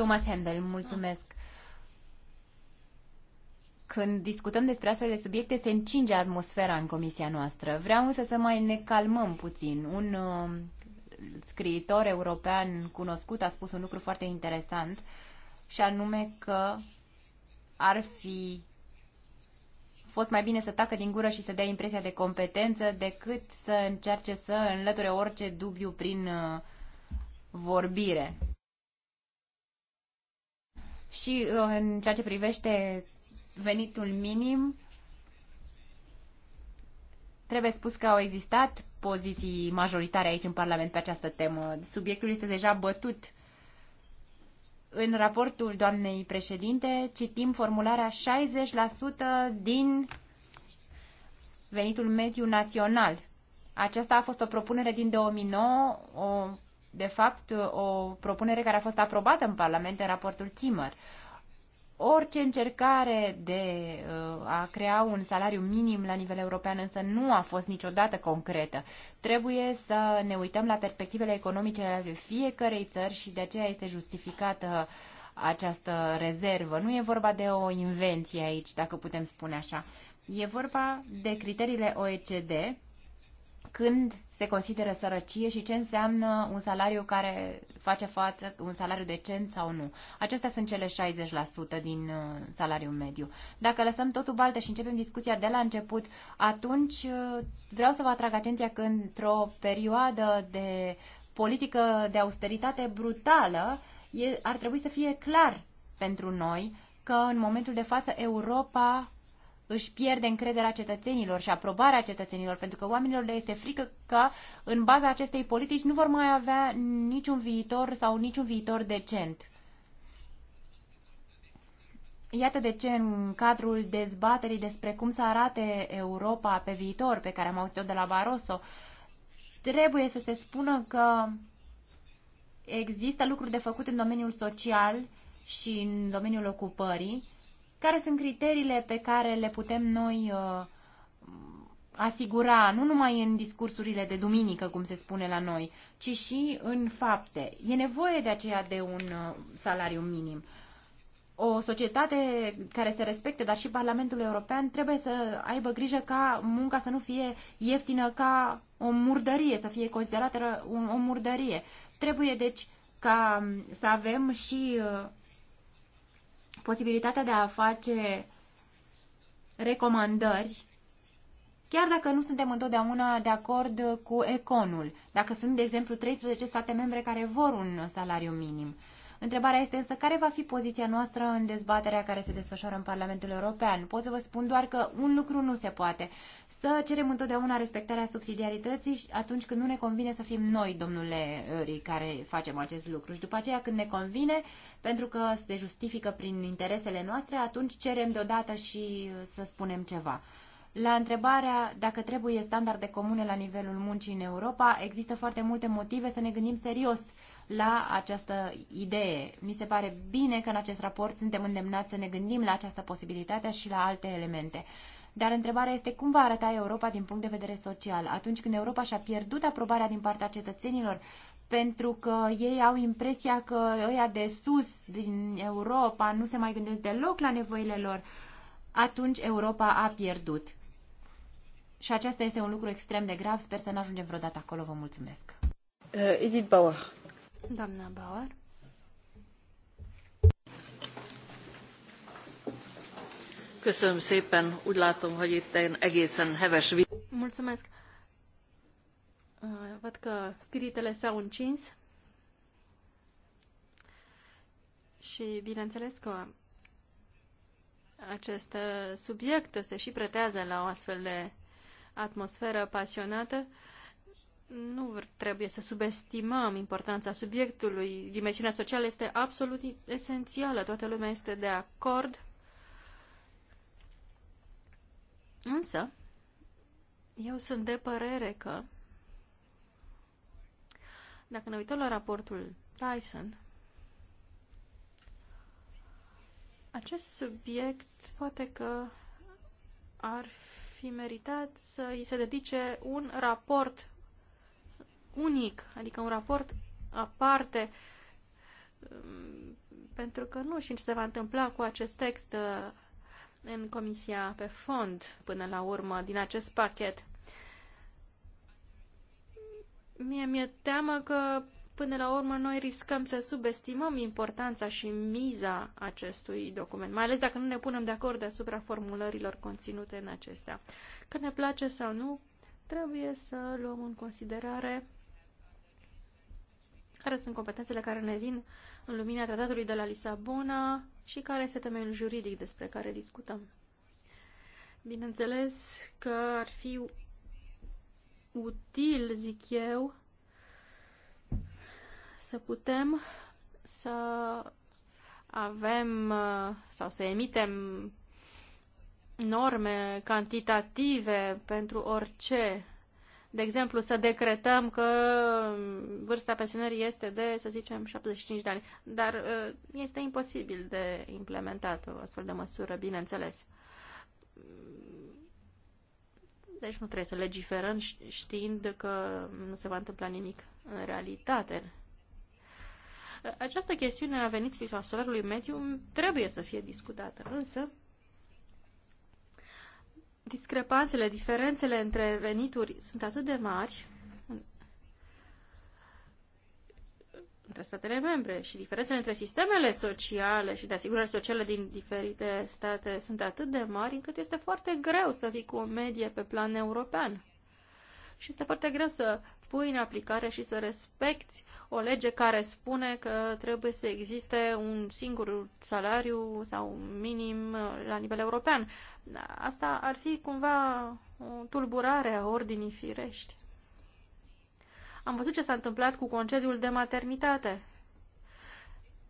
Thomas Handel, mulțumesc. Când discutăm despre astfel de subiecte, se încinge atmosfera în comisia noastră. Vreau însă să mai ne calmăm puțin. Un uh, scriitor european cunoscut a spus un lucru foarte interesant și anume că ar fi fost mai bine să tacă din gură și să dea impresia de competență decât să încerce să înlăture orice dubiu prin uh, vorbire. Și uh, în ceea ce privește venitul minim, Trebuie spus că au existat poziții majoritare aici în Parlament pe această temă. Subiectul este deja bătut. În raportul doamnei președinte citim formularea 60% din venitul mediu național. Aceasta a fost o propunere din 2009, o, de fapt o propunere care a fost aprobată în Parlament în raportul Timăr. Orice încercare de uh, a crea un salariu minim la nivel european însă nu a fost niciodată concretă. Trebuie să ne uităm la perspectivele economice ale fiecărei țări și de aceea este justificată această rezervă. Nu e vorba de o invenție aici, dacă putem spune așa. E vorba de criteriile OECD când se consideră sărăcie și ce înseamnă un salariu care face față, un salariu decent sau nu. Acestea sunt cele 60% din uh, salariul mediu. Dacă lăsăm totul baltă și începem discuția de la început, atunci uh, vreau să vă atrag atenția că într-o perioadă de politică de austeritate brutală, e, ar trebui să fie clar pentru noi că în momentul de față Europa își pierde încrederea cetățenilor și aprobarea cetățenilor, pentru că oamenilor le este frică că în baza acestei politici nu vor mai avea niciun viitor sau niciun viitor decent. Iată de ce în cadrul dezbaterii despre cum să arate Europa pe viitor, pe care am auzit-o de la Barroso, trebuie să se spună că există lucruri de făcut în domeniul social și în domeniul ocupării care sunt criteriile pe care le putem noi uh, asigura, nu numai în discursurile de duminică, cum se spune la noi, ci și în fapte. E nevoie de aceea de un uh, salariu minim. O societate care se respecte, dar și Parlamentul European, trebuie să aibă grijă ca munca să nu fie ieftină ca o murdărie, să fie considerată o murdărie. Trebuie, deci, ca să avem și uh, posibilitatea de a face recomandări, chiar dacă nu suntem întotdeauna de acord cu econul, dacă sunt, de exemplu, 13 state membre care vor un salariu minim. Întrebarea este însă care va fi poziția noastră în dezbaterea care se desfășoară în Parlamentul European. Pot să vă spun doar că un lucru nu se poate să cerem întotdeauna respectarea subsidiarității și atunci când nu ne convine să fim noi, domnule Ri, care facem acest lucru. Și după aceea când ne convine, pentru că se justifică prin interesele noastre, atunci cerem deodată și să spunem ceva. La întrebarea dacă trebuie standarde comune la nivelul muncii în Europa, există foarte multe motive să ne gândim serios la această idee. Mi se pare bine că în acest raport suntem îndemnați să ne gândim la această posibilitate și la alte elemente. Dar întrebarea este cum va arăta Europa din punct de vedere social, atunci când Europa și-a pierdut aprobarea din partea cetățenilor pentru că ei au impresia că ăia de sus din Europa nu se mai gândesc deloc la nevoile lor, atunci Europa a pierdut. Și acesta este un lucru extrem de grav. Sper să nu ajungem vreodată acolo. Vă mulțumesc. Uh, Edith Bauer. Doamna Bauer. Köszönöm szépen, úgy látom, hogy itt egészen heves Mulțumesc. Uh, văd că spiritele s-au încins și bineînțeles că acest uh, subiect se și pretează la o astfel de atmosferă pasionată. Nu trebuie să subestimăm importanța subiectului. Dimensiunea socială este absolut esențială. Toată lumea este de acord Însă, eu sunt de părere că dacă ne uităm la raportul Tyson, acest subiect poate că ar fi meritat să îi se dedice un raport unic, adică un raport aparte, um, pentru că nu știu ce se va întâmpla cu acest text uh, în Comisia pe fond, până la urmă, din acest pachet. Mie mi-e teamă că, până la urmă, noi riscăm să subestimăm importanța și miza acestui document, mai ales dacă nu ne punem de acord asupra formulărilor conținute în acestea. Că ne place sau nu, trebuie să luăm în considerare care sunt competențele care ne vin în lumina tratatului de la Lisabona și care este temeiul juridic despre care discutăm. Bineînțeles că ar fi util, zic eu, să putem să avem uh, sau să emitem norme cantitative pentru orice de exemplu, să decretăm că vârsta pensionării este de, să zicem, 75 de ani. Dar ă, este imposibil de implementat o astfel de măsură, bineînțeles. Deci nu trebuie să legiferăm știind că nu se va întâmpla nimic în realitate. Această chestiune a venit sau salariului mediu trebuie să fie discutată, însă discrepanțele, diferențele între venituri sunt atât de mari între statele membre și diferențele între sistemele sociale și de asigurări sociale din diferite state sunt atât de mari încât este foarte greu să fii cu o medie pe plan european. Și este foarte greu să pui în aplicare și să respecti o lege care spune că trebuie să existe un singur salariu sau minim uh, la nivel european. Asta ar fi cumva o tulburare a ordinii firești. Am văzut ce s-a întâmplat cu concediul de maternitate.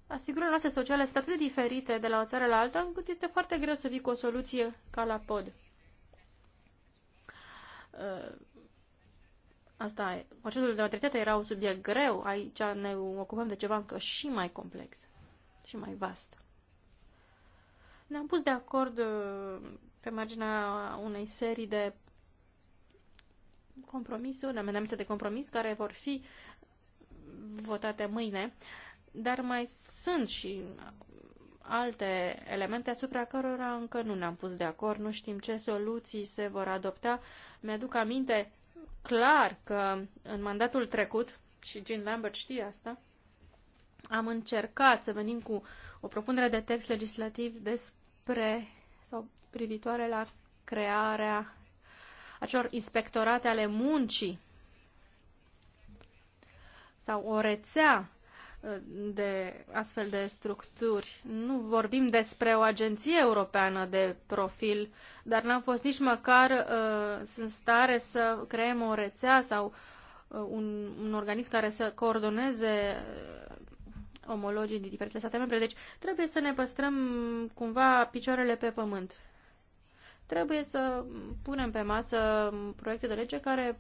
Asigurările noastre sociale sunt atât de diferite de la o țară la alta, încât este foarte greu să vii cu o soluție ca la pod. Uh, asta e. Concediul de maternitate era un subiect greu, aici ne ocupăm de ceva încă și mai complex și mai vast. Ne-am pus de acord uh, pe marginea unei serii de compromisuri, de amendamente de compromis care vor fi votate mâine, dar mai sunt și alte elemente asupra cărora încă nu ne-am pus de acord, nu știm ce soluții se vor adopta. Mi-aduc aminte clar că în mandatul trecut, și Jean Lambert știe asta, am încercat să venim cu o propunere de text legislativ despre sau privitoare la crearea acelor inspectorate ale muncii sau o rețea de astfel de structuri. Nu vorbim despre o agenție europeană de profil, dar n-am fost nici măcar uh, în stare să creăm o rețea sau uh, un, un organism care să coordoneze uh, omologii din diferite state membre. Deci trebuie să ne păstrăm cumva picioarele pe pământ. Trebuie să punem pe masă proiecte de lege care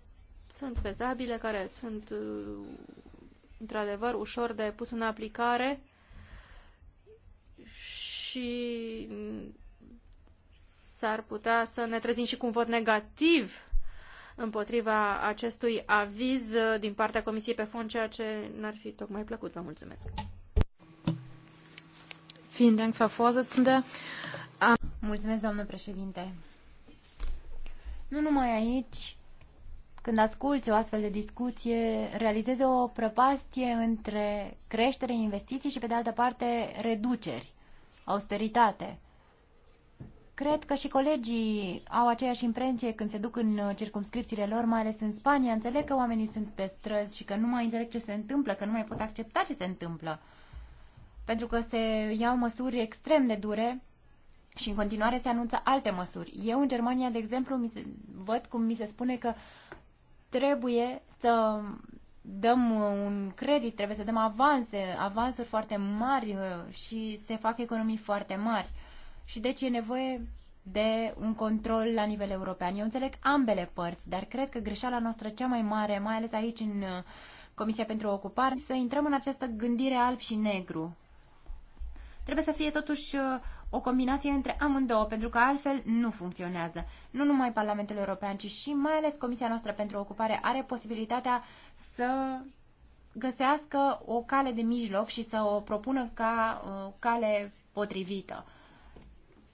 sunt fezabile, care sunt uh, într-adevăr, ușor de pus în aplicare și s-ar putea să ne trezim și cu un vot negativ împotriva acestui aviz din partea Comisiei pe fond, ceea ce n-ar fi tocmai plăcut. Vă mulțumesc. Mulțumesc, doamnă președinte. Nu numai aici, când asculți o astfel de discuție, realizezi o prăpastie între creștere, investiții și, pe de altă parte, reduceri, austeritate. Cred că și colegii au aceeași impresie când se duc în uh, circumscripțiile lor, mai ales în Spania. Înțeleg că oamenii sunt pe străzi și că nu mai înțeleg ce se întâmplă, că nu mai pot accepta ce se întâmplă. Pentru că se iau măsuri extrem de dure și în continuare se anunță alte măsuri. Eu în Germania, de exemplu, văd cum mi se spune că uh, trebuie să dăm un credit, trebuie să dăm avanse, avansuri foarte mari uh, și se fac economii foarte mari. Și deci e nevoie de un control la nivel european. Eu înțeleg ambele părți, dar cred că greșeala noastră cea mai mare, mai ales aici în uh, Comisia pentru Ocupare, să intrăm în această gândire alb și negru. Trebuie să fie totuși uh, o combinație între amândouă, pentru că altfel nu funcționează. Nu numai Parlamentul European, ci și mai ales Comisia noastră pentru ocupare are posibilitatea să găsească o cale de mijloc și să o propună ca o uh, cale potrivită.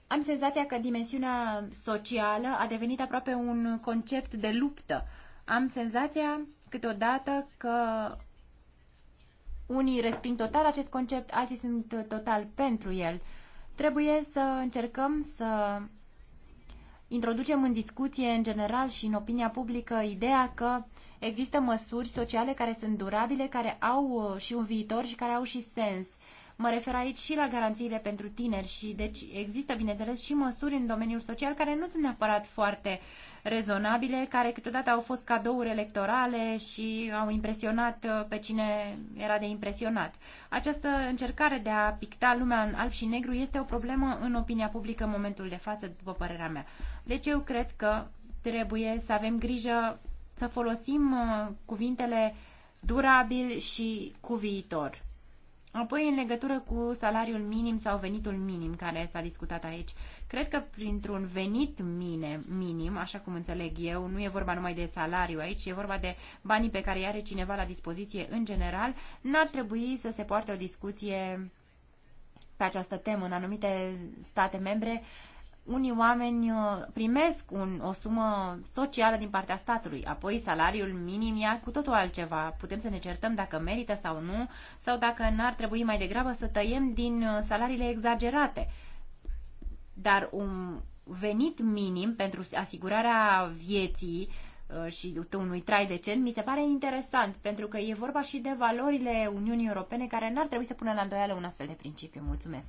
Am senzația că dimensiunea socială a devenit aproape un concept de luptă. Am senzația câteodată că unii resping total acest concept, alții sunt total pentru el. Trebuie să încercăm să introducem în discuție în general și în opinia publică ideea că există măsuri sociale care sunt durabile, care au uh, și un viitor și care au și sens. Mă refer aici și la garanțiile pentru tineri și deci există, bineînțeles, și măsuri în domeniul social care nu sunt neapărat foarte rezonabile, care câteodată au fost cadouri electorale și au impresionat uh, pe cine era de impresionat. Această încercare de a picta lumea în alb și negru este o problemă în opinia publică în momentul de față, după părerea mea. Deci eu cred că trebuie să avem grijă să folosim uh, cuvintele durabil și cu viitor. Apoi, în legătură cu salariul minim sau venitul minim, care s-a discutat aici, cred că printr-un venit mine, minim, așa cum înțeleg eu, nu e vorba numai de salariu aici, e vorba de banii pe care îi are cineva la dispoziție în general, n-ar trebui să se poarte o discuție pe această temă în anumite state membre. Uh, unii oameni uh, primesc un, o sumă socială din partea statului, apoi salariul minim ia cu totul altceva. Putem să ne certăm dacă merită sau nu, sau dacă n-ar trebui mai degrabă să tăiem din uh, salariile exagerate. Dar un venit minim pentru asigurarea vieții uh, și unui trai decent, mi se pare interesant, pentru că e vorba și de valorile Uniunii Europene care n-ar trebui să pună la îndoială un astfel de principiu. Mulțumesc!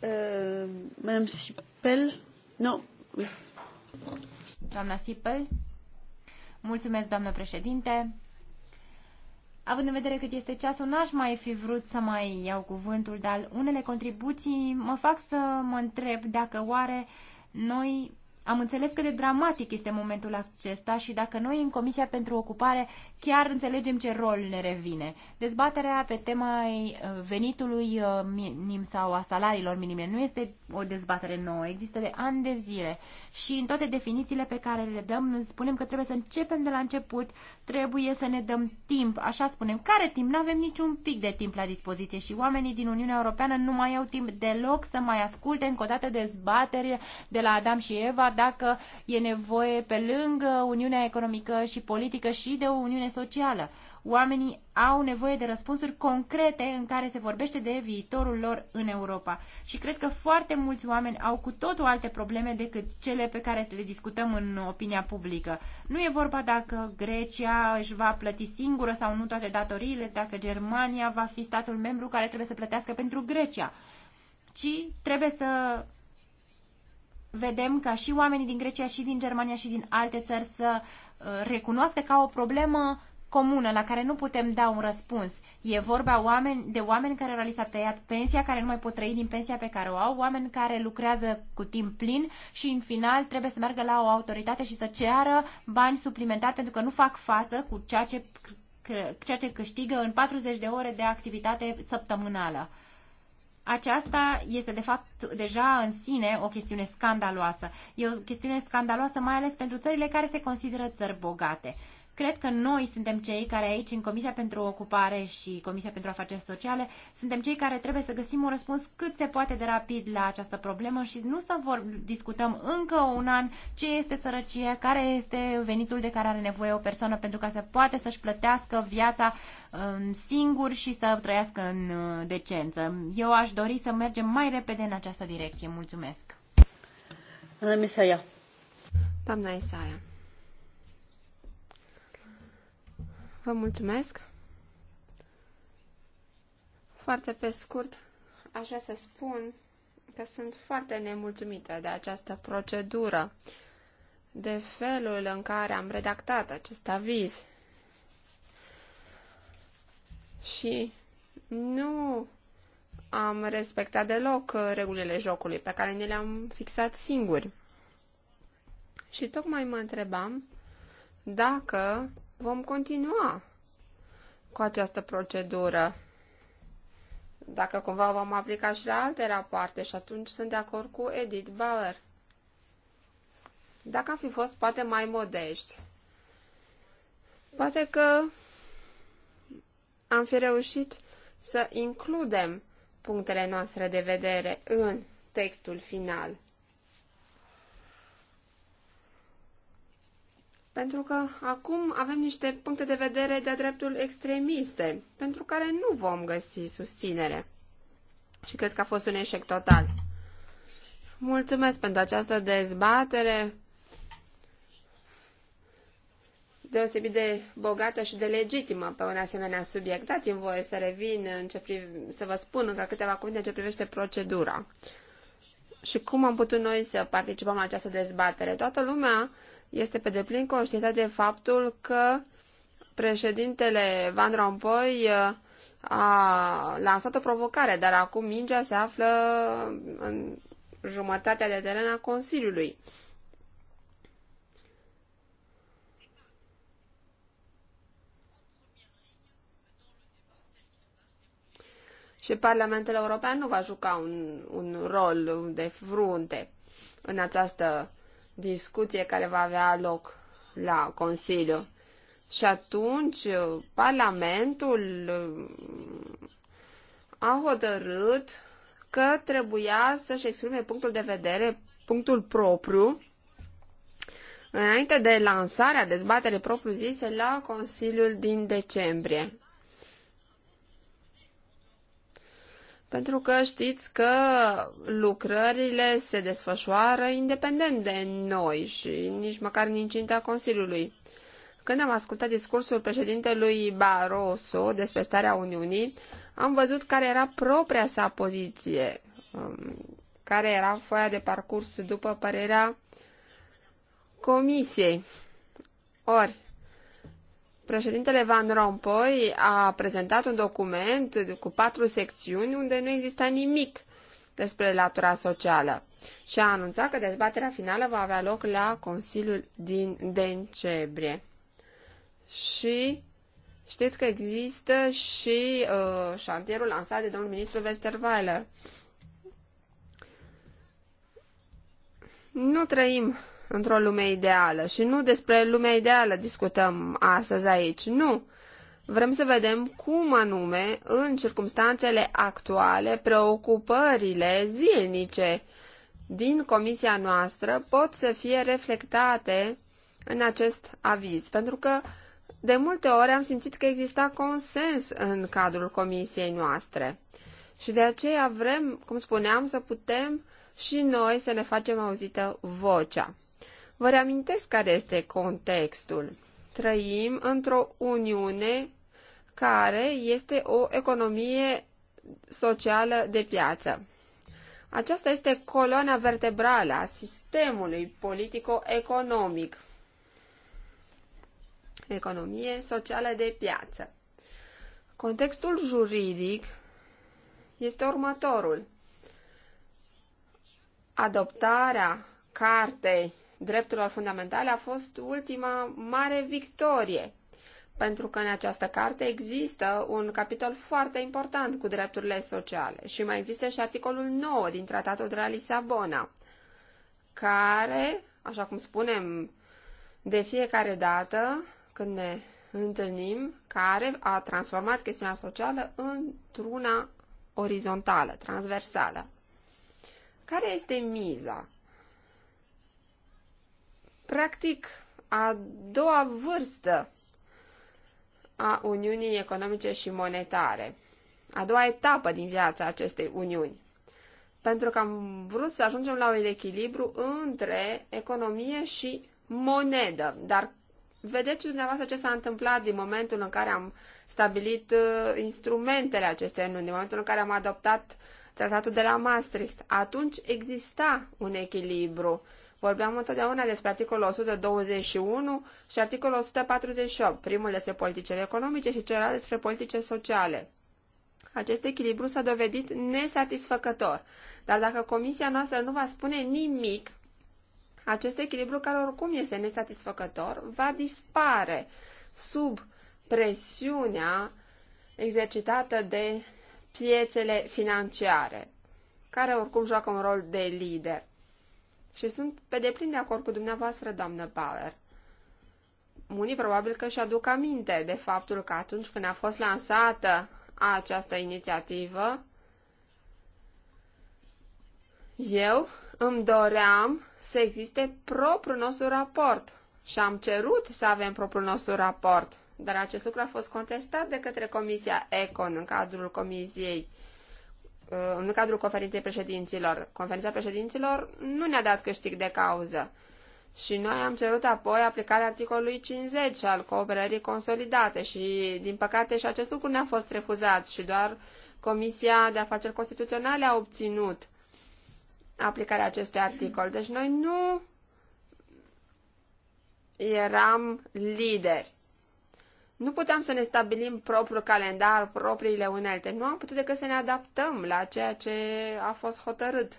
Uh, numesc Sipel? Nu. Mulțumesc, doamnă președinte. Având în vedere cât este ceasul, n-aș mai fi vrut să mai iau cuvântul, dar unele contribuții mă fac să mă întreb dacă oare noi am înțeles cât de dramatic este momentul acesta și dacă noi în Comisia pentru Ocupare chiar înțelegem ce rol ne revine. Dezbaterea pe tema uh, venitului uh, minim sau a salariilor minime nu este o dezbatere nouă, există de ani de zile și în toate definițiile pe care le dăm spunem că trebuie să începem de la început, trebuie să ne dăm timp, așa spunem. Care timp? Nu avem niciun pic de timp la dispoziție și oamenii din Uniunea Europeană nu mai au timp deloc să mai asculte încă o dată dezbateri de la Adam și Eva, dacă e nevoie pe lângă Uniunea Economică și Politică și de o Uniune Socială. Oamenii au nevoie de răspunsuri concrete în care se vorbește de viitorul lor în Europa. Și cred că foarte mulți oameni au cu totul alte probleme decât cele pe care le discutăm în opinia publică. Nu e vorba dacă Grecia își va plăti singură sau nu toate datoriile, dacă Germania va fi statul membru care trebuie să plătească pentru Grecia, ci trebuie să vedem ca și oamenii din Grecia și din Germania și din alte țări să uh, recunoască ca o problemă comună la care nu putem da un răspuns. E vorba oameni, de oameni care li s-a tăiat pensia, care nu mai pot trăi din pensia pe care o au, oameni care lucrează cu timp plin și în final trebuie să meargă la o autoritate și să ceară bani suplimentari pentru că nu fac față cu ceea ce, ceea ce câștigă în 40 de ore de activitate săptămânală aceasta este de fapt deja în sine o chestiune scandaloasă. E o chestiune scandaloasă mai ales pentru țările care se consideră țări bogate. Cred că noi suntem cei care aici, în Comisia pentru Ocupare și Comisia pentru Afaceri Sociale, suntem cei care trebuie să găsim un răspuns cât se poate de rapid la această problemă și nu să vor discutăm încă un an ce este sărăcie, care este venitul de care are nevoie o persoană pentru ca să poate să-și plătească viața um, singur și să trăiască în uh, decență. Eu aș dori să mergem mai repede în această direcție. Mulțumesc! Doamna Isaia. Doamna Isaia. Vă mulțumesc. Foarte pe scurt, așa să spun că sunt foarte nemulțumită de această procedură, de felul în care am redactat acest aviz. Și nu am respectat deloc regulile jocului pe care ne le-am fixat singuri. Și tocmai mă întrebam dacă vom continua cu această procedură. Dacă cumva vom aplica și la alte rapoarte și atunci sunt de acord cu Edith Bauer. Dacă am fi fost poate mai modești, poate că am fi reușit să includem punctele noastre de vedere în textul final. Pentru că acum avem niște puncte de vedere de-a dreptul extremiste, pentru care nu vom găsi susținere. Și cred că a fost un eșec total. Mulțumesc pentru această dezbatere deosebit de bogată și de legitimă pe un asemenea subiect. Dați-mi voie să revin, în ce priv- să vă spun încă câteva cuvinte în ce privește procedura. Și cum am putut noi să participăm la această dezbatere? Toată lumea este pe deplin conștientă de faptul că președintele Van Rompuy uh, a lansat o provocare, dar acum mingea se află în jumătatea de teren a Consiliului. Și Parlamentul European nu va juca un, un rol de frunte în această discuție care va avea loc la Consiliu. Și atunci uh, Parlamentul uh, a hotărât că trebuia să-și exprime punctul de vedere, punctul propriu, înainte de lansarea dezbaterii propriu-zise la Consiliul din decembrie. pentru că știți că lucrările se desfășoară independent de noi și nici măcar în incinta Consiliului. Când am ascultat discursul președintelui Barroso despre starea Uniunii, am văzut care era propria sa poziție, um, care era foaia de parcurs după părerea Comisiei. Ori, Președintele Van Rompuy a prezentat un document cu patru secțiuni unde nu exista nimic despre latura socială și a anunțat că dezbaterea finală va avea loc la Consiliul din decembrie. Și știți că există și uh, șantierul lansat de domnul ministru Westerweiler. Nu trăim într-o lume ideală și nu despre lumea ideală discutăm astăzi aici, nu. Vrem să vedem cum anume, în circumstanțele actuale, preocupările zilnice din comisia noastră pot să fie reflectate în acest aviz, pentru că de multe ori am simțit că exista consens în cadrul comisiei noastre. Și de aceea vrem, cum spuneam, să putem și noi să ne facem auzită vocea. Vă reamintesc care este contextul. Trăim într-o Uniune care este o economie socială de piață. Aceasta este coloana vertebrală a sistemului politico-economic. Economie socială de piață. Contextul juridic este următorul. Adoptarea cartei drepturilor fundamentale a fost ultima mare victorie, pentru că în această carte există un capitol foarte important cu drepturile sociale și mai există și articolul 9 din Tratatul de la Lisabona, care, așa cum spunem de fiecare dată când ne întâlnim, care a transformat chestiunea socială într-una orizontală, transversală. Care este miza? practic a doua vârstă a Uniunii Economice și Monetare, a doua etapă din viața acestei Uniuni. Pentru că am vrut să ajungem la un echilibru între economie și monedă. Dar vedeți dumneavoastră ce s-a întâmplat din momentul în care am stabilit uh, instrumentele acestei Uniuni, din momentul în care am adoptat tratatul de la Maastricht. Atunci exista un echilibru Vorbeam întotdeauna despre articolul 121 și articolul 148, primul despre politicile economice și celălalt despre politice sociale. Acest echilibru s-a dovedit nesatisfăcător, dar dacă comisia noastră nu va spune nimic, acest echilibru, care oricum este nesatisfăcător, va dispare sub presiunea exercitată de piețele financiare, care oricum joacă un rol de lider. Și sunt pe deplin de acord cu dumneavoastră, doamnă Bauer. Unii probabil că și-aduc aminte de faptul că atunci când a fost lansată această inițiativă, eu îmi doream să existe propriul nostru raport și am cerut să avem propriul nostru raport, dar acest lucru a fost contestat de către Comisia Econ în cadrul Comisiei Uh, în cadrul conferinței președinților. Conferința președinților nu ne-a dat câștig de cauză. Și noi am cerut apoi aplicarea articolului 50 al cooperării consolidate și, din păcate, și acest lucru ne-a fost refuzat și doar Comisia de Afaceri Constituționale a obținut aplicarea acestui articol. Deci noi nu eram lideri. Nu puteam să ne stabilim propriul calendar, propriile unelte. Nu am putut decât să ne adaptăm la ceea ce a fost hotărât.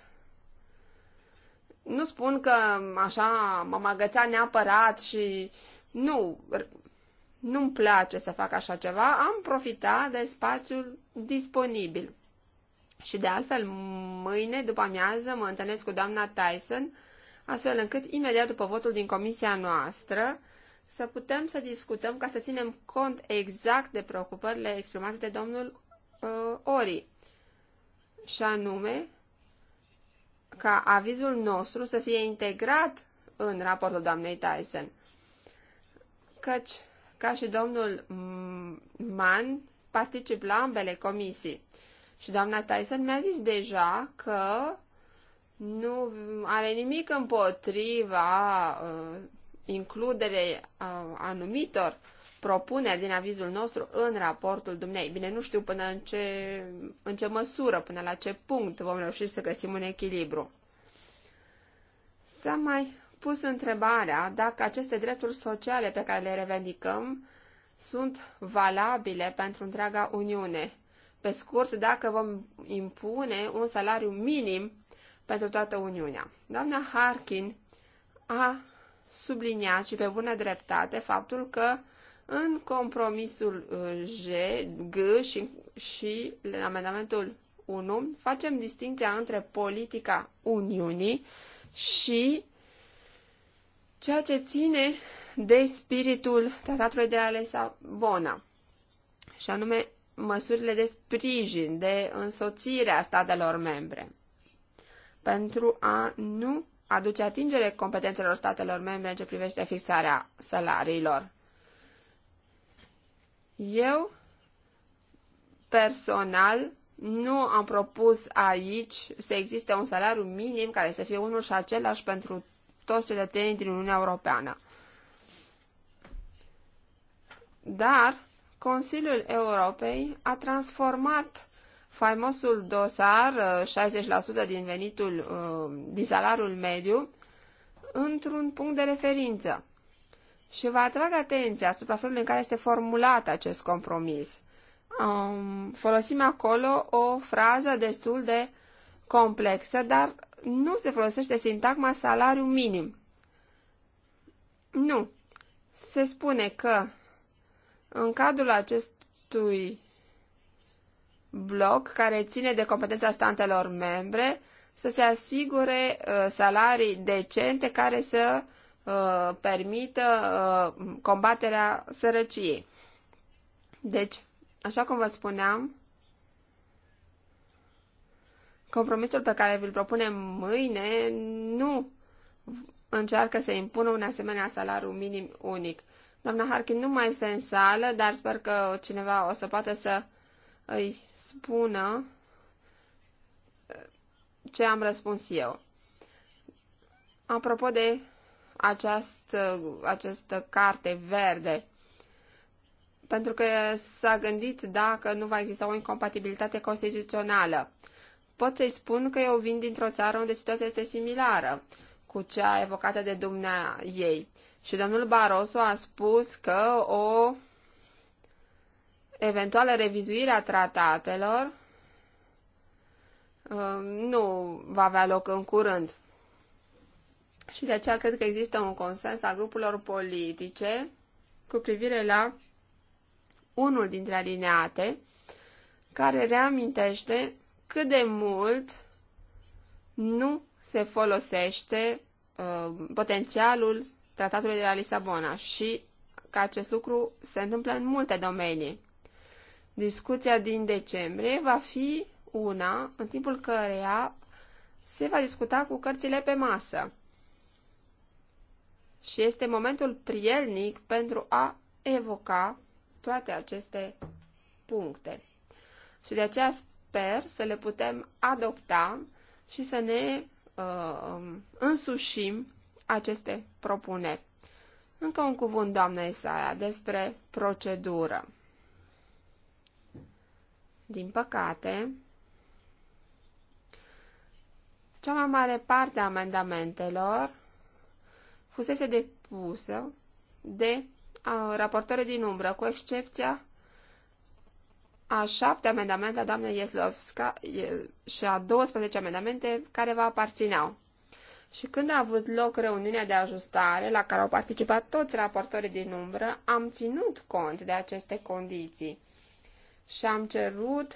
Nu spun că așa m-am agățat neapărat și nu, nu-mi place să fac așa ceva. Am profitat de spațiul disponibil. Și de altfel, mâine, după amiază, mă întâlnesc cu doamna Tyson, astfel încât, imediat după votul din comisia noastră, să putem să discutăm ca să ținem cont exact de preocupările exprimate de domnul uh, Ori. Și anume, ca avizul nostru să fie integrat în raportul doamnei Tyson. Căci, ca și domnul Mann, particip la ambele comisii. Și doamna Tyson mi-a zis deja că nu are nimic împotriva uh, includere uh, anumitor propuneri din avizul nostru în raportul dumnei. Bine, nu știu până în ce, în ce măsură, până la ce punct vom reuși să găsim un echilibru. S-a mai pus întrebarea dacă aceste drepturi sociale pe care le revendicăm sunt valabile pentru întreaga Uniune. Pe scurt, dacă vom impune un salariu minim pentru toată Uniunea. Doamna Harkin a subliniat și pe bună dreptate faptul că în compromisul uh, G, G și, și în amendamentul 1 facem distinția între politica Uniunii și ceea ce ține de spiritul tratatului de la Lisabona, și anume măsurile de sprijin, de însoțire a statelor membre, pentru a nu aduce atingere competențelor statelor membre în ce privește fixarea salariilor. Eu, personal, nu am propus aici să existe un salariu minim care să fie unul și același pentru toți cetățenii din Uniunea Europeană. Dar Consiliul Europei a transformat faimosul dosar, 60% uh, din venitul, uh, din salarul mediu, într-un punct de referință. Și vă atrag atenția asupra felului în care este formulat acest compromis. Um, folosim acolo o frază destul de complexă, dar nu se folosește sintagma salariu minim. Nu. Se spune că în cadrul acestui bloc care ține de competența statelor membre să se asigure uh, salarii decente care să uh, permită uh, combaterea sărăciei. Deci, așa cum vă spuneam, compromisul pe care vi-l propunem mâine nu încearcă să impună un asemenea salariu minim unic. Doamna Harkin nu mai este în sală, dar sper că cineva o să poată să îi spună uh, ce am răspuns eu. Apropo de această, această carte verde, pentru că s-a gândit dacă nu va exista o incompatibilitate constituțională. Pot să-i spun că eu vin dintr-o țară unde situația este similară cu cea evocată de dumnea ei. Și domnul Barroso a spus că o eventuală revizuire a tratatelor um, nu va avea loc în curând. Și de aceea cred că există un consens a grupurilor politice cu privire la unul dintre alineate care reamintește cât de mult nu se folosește uh, potențialul tratatului de la Lisabona și că acest lucru se întâmplă în multe domenii. Discuția din decembrie va fi una în timpul căreia se va discuta cu cărțile pe masă. Și este momentul prielnic pentru a evoca toate aceste puncte. Și de aceea sper să le putem adopta și să ne uh, însușim aceste propuneri. Încă un cuvânt, doamna Isaia, despre procedură. Din păcate, cea mai mare parte a amendamentelor fusese depusă de raportorii din umbră, cu excepția a șapte amendamente a doamnei Ieslovska și a 12 amendamente care vă aparțineau. Și când a avut loc reuniunea de ajustare, la care au participat toți raportorii din umbră, am ținut cont de aceste condiții și am cerut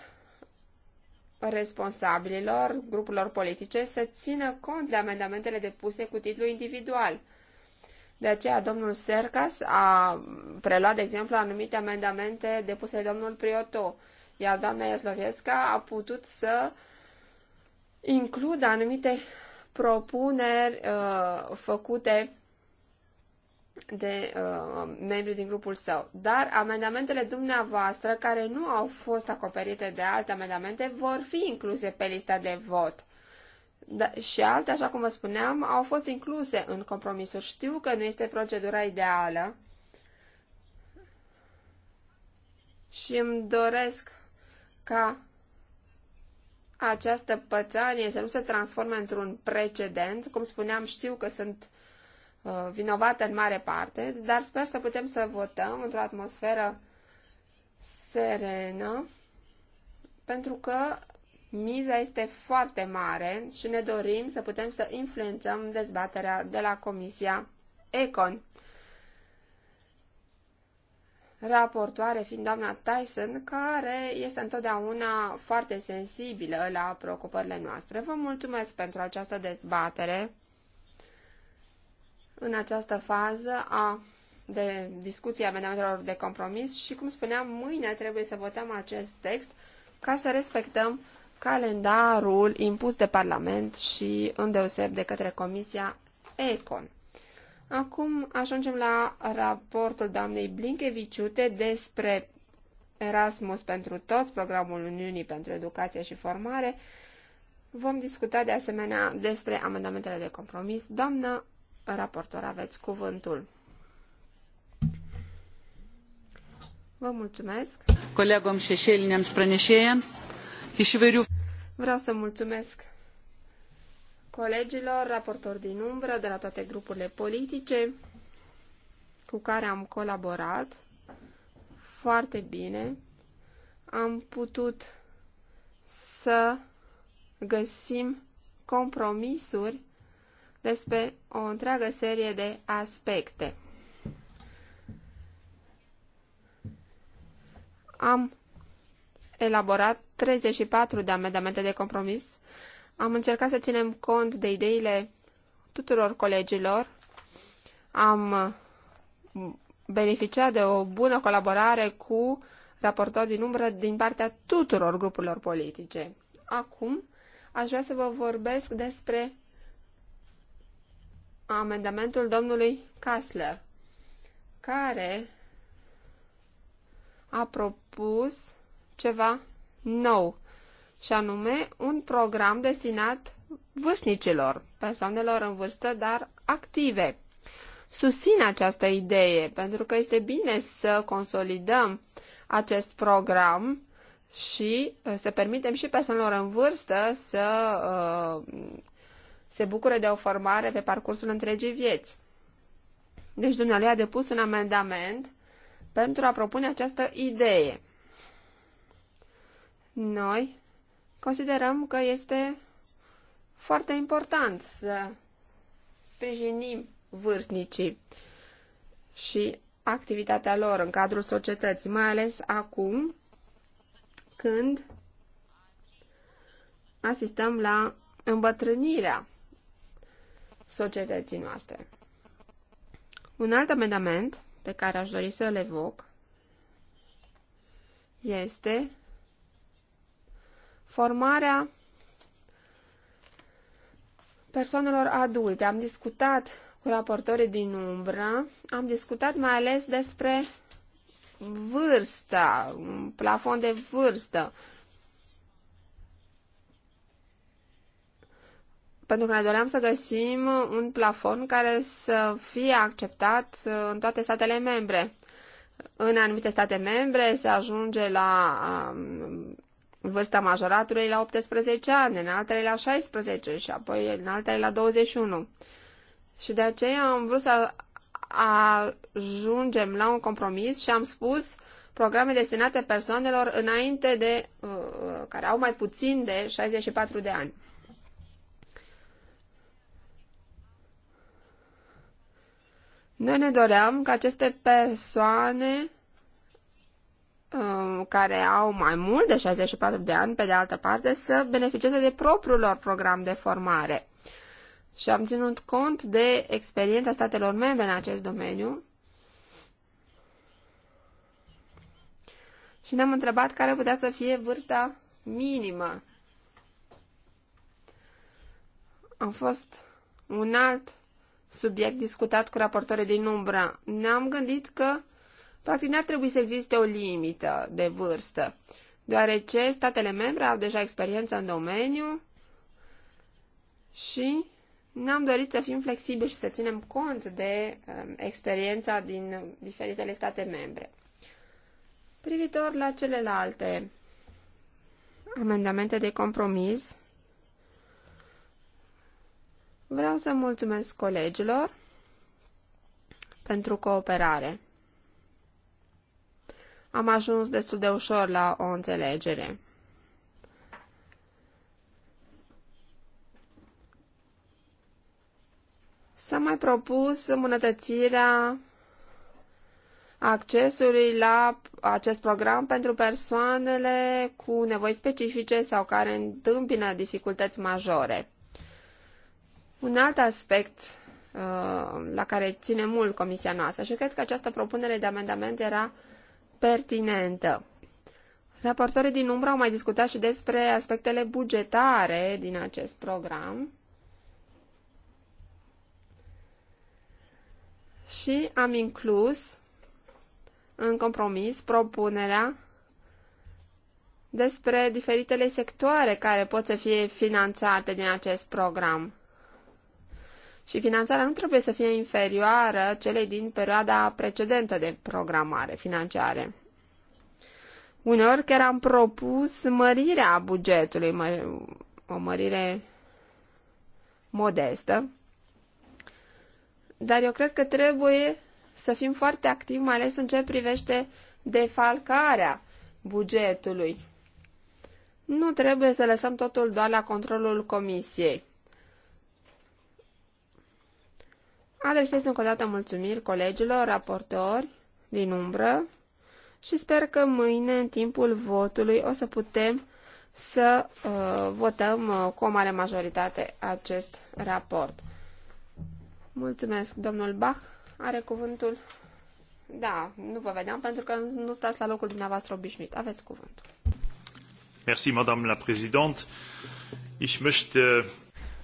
responsabililor grupurilor politice să țină cont de amendamentele depuse cu titlu individual. De aceea, domnul Sercas a preluat, de exemplu, anumite amendamente depuse de domnul Prioto, iar doamna Iaslovesca a putut să includă anumite propuneri uh, făcute de uh, membri din grupul său. Dar amendamentele dumneavoastră care nu au fost acoperite de alte amendamente vor fi incluse pe lista de vot. Da, și alte, așa cum vă spuneam, au fost incluse în compromisuri. Știu că nu este procedura ideală și îmi doresc ca această pățanie să nu se transforme într-un precedent. Cum spuneam, știu că sunt uh, Uh, vinovată în mare parte, dar sper să putem să votăm într-o atmosferă serenă, pentru că miza este foarte mare și ne dorim să putem să influențăm dezbaterea de la Comisia Econ. Raportoare fiind doamna Tyson, care este întotdeauna foarte sensibilă la preocupările noastre. Vă mulțumesc pentru această dezbatere în această fază a de discuție a amendamentelor de compromis și, cum spuneam, mâine trebuie să votăm acest text ca să respectăm calendarul impus de Parlament și îndeoseb de către Comisia Econ. Acum ajungem la raportul doamnei Blinkeviciute despre Erasmus pentru toți, programul Uniunii pentru Educație și Formare. Vom discuta de asemenea despre amendamentele de compromis. Doamna raportor, aveți cuvântul. Vă mulțumesc. Colegom șeșeliniam sprăneșeiams, și įvairių... Vreau să mulțumesc colegilor, raportori din umbră, de la toate grupurile politice, cu care am colaborat foarte bine. Am putut să găsim compromisuri despre o întreagă serie de aspecte. Am elaborat 34 de amendamente de compromis. Am încercat să ținem cont de ideile tuturor colegilor. Am beneficiat de o bună colaborare cu raportori din umbră din partea tuturor grupurilor politice. Acum aș vrea să vă vorbesc despre amendamentul domnului Kassler, care a propus ceva nou, și anume un program destinat vârstnicilor, persoanelor în vârstă, dar active. Susțin această idee, pentru că este bine să consolidăm acest program și uh, să permitem și persoanelor în vârstă să uh, se bucură de o formare pe parcursul întregii vieți. Deci dumnealui a depus un amendament pentru a propune această idee. Noi considerăm că este foarte important să sprijinim vârstnicii și activitatea lor în cadrul societății, mai ales acum când asistăm la îmbătrânirea societății noastre. Un alt amendament pe care aș dori să le evoc este formarea persoanelor adulte. Am discutat cu raportorii din umbră, am discutat mai ales despre vârsta, un plafon de vârstă, pentru că ne doream să găsim un plafon care să fie acceptat uh, în toate statele membre. În anumite state membre se ajunge la um, vârsta majoratului la 18 ani, în altele la 16 și apoi în altele la 21. Și de aceea am vrut să ajungem la un compromis și am spus programe destinate persoanelor înainte de, uh, uh care au mai puțin de 64 de ani. Noi ne doream ca aceste persoane um, care au mai mult de 64 de ani, pe de altă parte, să beneficieze de propriul lor program de formare. Și am ținut cont de experiența statelor membre în acest domeniu și ne-am întrebat care putea să fie vârsta minimă. Am fost un alt subiect discutat cu raportorii din umbră. Ne-am gândit că, practic, n-ar trebui să existe o limită de vârstă, deoarece statele membre au deja experiență în domeniu și ne-am dorit să fim flexibili și să ținem cont de um, experiența din diferitele state membre. Privitor la celelalte amendamente de compromis, Vreau să mulțumesc colegilor pentru cooperare. Am ajuns destul de ușor la o înțelegere. S-a mai propus îmbunătățirea accesului la acest program pentru persoanele cu nevoi specifice sau care întâmpină dificultăți majore. Un alt aspect uh, la care ține mult comisia noastră și cred că această propunere de amendament era pertinentă. Raportorii din umbră au mai discutat și despre aspectele bugetare din acest program și am inclus în compromis propunerea despre diferitele sectoare care pot să fie finanțate din acest program și finanțarea nu trebuie să fie inferioară celei din perioada precedentă de programare financiare. Uneori chiar am propus mărirea bugetului, mă, o mărire modestă, dar eu cred că trebuie să fim foarte activi, mai ales în ce privește defalcarea bugetului. Nu trebuie să lăsăm totul doar la controlul comisiei. Adresez încă o dată mulțumiri colegilor, raportori din umbră și sper că mâine, în timpul votului, o să putem să uh, votăm uh, cu o mare majoritate acest raport. Mulțumesc, domnul Bach. Are cuvântul? Da, nu vă vedeam pentru că nu stați la locul dumneavoastră obișnuit. Aveți cuvântul. Merci, madame la présidente. Ich möchte...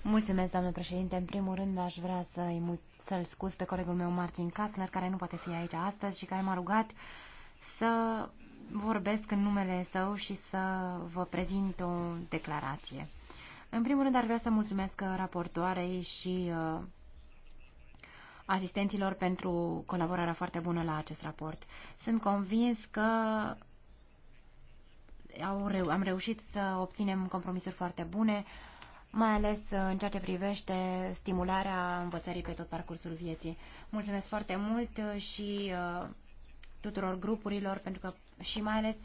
Mulțumesc, doamnă președinte. În primul rând, aș vrea să-i mulțumesc să-l scuz pe colegul meu Martin Kastner, care nu poate fi aici astăzi și care m-a rugat să vorbesc în numele său și să vă prezint o declarație. În primul rând, ar vrea să mulțumesc raportoarei și uh, asistenților pentru colaborarea foarte bună la acest raport. Sunt convins că au reu- am reușit să obținem compromisuri foarte bune, uh, mai ales uh, în ceea ce privește stimularea învățării pe tot parcursul vieții. Mulțumesc foarte mult uh, și uh, tuturor grupurilor pentru că, și mai ales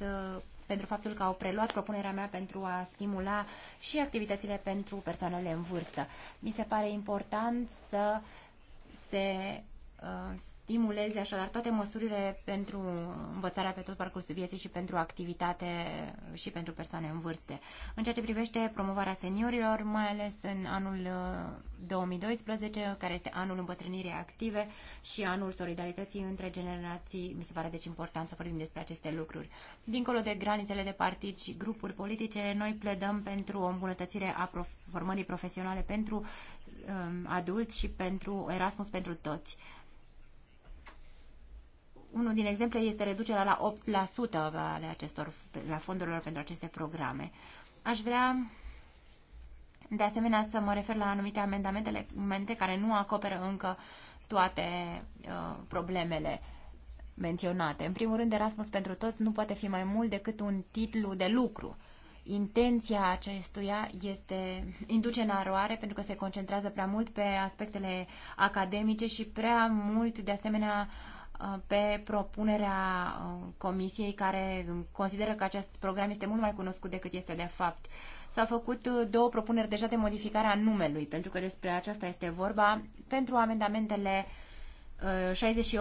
pentru faptul că au preluat propunerea mea pentru a stimula și activitățile pentru persoanele în vârstă. Mi se pare important să se stimuleze așadar toate măsurile pentru învățarea pe tot parcursul vieții și pentru activitate și pentru persoane în vârste. În ceea ce privește promovarea seniorilor, mai ales în anul 2012, uh, care este anul îmbătrânirii active și anul solidarității între generații, mi se pare deci important să vorbim despre aceste lucruri. Dincolo de granițele de partid și grupuri politice, noi pledăm pentru o îmbunătățire a prof- formării profesionale pentru um, adulți și pentru Erasmus pentru toți. Unul din exemple este reducerea la 8% ale acestor, la fondurilor pentru aceste programe. Aș vrea de asemenea să mă refer la anumite amendamente care nu acoperă încă toate uh, problemele menționate. În primul rând, Erasmus pentru toți nu poate fi mai mult decât un titlu de lucru. Intenția acestuia este induce în aroare pentru că se concentrează prea mult pe aspectele academice și prea mult, de asemenea, uh, Uh, pe propunerea uh, comisiei care um, consideră că acest program este mult mai cunoscut decât este de fapt. S-au făcut uh, două propuneri deja de modificare a numelui, pentru că despre aceasta este vorba, pentru amendamentele uh, 68 uh, și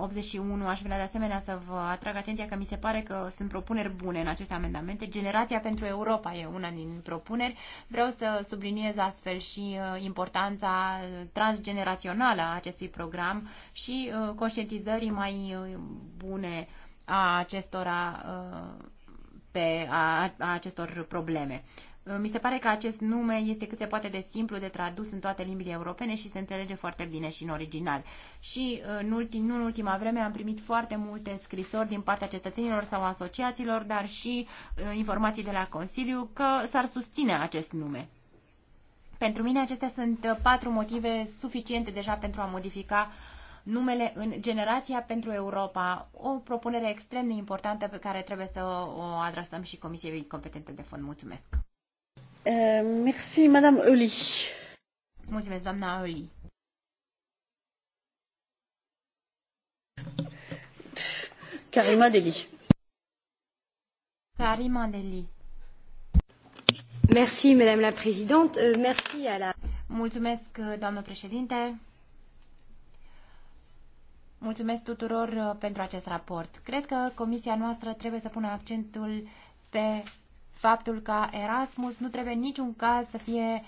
81 uh, aș vrea de asemenea să vă atrag atenția că mi se pare că sunt propuneri bune în aceste amendamente. Generația pentru Europa e una din propuneri. Vreau să subliniez astfel și uh, importanța transgenerațională a acestui program și conștientizării mai bune a acestora pe a, a acestor probleme. Uh, mi se pare că acest nume este cât se poate de simplu de tradus în toate limbile europene și se înțelege foarte bine și în original. Și uh, în ultim, nu în ultima vreme am primit foarte multe scrisori din partea cetățenilor sau asociațiilor, dar și uh, informații de la Consiliu că s-ar susține acest nume. Pentru mine acestea sunt patru motive suficiente deja pentru a modifica numele în Generația pentru Europa, o propunere extrem de importantă pe care trebuie să o adresăm și Comisiei competente de fond. Mulțumesc! Euh, merci, Madame Oli. Mulțumesc, doamna Oli. Karima Deli. Karima Deli. Merci, Madame la Présidente. Euh, merci à la... Mulțumesc, doamnă președinte. Mulțumesc tuturor uh, pentru acest raport. Cred că comisia noastră trebuie să pună accentul pe faptul că Erasmus nu trebuie în niciun caz să fie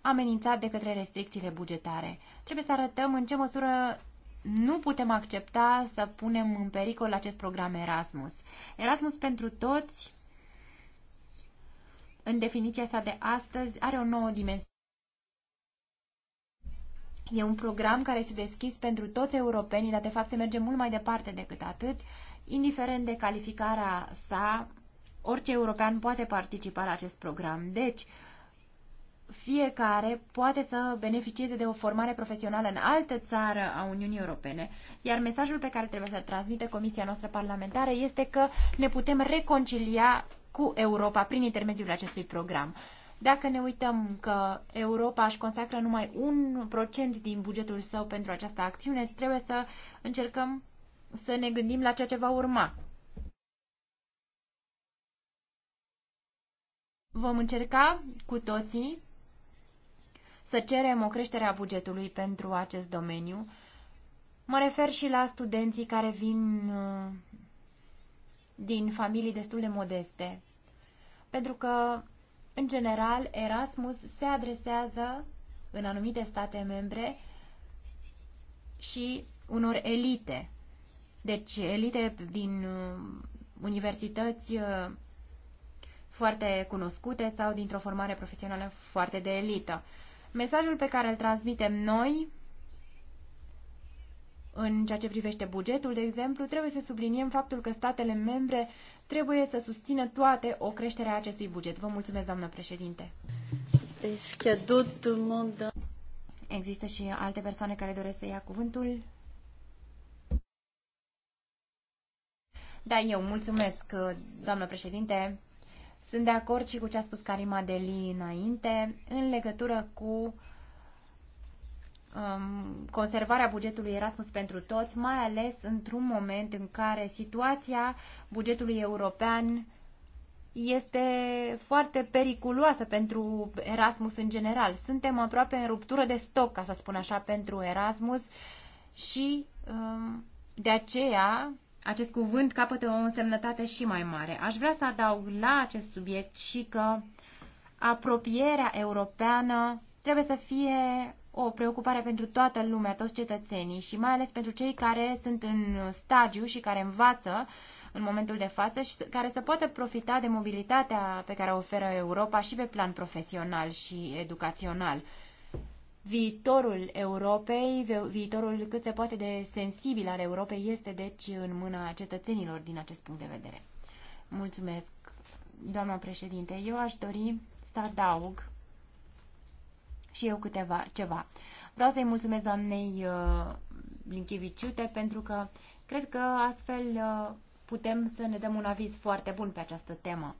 amenințat de către restricțiile bugetare. Trebuie să arătăm în ce măsură nu putem accepta să punem în pericol acest program Erasmus. Erasmus pentru toți, în definiția sa de astăzi, are o nouă dimensiune. E un program care este deschis pentru toți europenii, dar de fapt se merge mult mai departe decât atât, indiferent de calificarea sa Orice european poate participa la acest program. Deci, fiecare poate să beneficieze de o formare profesională în altă țară a Uniunii Europene, iar mesajul pe care trebuie să-l transmite Comisia noastră parlamentară este că ne putem reconcilia cu Europa prin intermediul acestui program. Dacă ne uităm că Europa își consacră numai un procent din bugetul său pentru această acțiune, trebuie să încercăm să ne gândim la ceea ce va urma. Vom încerca cu toții să cerem o creștere a bugetului pentru acest domeniu. Mă refer și la studenții care vin uh, din familii destul de modeste. Pentru că, în general, Erasmus se adresează în anumite state membre și unor elite. Deci, elite din uh, universități uh, foarte cunoscute sau dintr-o formare profesională foarte de elită. Mesajul pe care îl transmitem noi în ceea ce privește bugetul, de exemplu, trebuie să subliniem faptul că statele membre trebuie să susțină toate o creștere a acestui buget. Vă mulțumesc, doamnă președinte. Există și alte persoane care doresc să ia cuvântul? Da, eu mulțumesc, doamnă președinte. Sunt de acord și cu ce a spus Karima Deli înainte, în legătură cu um, conservarea bugetului Erasmus pentru toți, mai ales într-un moment în care situația bugetului european este foarte periculoasă pentru Erasmus în general. Suntem aproape în ruptură de stoc, ca să spun așa, pentru Erasmus și um, de aceea acest cuvânt capătă o însemnătate și mai mare. Aș vrea să adaug la acest subiect și că apropierea europeană trebuie să fie o preocupare pentru toată lumea, toți cetățenii și mai ales pentru cei care sunt în stagiu și care învață în momentul de față și care să poată profita de mobilitatea pe care o oferă Europa și pe plan profesional și educațional. Viitorul Europei, viitorul cât se poate de sensibil al Europei este deci în mâna cetățenilor din acest punct de vedere. Mulțumesc, doamna președinte. Eu aș dori să adaug și eu câteva ceva. Vreau să-i mulțumesc doamnei uh, Linchiviciute pentru că cred că astfel uh, putem să ne dăm un aviz foarte bun pe această temă.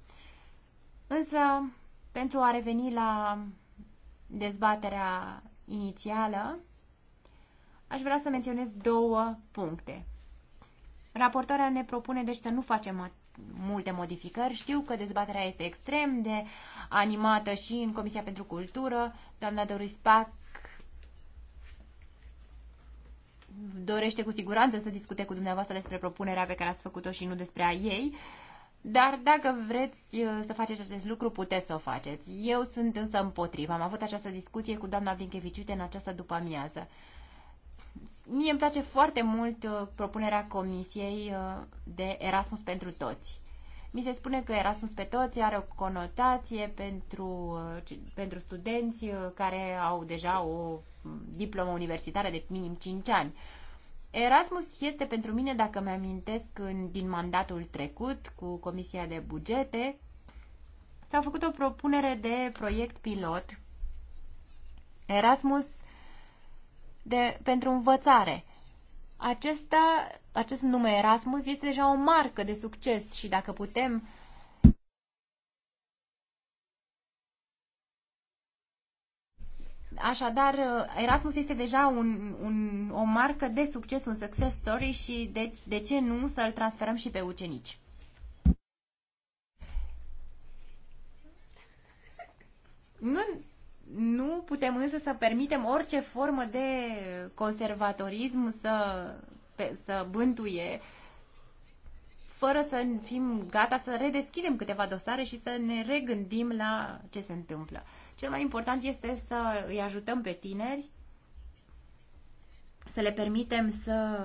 Însă, pentru a reveni la dezbaterea inițială, aș vrea să menționez două puncte. Raportoarea ne propune deci să nu facem multe modificări. Știu că dezbaterea este extrem de animată și în Comisia pentru Cultură. Doamna Doris Pac dorește cu siguranță să discute cu dumneavoastră despre propunerea pe care ați făcut-o și nu despre a ei. Uh, dar dacă vreți uh, să faceți acest lucru, puteți să o faceți. Eu sunt însă împotriva. Am avut această discuție cu doamna Blinkeviciute în această după-amiază. Mie îmi place foarte mult uh, propunerea comisiei uh, de Erasmus pentru toți. Mi se spune că Erasmus pe toți are o conotație pentru, pentru studenți care au deja o mm, diplomă universitară de minim 5 ani. Erasmus este pentru mine, dacă mi-amintesc în, din mandatul trecut cu Comisia de Bugete, s-a făcut o propunere de proiect pilot Erasmus de, pentru învățare. Acesta, acest nume Erasmus este deja o marcă de succes și dacă putem uh, Așadar, uh, Erasmus este deja un, un, o marcă de succes, un success story și de, de ce nu să-l transferăm și pe ucenici? Nu, nu putem însă să permitem orice formă de conservatorism să, pe, să bântuie fără să fim gata să redeschidem câteva dosare și să ne regândim la ce se întâmplă. Cel mai important este să îi ajutăm pe tineri, să le permitem să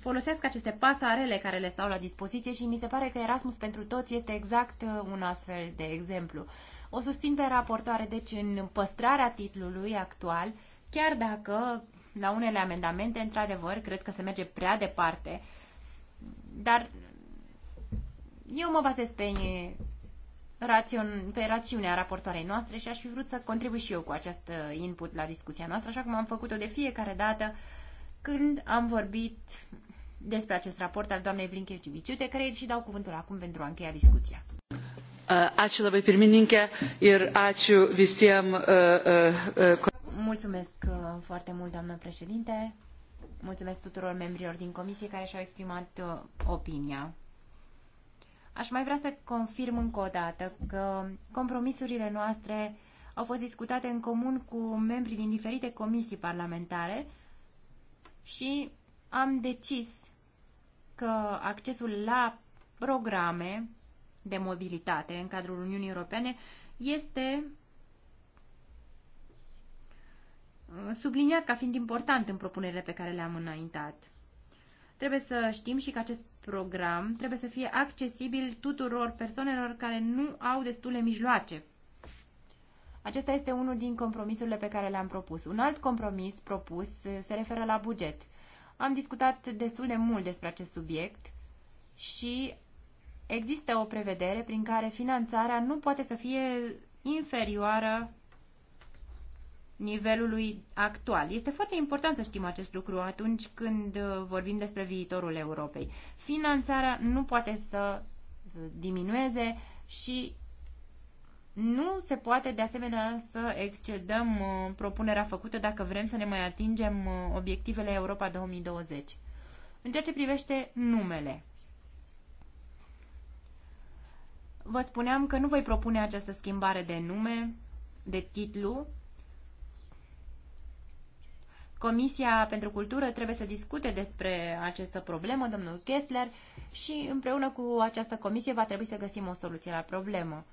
folosească aceste pasarele care le stau la dispoziție și mi se pare că Erasmus pentru toți este exact uh, un astfel de exemplu. O susțin pe raportoare, deci, în păstrarea titlului actual, chiar dacă la unele amendamente, într-adevăr, cred că se merge prea departe, dar eu mă bazez pe rațion, pe rațiunea raportoarei noastre și aș fi vrut să contribui și eu cu acest uh, input la discuția noastră, așa cum am făcut-o de fiecare dată când am vorbit despre acest raport al doamnei Te care și dau cuvântul acum pentru a încheia discuția. Uh, ačiū labai pirmininkė ir ačiū visiem. Uh, Mulțumesc foarte mult, doamnă președinte. Mulțumesc tuturor membrilor din comisie care și-au exprimat opinia. Aș mai vrea să confirm încă o dată că compromisurile noastre au fost discutate în comun cu membrii din diferite comisii parlamentare și am decis că accesul la programe de mobilitate în cadrul Uniunii Europene este subliniat ca fiind important în propunerile pe care le-am înaintat. Trebuie să știm și că acest program trebuie să fie accesibil tuturor persoanelor care nu au destule mijloace. Acesta este unul din compromisurile pe care le-am propus. Un alt compromis propus se referă la buget. Am discutat destul de mult despre acest subiect și există o prevedere prin care finanțarea nu poate să fie inferioară nivelului actual. Este foarte important să știm acest lucru atunci când uh, vorbim despre viitorul Europei. Finanțarea nu poate să uh, diminueze și nu se poate de asemenea să excedăm uh, propunerea făcută dacă vrem să ne mai atingem obiectivele Europa 2020. În ceea ce privește numele, vă spuneam că nu voi propune această schimbare de nume, de titlu, Comisia pentru Cultură trebuie să discute despre această problemă, domnul Kessler, și împreună cu această comisie va trebui să găsim o soluție la problemă.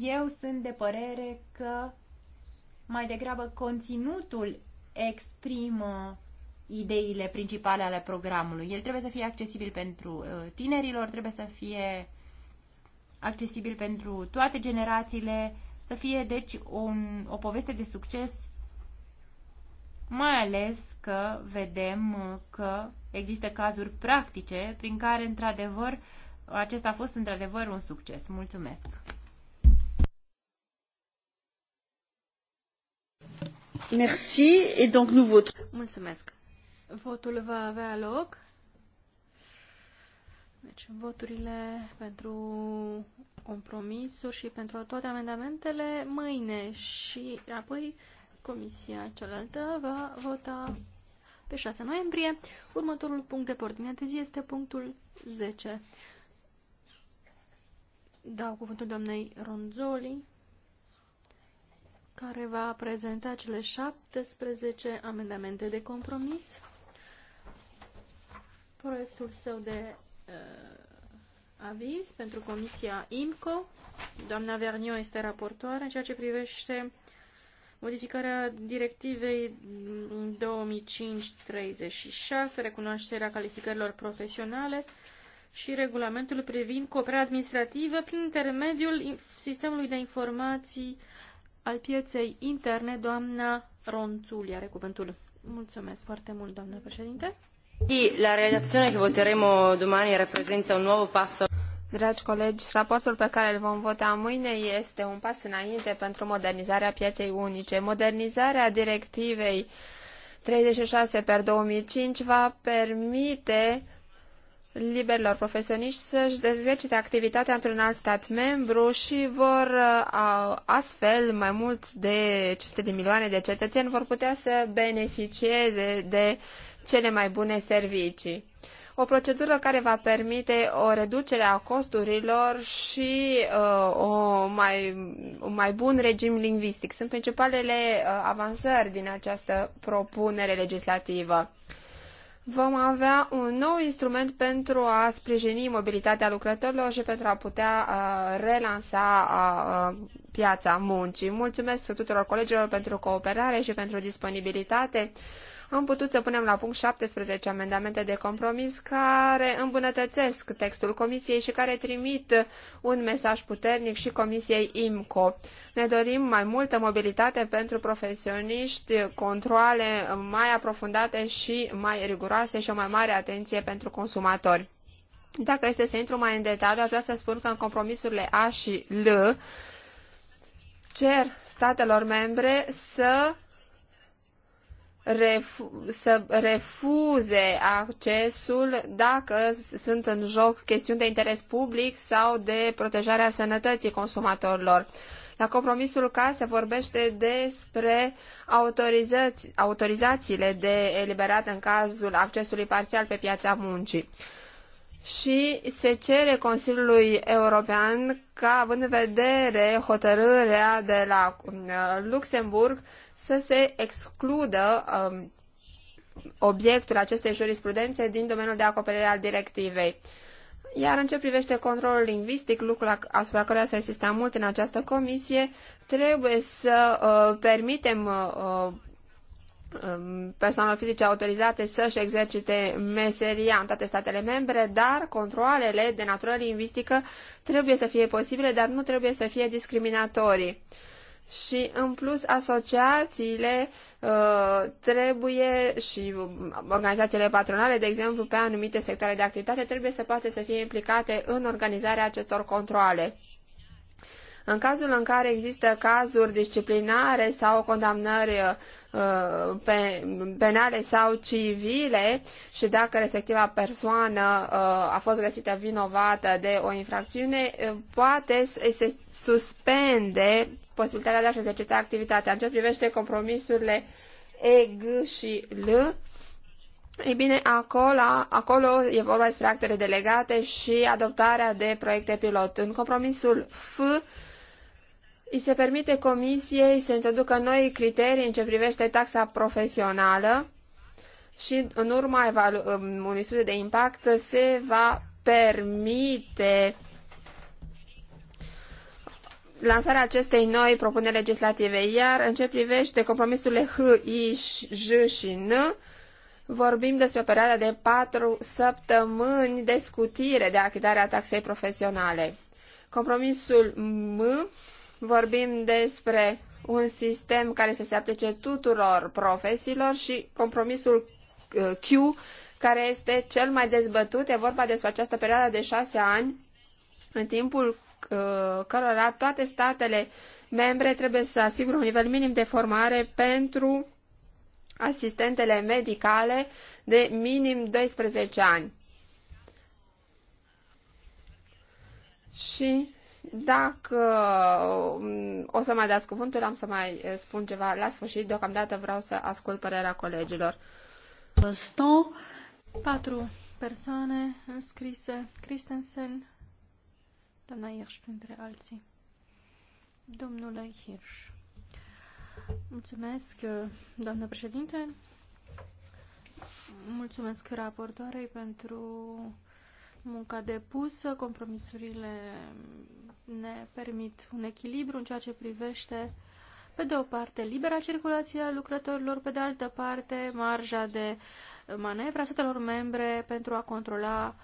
Eu sunt de părere că mai degrabă conținutul exprimă ideile principale ale programului. El trebuie să fie accesibil pentru uh, tinerilor, trebuie să fie accesibil pentru toate generațiile, să fie deci un, o poveste de succes mai ales că vedem că există cazuri practice prin care, într-adevăr, acesta a fost într-adevăr un succes. Mulțumesc! Merci et donc nous votons. Mulțumesc. Votul va avea loc. Deci voturile pentru compromisuri și pentru toate amendamentele mâine și apoi Comisia cealaltă va vota pe 6 noiembrie. Următorul punct de ordine de zi este punctul 10. Dau cuvântul doamnei Ronzoli, care va prezenta cele 17 amendamente de compromis. Proiectul său de uh, aviz pentru Comisia IMCO. Doamna Vernio este raportoare în ceea ce privește uh, Modificarea directivei 2005-36, recunoașterea calificărilor profesionale și regulamentul privind cooperarea administrativă prin intermediul sistemului de informații al pieței interne, doamna Ronțuli are cuvântul. Mulțumesc foarte mult, doamnă președinte. La relazione che voteremo domani rappresenta un nuovo passo Dragi colegi, raportul pe care îl vom vota mâine este un pas înainte pentru modernizarea pieței unice. Modernizarea directivei 36 per 2005 va permite liberilor profesioniști să-și dezexercite activitatea într-un alt stat membru și vor astfel mai mult de 500 de milioane de cetățeni vor putea să beneficieze de cele mai bune servicii o procedură care va permite o reducere a costurilor și uh, o mai, un mai bun regim lingvistic. Sunt principalele uh, avansări din această propunere legislativă. Vom avea un nou instrument pentru a sprijini mobilitatea lucrătorilor și pentru a putea uh, relansa uh, uh piața muncii. Mulțumesc tuturor colegilor pentru cooperare și pentru disponibilitate am putut să punem la punct 17 amendamente de compromis care îmbunătățesc textul comisiei și care trimit un mesaj puternic și comisiei IMCO. Ne dorim mai multă mobilitate pentru profesioniști, controle mai aprofundate și mai riguroase și o mai mare atenție pentru consumatori. Dacă este să intru mai în detaliu, aș vrea să spun că în compromisurile A și L cer statelor membre să refu- să refuze accesul dacă sunt în joc chestiuni de interes public sau de protejarea sănătății consumatorilor. La compromisul K se vorbește despre autorizațiile de eliberat în cazul accesului parțial pe piața muncii și se cere Consiliului European ca, având în vedere hotărârea de la uh, Luxemburg, să se excludă um, obiectul acestei jurisprudențe din domeniul de acoperire al directivei. Iar în ce privește controlul lingvistic, lucrul asupra căruia s-a insistat mult în această comisie, trebuie să uh, permitem uh, Um, persoanelor fizice autorizate să-și exercite meseria în toate statele membre, dar controalele de natură lingvistică trebuie să fie posibile, dar nu trebuie să fie discriminatorii. Și, în plus, asociațiile uh, trebuie și um, organizațiile patronale, de exemplu, pe anumite sectoare de activitate, trebuie să poată să fie implicate în organizarea acestor controle. În cazul în care există cazuri disciplinare sau condamnări uh, pe, penale sau civile și dacă respectiva persoană uh, a fost găsită vinovată de o infracțiune, uh, poate se suspende posibilitatea de a-și exercita activitatea. În ce privește compromisurile E, G și L, ei bine, acolo, acolo e vorba despre actele delegate și adoptarea de proiecte pilot. În compromisul F îi se permite comisiei să introducă noi criterii în ce privește taxa profesională și în urma unui studiu de impact se va permite lansarea acestei noi propuneri legislative. Iar în ce privește compromisurile H, I, J și N, vorbim despre o perioadă de patru săptămâni de scutire de achitarea taxei profesionale. Compromisul M vorbim despre un sistem care să se aplice tuturor profesiilor și compromisul uh, Q, care este cel mai dezbătut, e vorba despre această perioadă de șase ani, în timpul uh, cărora toate statele membre trebuie să asigure un nivel minim de formare pentru asistentele medicale de minim 12 ani. Și dacă um, o să mai dați cuvântul, am să mai eh, spun ceva la sfârșit. Deocamdată vreau să ascult părerea colegilor. 100. Patru persoane înscrise. Christensen, doamna Hirsch printre alții. Domnule Hirsch. Mulțumesc, eh, doamnă președinte. Mulțumesc raportoarei pentru munca depusă. Compromisurile ne permit un echilibru în ceea ce privește, pe de o parte, libera circulație a lucrătorilor, pe de altă parte, marja de manevră a statelor membre pentru a controla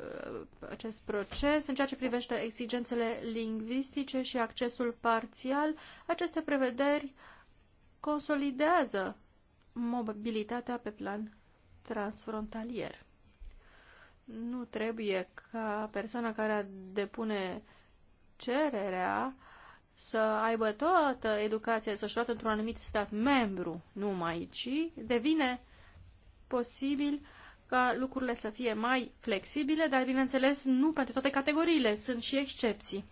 uh, acest proces. În ceea ce privește exigențele lingvistice și accesul parțial, aceste prevederi consolidează mobilitatea pe plan transfrontalier nu trebuie ca persoana care depune cererea să aibă toată educația să luată într-un anumit stat membru numai, ci devine posibil ca lucrurile să fie mai flexibile, dar bineînțeles nu pentru toate categoriile, sunt și excepții.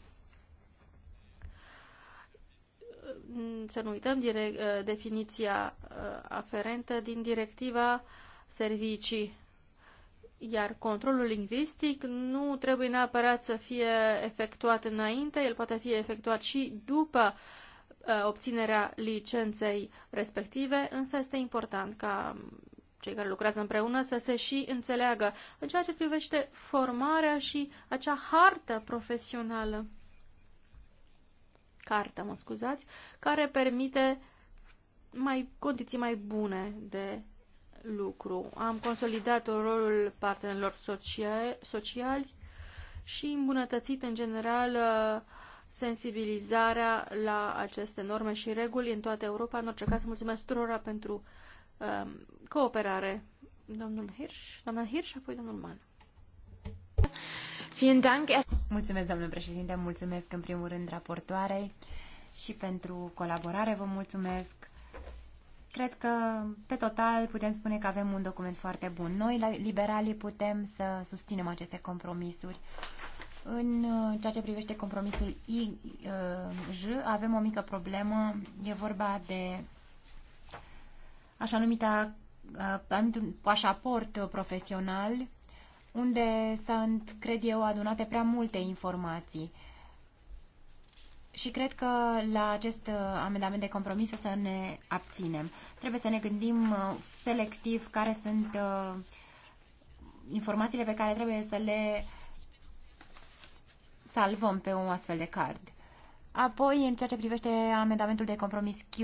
Să nu uităm direct, definiția uh, aferentă din directiva servicii iar controlul lingvistic nu trebuie neapărat să fie efectuat înainte, el poate fi efectuat și după uh, obținerea licenței respective, însă este important ca cei care lucrează împreună să se și înțeleagă în ceea ce privește formarea și acea hartă profesională, cartă, mă scuzați, care permite mai, condiții mai bune de lucru. Am consolidat rolul partenerilor sociali și îmbunătățit în general sensibilizarea la aceste norme și reguli în toată Europa. În orice caz, mulțumesc tuturor pentru um, cooperare. Domnul Hirsch, doamna Hirsch, apoi domnul Man. Mulțumesc, domnule președinte, mulțumesc în primul rând raportoarei și pentru colaborare vă mulțumesc Cred că, pe total, putem spune că avem un document foarte bun. Noi, liberalii, putem să susținem aceste compromisuri. În uh, ceea ce privește compromisul IJ, uh, avem o mică problemă. E vorba de așa numita uh, pașaport profesional, unde sunt, cred eu, adunate prea multe informații și cred că la acest uh, amendament de compromis o să ne abținem. Trebuie să ne gândim uh, selectiv care sunt uh, informațiile pe care trebuie să le salvăm pe un astfel de card. Apoi, în ceea ce privește amendamentul de compromis Q,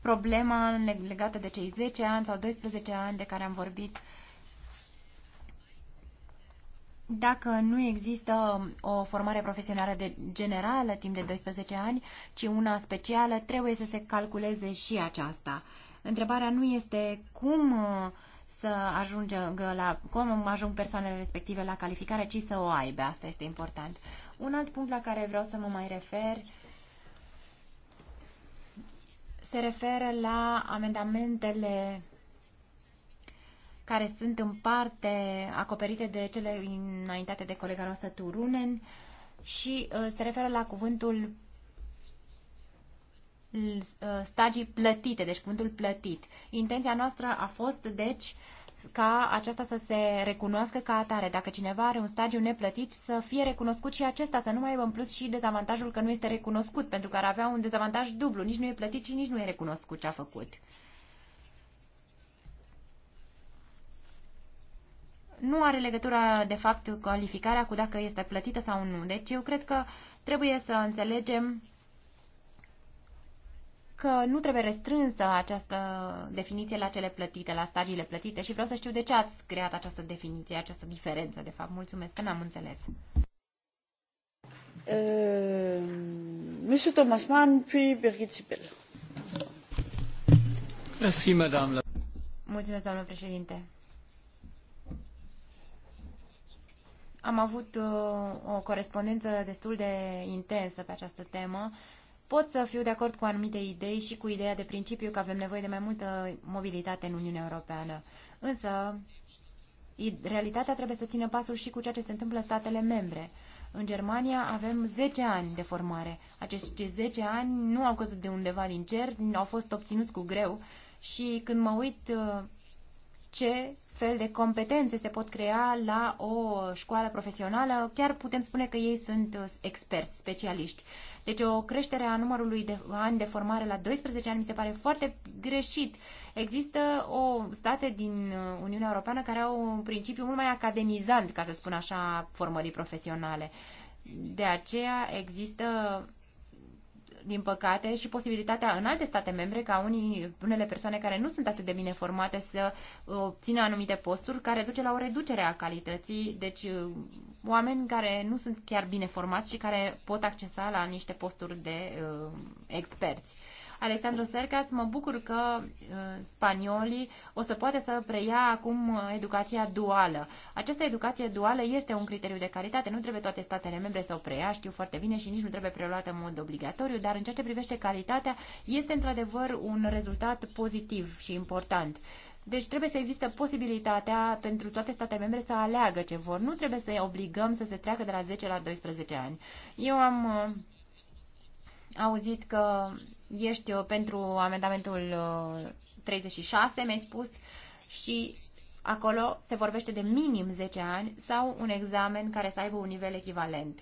problema legată de cei 10 ani sau 12 ani de care am vorbit uh, dacă nu există um, o formare profesională de generală timp de 12 ani, ci una specială, trebuie să se calculeze și aceasta. Întrebarea nu este cum uh, să ajungă la, cum ajung persoanele respective la calificare, ci să o aibă. Asta este important. Un alt punct la care vreau să mă mai refer se referă la amendamentele care sunt în parte acoperite de cele înaintate de colega noastră Turunen și uh, se referă la cuvântul uh, stagii plătite, deci cuvântul plătit. Intenția noastră a fost, deci, ca aceasta să se recunoască ca atare. Dacă cineva are un stagiu neplătit, să fie recunoscut și acesta, să nu mai aibă în plus și dezavantajul că nu este recunoscut, pentru că ar avea un dezavantaj dublu, nici nu e plătit și nici nu e recunoscut ce a făcut. nu are legătură, de fapt, calificarea cu dacă este plătită sau nu. Deci eu cred că trebuie să înțelegem că nu trebuie restrânsă această definiție la cele plătite, la stagiile plătite și vreau să știu de ce ați creat această definiție, această diferență, de fapt. Mulțumesc că n-am înțeles. Uh, Monsieur Thomas Mann, puis Birgit Sipel. Mulțumesc, doamnă președinte. Am avut uh, o corespondență destul de intensă pe această temă. Pot să fiu de acord cu anumite idei și cu ideea de principiu că avem nevoie de mai multă mobilitate în Uniunea Europeană. Însă, realitatea trebuie să țină pasul și cu ceea ce se întâmplă în statele membre. În Germania avem 10 ani de formare. Acești 10 ani nu au căzut de undeva din cer, au fost obținuți cu greu și când mă uit uh, ce fel de competențe se pot crea la o școală profesională, chiar putem spune că ei sunt uh, experți, specialiști. Deci o creștere a numărului de ani de formare la 12 ani mi se pare foarte greșit. Există o state din uh, Uniunea Europeană care au un principiu mult mai academizant, ca să spun așa, formării profesionale. De aceea există din păcate, și posibilitatea în alte state membre ca unii, unele persoane care nu sunt atât de bine formate să uh, obțină anumite posturi, care duce la o reducere a calității, deci uh, oameni care nu sunt chiar bine formați și care pot accesa la niște posturi de uh, experți. Alexandru Sercaț, mă bucur că uh, spaniolii o să poată să preia acum uh, educația duală. Această educație duală este un criteriu de calitate, nu trebuie toate statele membre să o preia, știu foarte bine și nici nu trebuie preluată în mod obligatoriu, dar în ceea ce privește calitatea, este într-adevăr un rezultat pozitiv și important. Deci trebuie să existe posibilitatea pentru toate statele membre să aleagă ce vor. Nu trebuie să obligăm să se treacă de la 10 la 12 ani. Eu am uh, auzit că ești uh, pentru amendamentul 36, uh, mi-ai spus, și acolo se vorbește de minim 10 ani sau un examen care să aibă un nivel echivalent.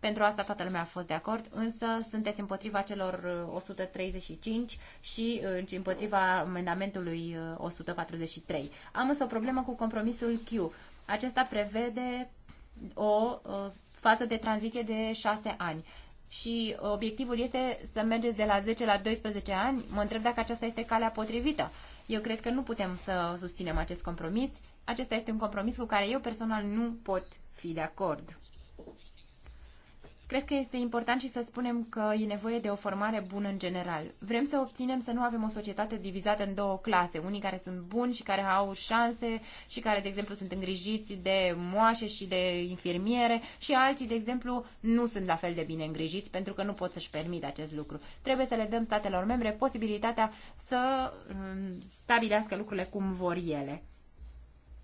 Pentru asta toată lumea a fost de acord, însă sunteți împotriva celor 135 uh, și împotriva amendamentului 143. Am însă o problemă cu compromisul Q. Acesta prevede o fază de tranziție de 6 ani și obiectivul este să mergeți de la 10 la 12 ani, mă întreb dacă aceasta este calea potrivită. Eu cred că nu putem să susținem acest compromis. Acesta este un compromis cu care eu personal nu pot fi de acord. Cred că este important și să spunem că e nevoie de o formare bună în general. Vrem să obținem să nu avem o societate divizată în două clase, unii care sunt buni și care au șanse și care, de exemplu, sunt îngrijiți de moașe și de infirmiere și alții, de exemplu, nu sunt la fel de bine îngrijiți pentru că nu pot să-și permit acest lucru. Trebuie să le dăm statelor membre posibilitatea să um, stabilească lucrurile cum vor ele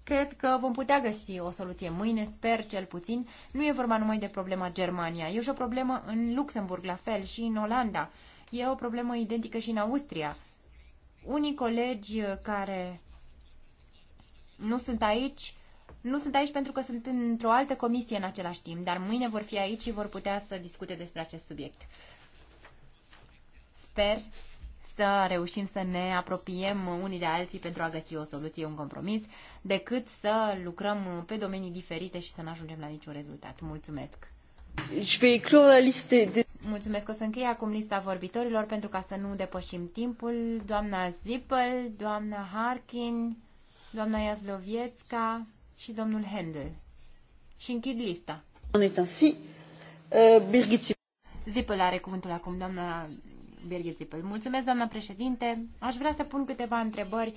cred că vom putea găsi o soluție mâine, sper cel puțin. Nu e vorba numai de problema Germania, e și o problemă în Luxemburg la fel și în Olanda. E o problemă identică și în Austria. Unii colegi care nu sunt aici, nu sunt aici pentru că sunt într-o altă comisie în același timp, dar mâine vor fi aici și vor putea să discute despre acest subiect. Sper să reușim să ne apropiem unii de alții pentru a găsi o soluție, un compromis, decât să lucrăm pe domenii diferite și să nu ajungem la niciun rezultat. Mulțumesc! Mulțumesc, o să închei acum lista vorbitorilor pentru ca să nu depășim timpul. Doamna Zippel, doamna Harkin, doamna Iaslovietska și domnul Handel. Și închid lista. On est ainsi. Euh, Birgit Zippel are cuvântul acum, doamna Birgit Zipel. Mulțumesc, doamna președinte. Aș vrea să pun câteva întrebări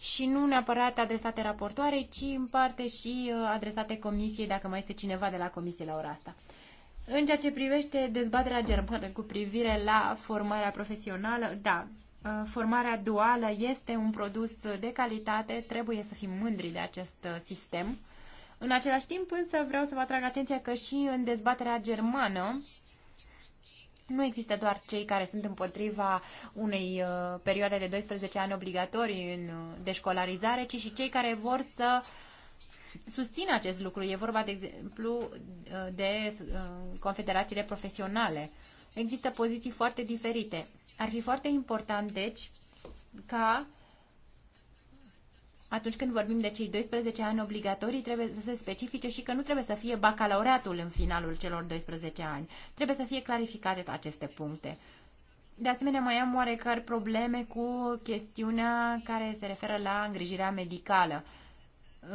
și nu neapărat adresate raportoarei, ci în parte și uh, adresate comisiei, dacă mai este cineva de la comisie la ora asta. În ceea ce privește dezbaterea germană cu privire la formarea profesională, da, uh, formarea duală este un produs de calitate, trebuie să fim mândri de acest uh, sistem. În același timp, însă, vreau să vă atrag atenția că și în dezbaterea germană nu există doar cei care sunt împotriva unei uh, perioade de 12 ani obligatorii în, uh, de școlarizare, ci și cei care vor să susțină acest lucru. E vorba, de exemplu, uh, de confederațiile profesionale. Există poziții foarte diferite. Ar fi foarte important, deci, ca atunci când vorbim de cei 12 ani obligatorii, trebuie să se specifice și că nu trebuie să fie bacalaureatul în finalul celor 12 ani. Trebuie să fie clarificate aceste puncte. De asemenea, mai am oarecare probleme cu chestiunea care se referă la îngrijirea medicală,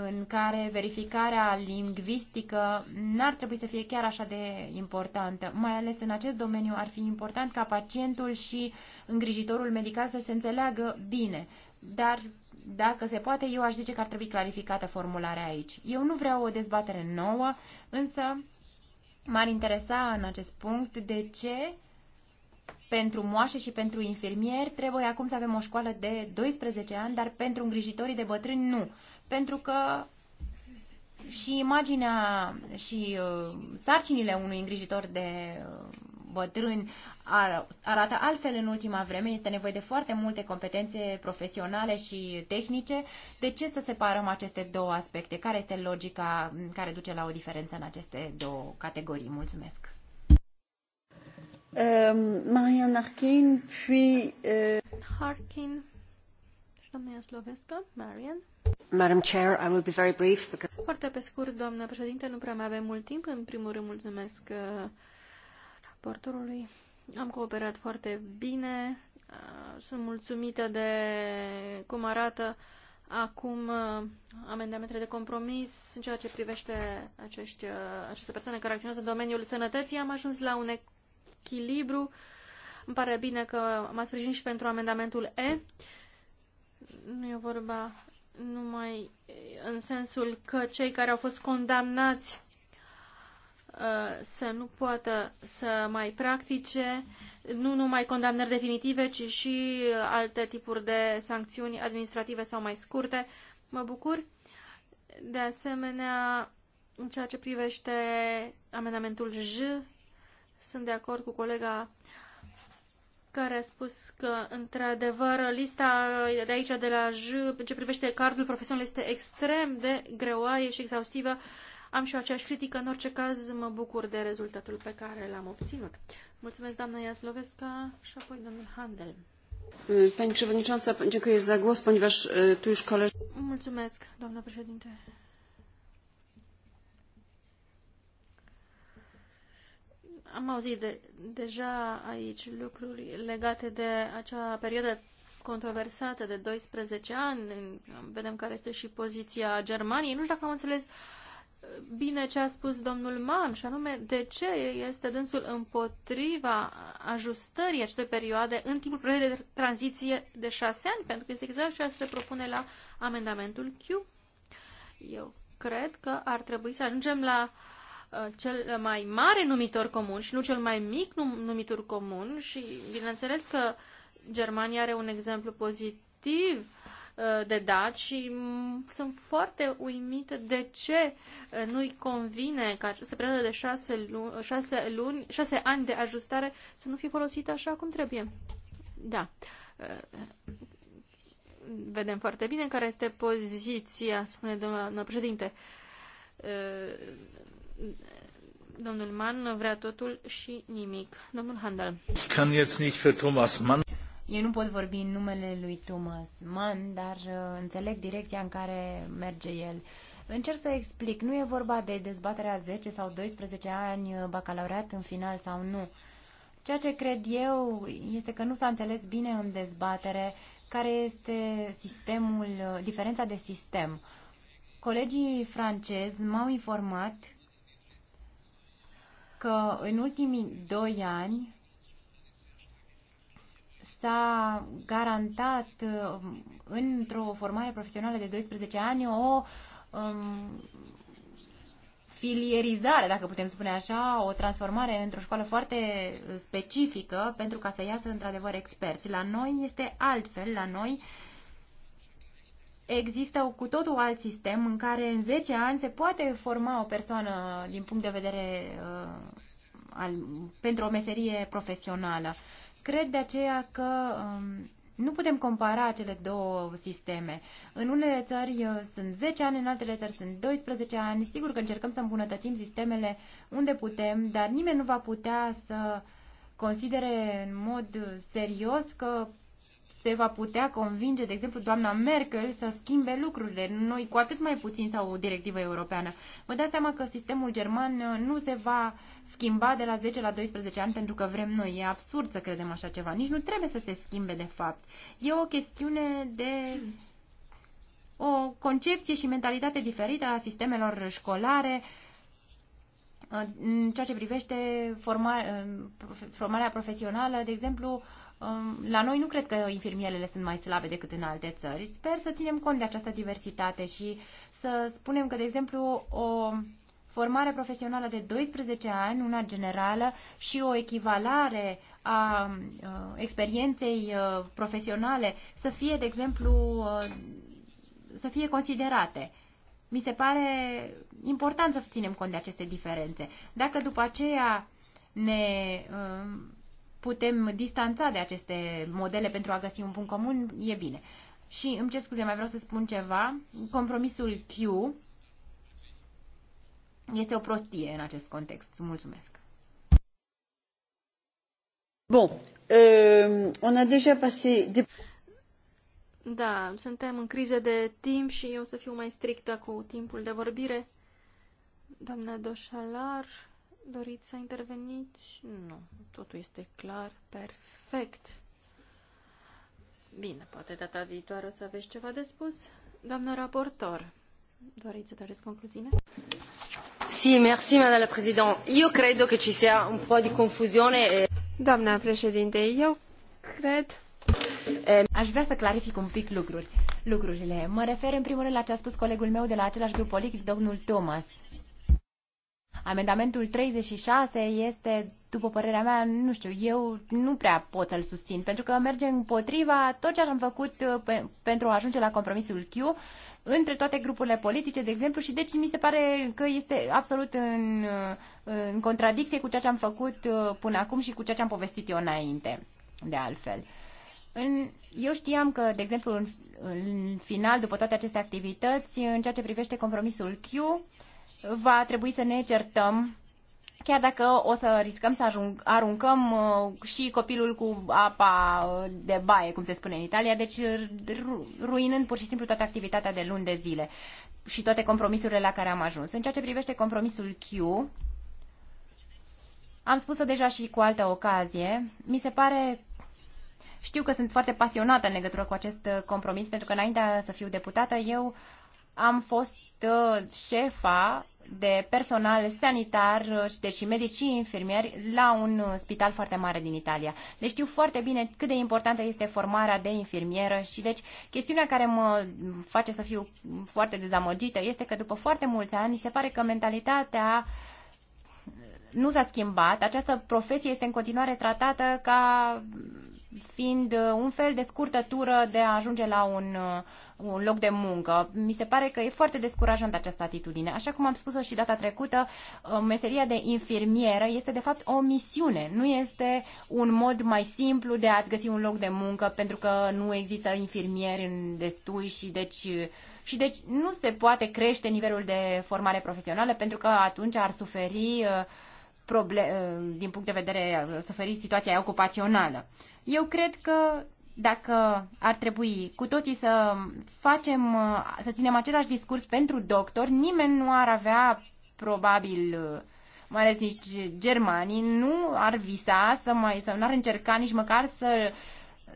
în care verificarea lingvistică n-ar trebui să fie chiar așa de importantă. Mai ales în acest domeniu ar fi important ca pacientul și îngrijitorul medical să se înțeleagă bine. Dar dacă se poate, eu aș zice că ar trebui clarificată formularea aici. Eu nu vreau o dezbatere nouă, însă m-ar interesa în acest punct de ce pentru moașe și pentru infirmieri trebuie acum să avem o școală de 12 ani, dar pentru îngrijitorii de bătrâni nu. Pentru că și imaginea și uh, sarcinile unui îngrijitor de uh, bătrâni ar, arată altfel în ultima vreme, este nevoie de foarte multe competențe profesionale și tehnice. De ce să separăm aceste două aspecte? Care este logica care duce la o diferență în aceste două categorii? Mulțumesc! Um, ehm, Marian Harkin, puis... Uh... Harkin și Slovescă, Marian. Madam Chair, I will be very brief because... Foarte pe scurt, doamnă președinte, nu prea mai avem mult timp. În primul rând, mulțumesc uh, raportorului. Am cooperat foarte bine, uh, sunt mulțumită de cum arată acum uh, amendamentele de compromis în ceea ce privește acești, uh, aceste persoane care acționează în domeniul sănătății. Am ajuns la un echilibru. Îmi pare bine că m a sprijinit și pentru amendamentul E. Nu e vorba numai în sensul că cei care au fost condamnați Uh, să nu poată să mai practice nu numai condamnări definitive, ci și alte tipuri de sancțiuni administrative sau mai scurte. Mă bucur. De asemenea, în ceea ce privește amendamentul J, sunt de acord cu colega care a spus că, într-adevăr, lista de aici, de la J, ce privește cardul profesional, este extrem de greoaie și exhaustivă am și eu aceeași critică. În orice caz, mă bucur de rezultatul pe care l-am obținut. Mulțumesc, doamna Iaslovesca și apoi domnul Handel. Pani Przewodnicząca, dziękuję za głos, ponieważ tu już koleż... Mulțumesc, doamna președinte. Am auzit de, deja aici lucruri legate de acea perioadă controversată de 12 ani. Vedem care este și poziția Germaniei. Nu știu dacă am înțeles uh, bine ce a spus domnul Mann, și anume de ce este dânsul împotriva ajustării acestei perioade în timpul perioadei de tranziție de șase ani, pentru că este exact ceea ce se propune la amendamentul Q. Eu cred că ar trebui să ajungem la uh, cel mai mare numitor comun și nu cel mai mic numitor comun și bineînțeles că Germania are un exemplu pozitiv Uh, de dat și sunt foarte uimită de ce uh, nu-i convine ca această perioadă de șase luni, uh, șase, luni, șase ani de ajustare să nu fie folosită așa cum trebuie. Da. Vedem foarte bine care este poziția, spune domnul președinte. Domnul Mann vrea totul și nimic. Domnul Handel. Ich kann jetzt nicht für Thomas Mann eu nu pot vorbi în numele lui Thomas Mann, dar uh, înțeleg direcția în care merge el. Încerc să explic, nu e vorba de dezbaterea 10 sau 12 ani uh, bacalaureat în final sau nu. Ceea ce cred eu este că nu s-a înțeles bine în dezbatere care este sistemul, uh, diferența de sistem. Colegii francezi m-au informat că în ultimii doi ani s-a garantat uh, într-o formare profesională de 12 ani o um, filierizare, dacă putem spune așa, o transformare într-o școală foarte specifică pentru ca să iasă într-adevăr experți. La noi este altfel, la noi există cu totul alt sistem în care în 10 ani se poate forma o persoană din punct de vedere uh, al, pentru o meserie profesională. Cred de aceea că um, nu putem compara cele două sisteme. În unele țări uh, sunt 10 ani, în altele țări sunt 12 ani. Sigur că încercăm să îmbunătățim sistemele unde putem, dar nimeni nu va putea să considere în mod serios că se va putea convinge, de exemplu, doamna Merkel să schimbe lucrurile, noi cu atât mai puțin sau o directivă europeană. Vă dați seama că sistemul german uh, nu se va schimba de la 10 la 12 ani pentru că vrem noi. E absurd să credem așa ceva. Nici nu trebuie să se schimbe, de fapt. E o chestiune de o concepție și mentalitate diferită a sistemelor școlare, uh, în ceea ce privește forma, uh, formarea profesională, de exemplu, Um, la noi nu cred că infirmierele sunt mai slabe decât în alte țări. Sper să ținem cont de această diversitate și să spunem că, de exemplu, o formare profesională de 12 ani, una generală și o echivalare a uh, experienței uh, profesionale să fie, de exemplu, uh, să fie considerate. Mi se pare important să ținem cont de aceste diferențe. Dacă după aceea ne putem distanța de aceste modele pentru a găsi un punct comun, e bine. Și îmi cer scuze, mai vreau să spun ceva. Compromisul Q este o prostie în acest context. Mulțumesc. Bun. Uh, on a deja passé de... Da, suntem în criză de timp și eu o să fiu mai strictă cu timpul de vorbire. Doamna Doșalar, Doriți să interveniți? Nu. Totul este clar. Perfect. Bine, poate data viitoare o să aveți ceva de spus. Doamnă raportor, doriți să dați concluziile? Si, merci Madame la Presidente. Eu cred că ci sia un po' di confusione. Doamna președinte, eu cred... Aș vrea să clarific un pic lucruri, lucrurile. Mă refer în primul rând la ce a spus colegul meu de la același grup politic, domnul Thomas Amendamentul 36 este, după părerea mea, nu știu, eu nu prea pot să-l susțin, pentru că merge împotriva tot ce am făcut uh, pe, pentru a ajunge la compromisul Q între toate grupurile politice, de exemplu, și deci mi se pare că este absolut în, uh, în contradicție cu ceea ce am făcut uh, până acum și cu ceea ce am povestit eu înainte, de altfel. În, eu știam că, de exemplu, în, în final, după toate aceste activități, în ceea ce privește compromisul Q, va trebui să ne certăm chiar dacă o să riscăm să ajung, aruncăm uh, și copilul cu apa uh, de baie, cum se spune în Italia, deci ruinând pur și simplu toată activitatea de luni de zile și toate compromisurile la care am ajuns. În ceea ce privește compromisul Q, am spus-o deja și cu altă ocazie, mi se pare știu că sunt foarte pasionată în legătură cu acest compromis, pentru că înainte să fiu deputată, eu am fost uh, șefa de personal sanitar, deci uh, medici și infirmieri, la un uh, spital foarte mare din Italia. Deci știu foarte bine cât de importantă este formarea de infirmieră și deci chestiunea care mă face să fiu foarte dezamăgită este că după foarte mulți ani se pare că mentalitatea uh, nu s-a schimbat, această profesie este în continuare tratată ca fiind uh, un fel de scurtătură de a ajunge la un, uh, un loc de muncă. Mi se pare că e foarte descurajant această atitudine. Așa cum am spus-o și data trecută, uh, meseria de infirmieră este de fapt o misiune. Nu este un mod mai simplu de a-ți găsi un loc de muncă pentru că nu există infirmieri în destui și deci și deci nu se poate crește nivelul de formare profesională pentru că atunci ar suferi uh, din punct de vedere suferit situația ocupațională. Eu cred că dacă ar trebui cu toții să facem, să ținem același discurs pentru doctor, nimeni nu ar avea probabil mai ales nici germanii, nu ar visa să mai, să nu ar încerca nici măcar să uh,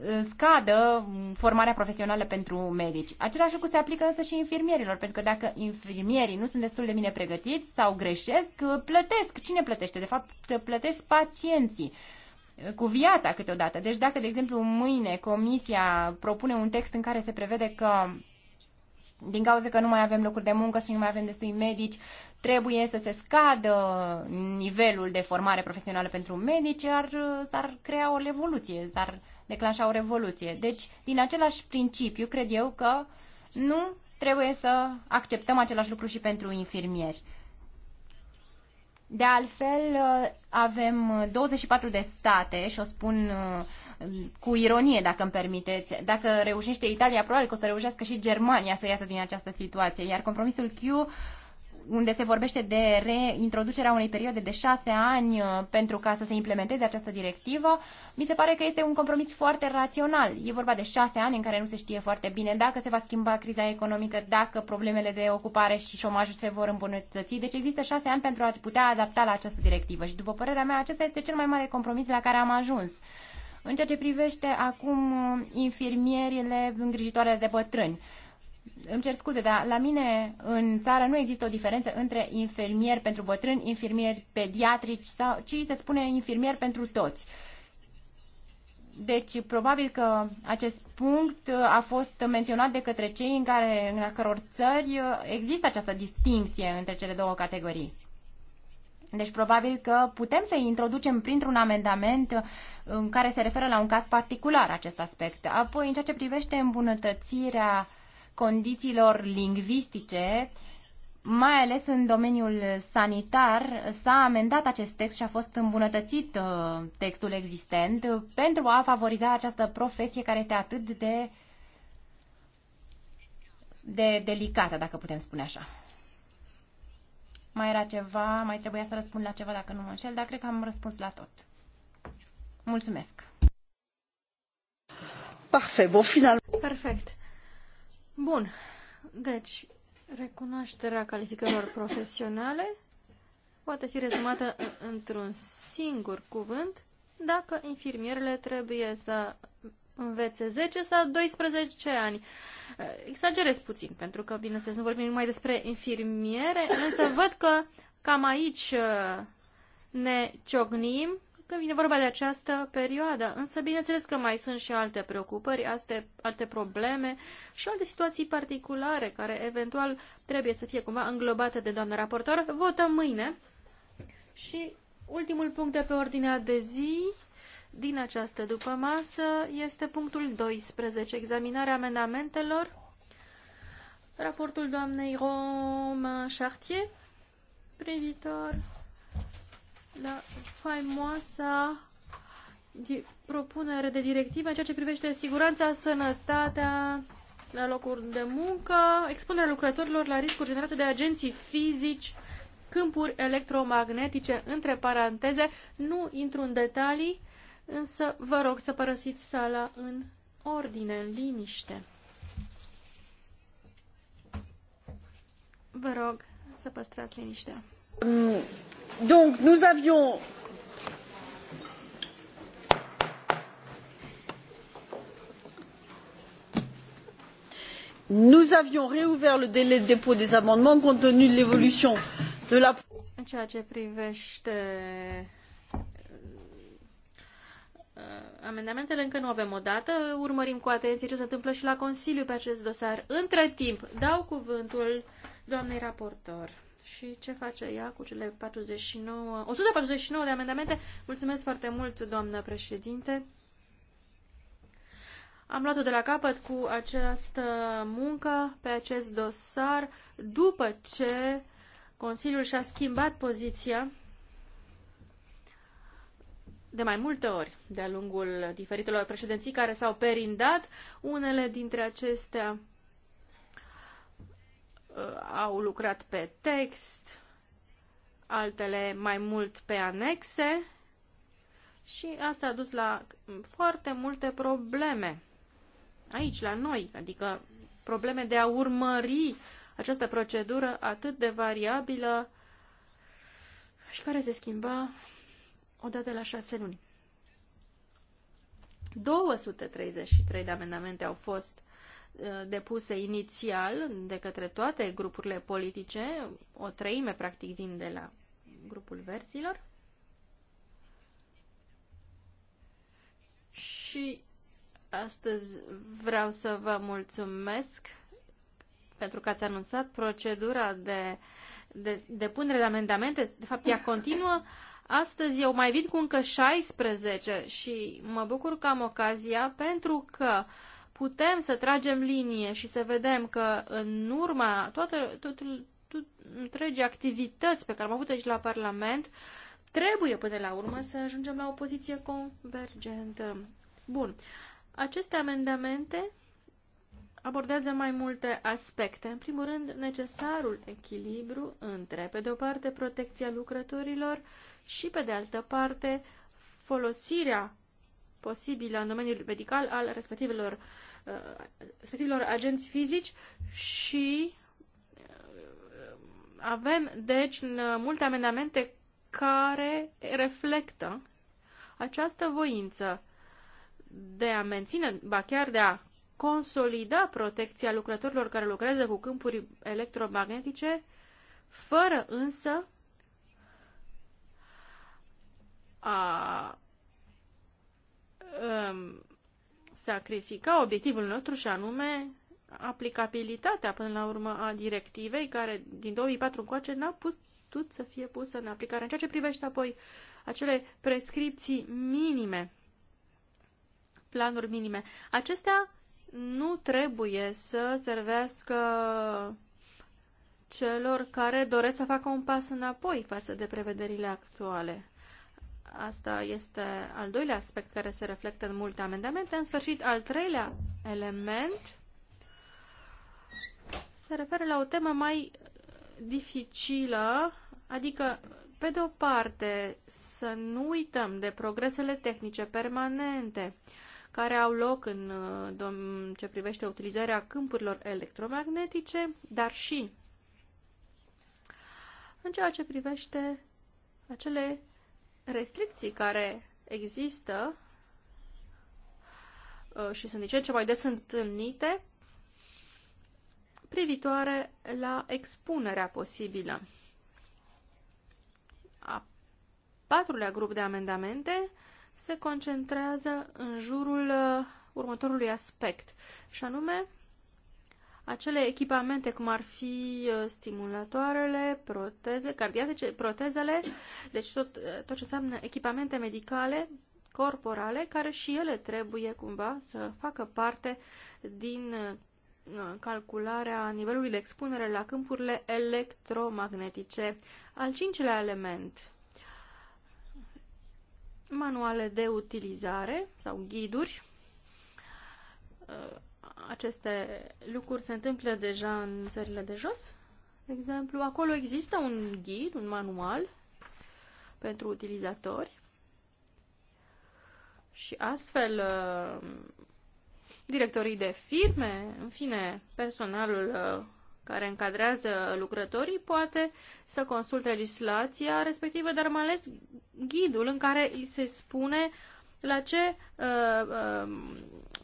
Uh, scadă formarea profesională pentru medici. Același lucru se aplică însă și infirmierilor, pentru că dacă infirmierii nu sunt destul de bine pregătiți sau greșesc, uh, plătesc. Cine plătește? De fapt, plătesc pacienții uh, cu viața câteodată. Deci dacă, de exemplu, mâine comisia propune un text în care se prevede că din cauza că nu mai avem locuri de muncă și nu mai avem destui medici, trebuie să se scadă nivelul de formare profesională pentru medici, ar, s-ar crea o revoluție, s-ar declanșa o revoluție. Deci, din același principiu, cred eu că nu trebuie să acceptăm același lucru și pentru infirmieri. De altfel, uh, avem 24 de state și o spun uh, cu ironie, dacă îmi permiteți. Dacă reușește Italia, probabil că o să reușească și Germania să iasă din această situație. Iar compromisul Q unde se vorbește de reintroducerea unei perioade de șase ani uh, pentru ca să se implementeze această directivă, mi se pare că este un compromis foarte rațional. E vorba de șase ani în care nu se știe foarte bine dacă se va schimba criza economică, dacă problemele de ocupare și șomajul se vor îmbunătăți. Deci există șase ani pentru a putea adapta la această directivă și, după părerea mea, acesta este cel mai mare compromis la care am ajuns. În ceea ce privește acum uh, infirmierile îngrijitoare de bătrâni, îmi cer scuze, dar la mine în țară nu există o diferență între infirmieri pentru bătrâni, infirmieri pediatrici, sau, ci se spune infirmier pentru toți. Deci, probabil că acest punct uh, a fost menționat de către cei în care, în căror țări, uh, există această distinție între cele două categorii. Deci, probabil că putem să introducem printr-un amendament uh, în care se referă la un caz particular acest aspect. Apoi, în ceea ce privește îmbunătățirea uh, condițiilor lingvistice, mai ales în domeniul sanitar, s-a amendat acest text și a fost îmbunătățit uh, textul existent pentru a favoriza această profesie care este atât de, de delicată, dacă putem spune așa. Mai era ceva, mai trebuia să răspund la ceva dacă nu mă înșel, dar cred că am răspuns la tot. Mulțumesc! Perfect, bon final! Perfect! Bun. Deci, recunoașterea calificărilor profesionale poate fi rezumată într-un singur cuvânt dacă infirmierele trebuie să învețe 10 sau 12 ani. Exagerez puțin, pentru că, bineînțeles, nu vorbim numai despre infirmiere, însă văd că cam aici uh, ne ciognim când vine vorba de această perioadă. Însă, bineînțeles că mai sunt și alte preocupări, alte, alte probleme și alte situații particulare care eventual trebuie să fie cumva înglobate de doamna raportor. Votăm mâine. Și ultimul punct de pe ordinea de zi din această după masă este punctul 12, examinarea amendamentelor. Raportul doamnei Romain Chartier privitor la faimoasa propunere de directivă în ceea ce privește siguranța, sănătatea la locuri de muncă, expunerea lucrătorilor la riscuri generate de agenții fizici, câmpuri electromagnetice, între paranteze. Nu intru în detalii, însă vă rog să părăsiți sala în ordine, în liniște. Vă rog să păstrați liniștea. Mm donc nous avions nous avions réouvert le délai de dépôt des amendements compte tenu de l'évolution de la în ceea ce privește uh, amendamentele încă nu avem o dată, urmărim cu atenție ce se întâmplă și la Consiliu pe acest dosar. Între timp, dau cuvântul doamnei raportor și ce face ea cu cele 49, 149 de amendamente. Mulțumesc foarte mult, doamnă președinte. Am luat-o de la capăt cu această muncă pe acest dosar după ce Consiliul și-a schimbat poziția de mai multe ori de-a lungul diferitelor președinții care s-au perindat. Unele dintre acestea Uh, au lucrat pe text, altele mai mult pe anexe și asta a dus la foarte multe probleme aici, la noi, adică probleme de a urmări această procedură atât de variabilă și care se schimba odată la șase luni. 233 de amendamente au fost uh, Eh, depuse inițial de către toate grupurile politice, o treime practic vin de la grupul verzilor. Și astăzi vreau să vă mulțumesc pentru că ați anunțat procedura de, depunere de de amendamente. De fapt, ea continuă. Astăzi eu mai vin cu încă 16 și mă bucur că am ocazia pentru că uh, putem să tragem linie și să vedem că în urma toate, tot, tot, întregii activități pe care am avut aici la Parlament, trebuie până la urmă să ajungem la o poziție convergentă. Bun. Aceste amendamente abordează mai multe aspecte. În primul rând, necesarul echilibru între, pe de o parte, protecția lucrătorilor și, pe de altă parte, folosirea posibilă în domeniul medical al respectivelor, uh, respectivelor agenți fizici și uh, avem, deci, multe amendamente care reflectă această voință de a menține, ba chiar de a consolida protecția lucrătorilor care lucrează cu câmpuri electromagnetice, fără însă a um, sacrifica obiectivul nostru și anume aplicabilitatea până la urmă a directivei care din 2004 încoace n-a putut să fie pusă în aplicare. În ceea ce privește apoi acele prescripții minime, planuri minime, acestea nu trebuie să servească celor care doresc să facă un pas înapoi față de prevederile actuale. Asta este al doilea aspect care se reflectă în multe amendamente. În sfârșit, al treilea element se referă la o temă mai dificilă, adică, pe de o parte, să nu uităm de progresele tehnice permanente care au loc în uh, ce privește utilizarea câmpurilor electromagnetice, dar și în ceea ce privește acele restricții care există uh, și sunt din ce în ce mai des întâlnite privitoare la expunerea posibilă. A patrulea grup de amendamente se concentrează în jurul uh, următorului aspect, și anume acele echipamente, cum ar fi uh, stimulatoarele, proteze, cardiatice, protezele, deci tot, uh, tot ce înseamnă echipamente medicale, corporale, care și ele trebuie cumva să facă parte din uh, calcularea nivelului de expunere la câmpurile electromagnetice. Al cincilea element, manuale de utilizare sau ghiduri, aceste lucruri se întâmplă deja în țările de jos, de exemplu. Acolo există un ghid, un manual pentru utilizatori și astfel uh, directorii de firme, în fine, personalul uh, care încadrează lucrătorii poate să consulte legislația respectivă, dar mai ales ghidul în care se spune la ce, uh,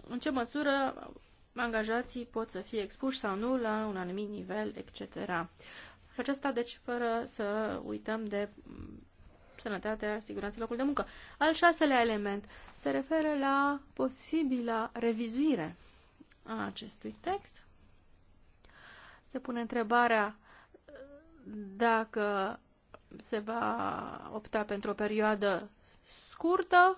în ce măsură angajații pot să fie expuși sau nu la un anumit nivel, etc. Aceasta deci, fără să uităm de mm, sănătatea, siguranța locului de muncă. Al șaselea element se referă la posibila revizuire a acestui text. Se pune întrebarea mm, dacă se va opta pentru o perioadă scurtă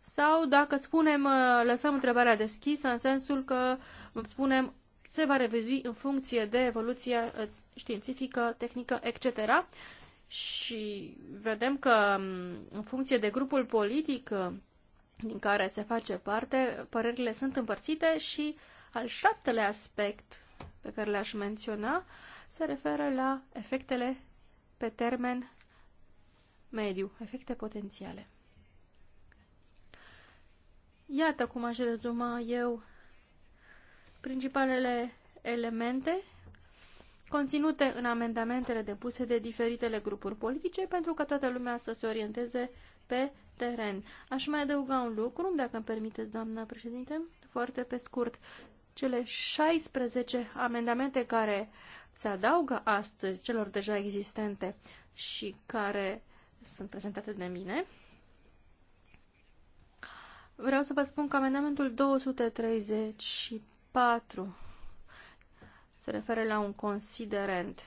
sau dacă spunem, uh, lăsăm întrebarea deschisă în sensul că spunem se va revizui în funcție de evoluția uh, științifică, tehnică, etc. Și vedem că um, în funcție de grupul politic uh, din care se face parte, părerile sunt împărțite și al șaptele aspect pe care le-aș menționa se referă la efectele pe termen mediu, efecte potențiale. Iată cum aș rezuma eu principalele elemente conținute în amendamentele depuse de diferitele grupuri politice pentru ca toată lumea să se orienteze pe teren. Aș mai adăuga un lucru, dacă îmi permiteți, doamna președinte, foarte pe scurt. Cele 16 amendamente care se adaugă astăzi celor deja existente și care sunt prezentate de mine, Vreau să vă spun că amendamentul 234 se referă la un considerent.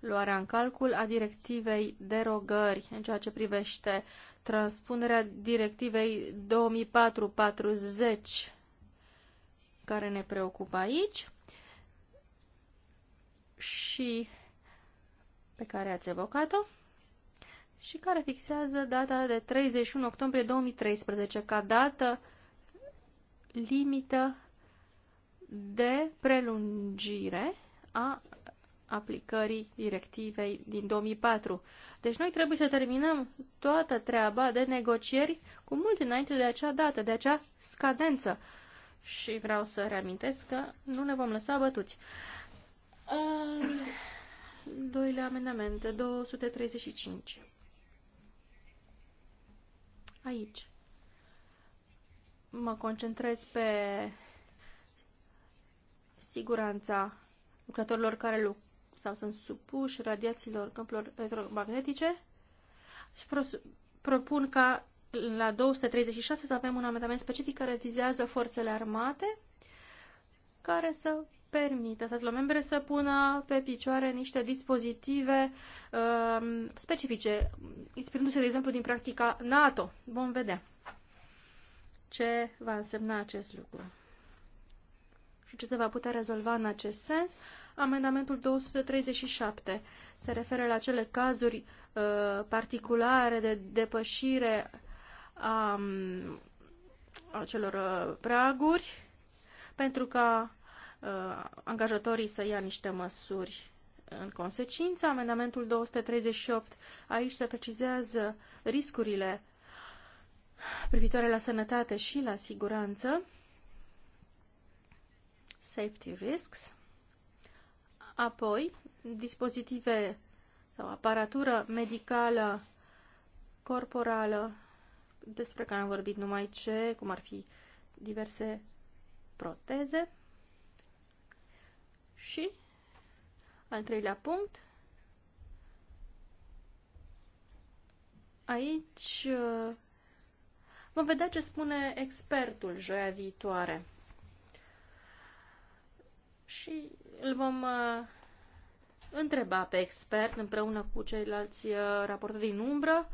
Luarea în calcul a directivei derogări în ceea ce privește transpunerea directivei 2440 care ne preocupă aici și pe care ați evocat-o și care fixează data de 31 octombrie 2013 ca dată limită de prelungire a aplicării directivei din 2004. Deci noi trebuie să terminăm toată treaba de negocieri cu mult înainte de acea dată, de acea scadență. Și vreau să reamintesc că nu ne vom lăsa bătuți. Al doilea amendament, 235 aici. Mă concentrez pe siguranța lucrătorilor care lucrează sau sunt supuși radiațiilor câmpilor electromagnetice și propun ca la 236 să avem un amendament specific care vizează forțele armate care să permite statelor membre să pună pe picioare niște dispozitive uh, specifice, inspirându se de exemplu, din practica NATO. Vom vedea ce va însemna acest lucru și ce se va putea rezolva în acest sens. Amendamentul 237 se referă la cele cazuri uh, particulare de depășire a, um, a celor uh, praguri pentru ca Uh, angajatorii să ia niște măsuri în consecință. Amendamentul 238, aici se precizează riscurile privitoare la sănătate și la siguranță, safety risks, apoi dispozitive sau aparatură medicală corporală despre care am vorbit numai ce, cum ar fi diverse proteze, și al treilea punct. Aici uh, vom vedea ce spune expertul joia viitoare. Și îl vom uh, întreba pe expert împreună cu ceilalți uh, raportori din umbră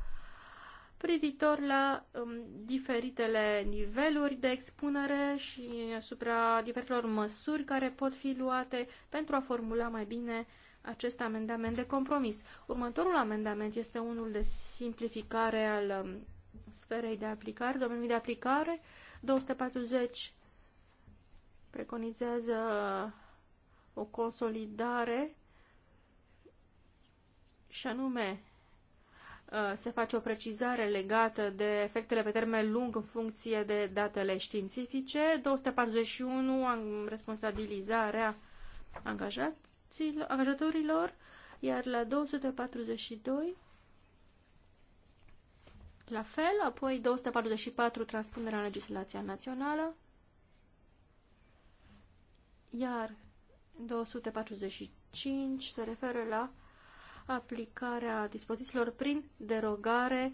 privitor la um, diferitele niveluri de expunere și asupra diferitelor măsuri care pot fi luate pentru a formula mai bine acest amendament de compromis. Următorul amendament este unul de simplificare al um, sferei de aplicare, domeniului de aplicare. 240 preconizează o consolidare și anume Uh, se face o precizare legată de efectele pe termen lung în funcție de datele științifice. 241, responsabilizarea angajatorilor, iar la 242, la fel, apoi 244, transpunerea în legislația națională, iar 245 se referă la aplicarea dispozițiilor prin derogare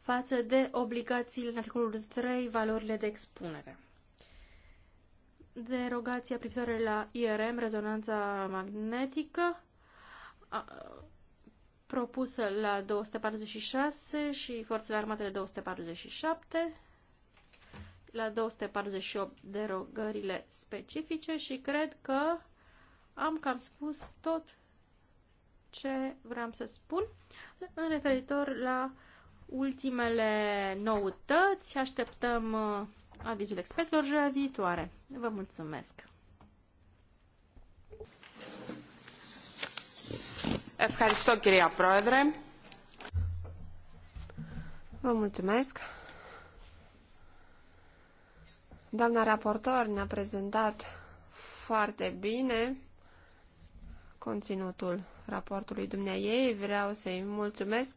față de obligațiile în articolul 3, valorile de expunere. Derogația privitoare la IRM, rezonanța magnetică, a, propusă la 246 și forțele armatele 247, la 248 derogările specifice și cred că am cam spus tot ce vreau să spun în referitor la ultimele noutăți. Așteptăm uh, avizul experților joia viitoare. Vă mulțumesc! Ευχαριστώ κυρία Πρόεδρε. Vă mulțumesc. Doamna raportor ne-a prezentat foarte bine conținutul raportului dumneaei. Vreau să-i mulțumesc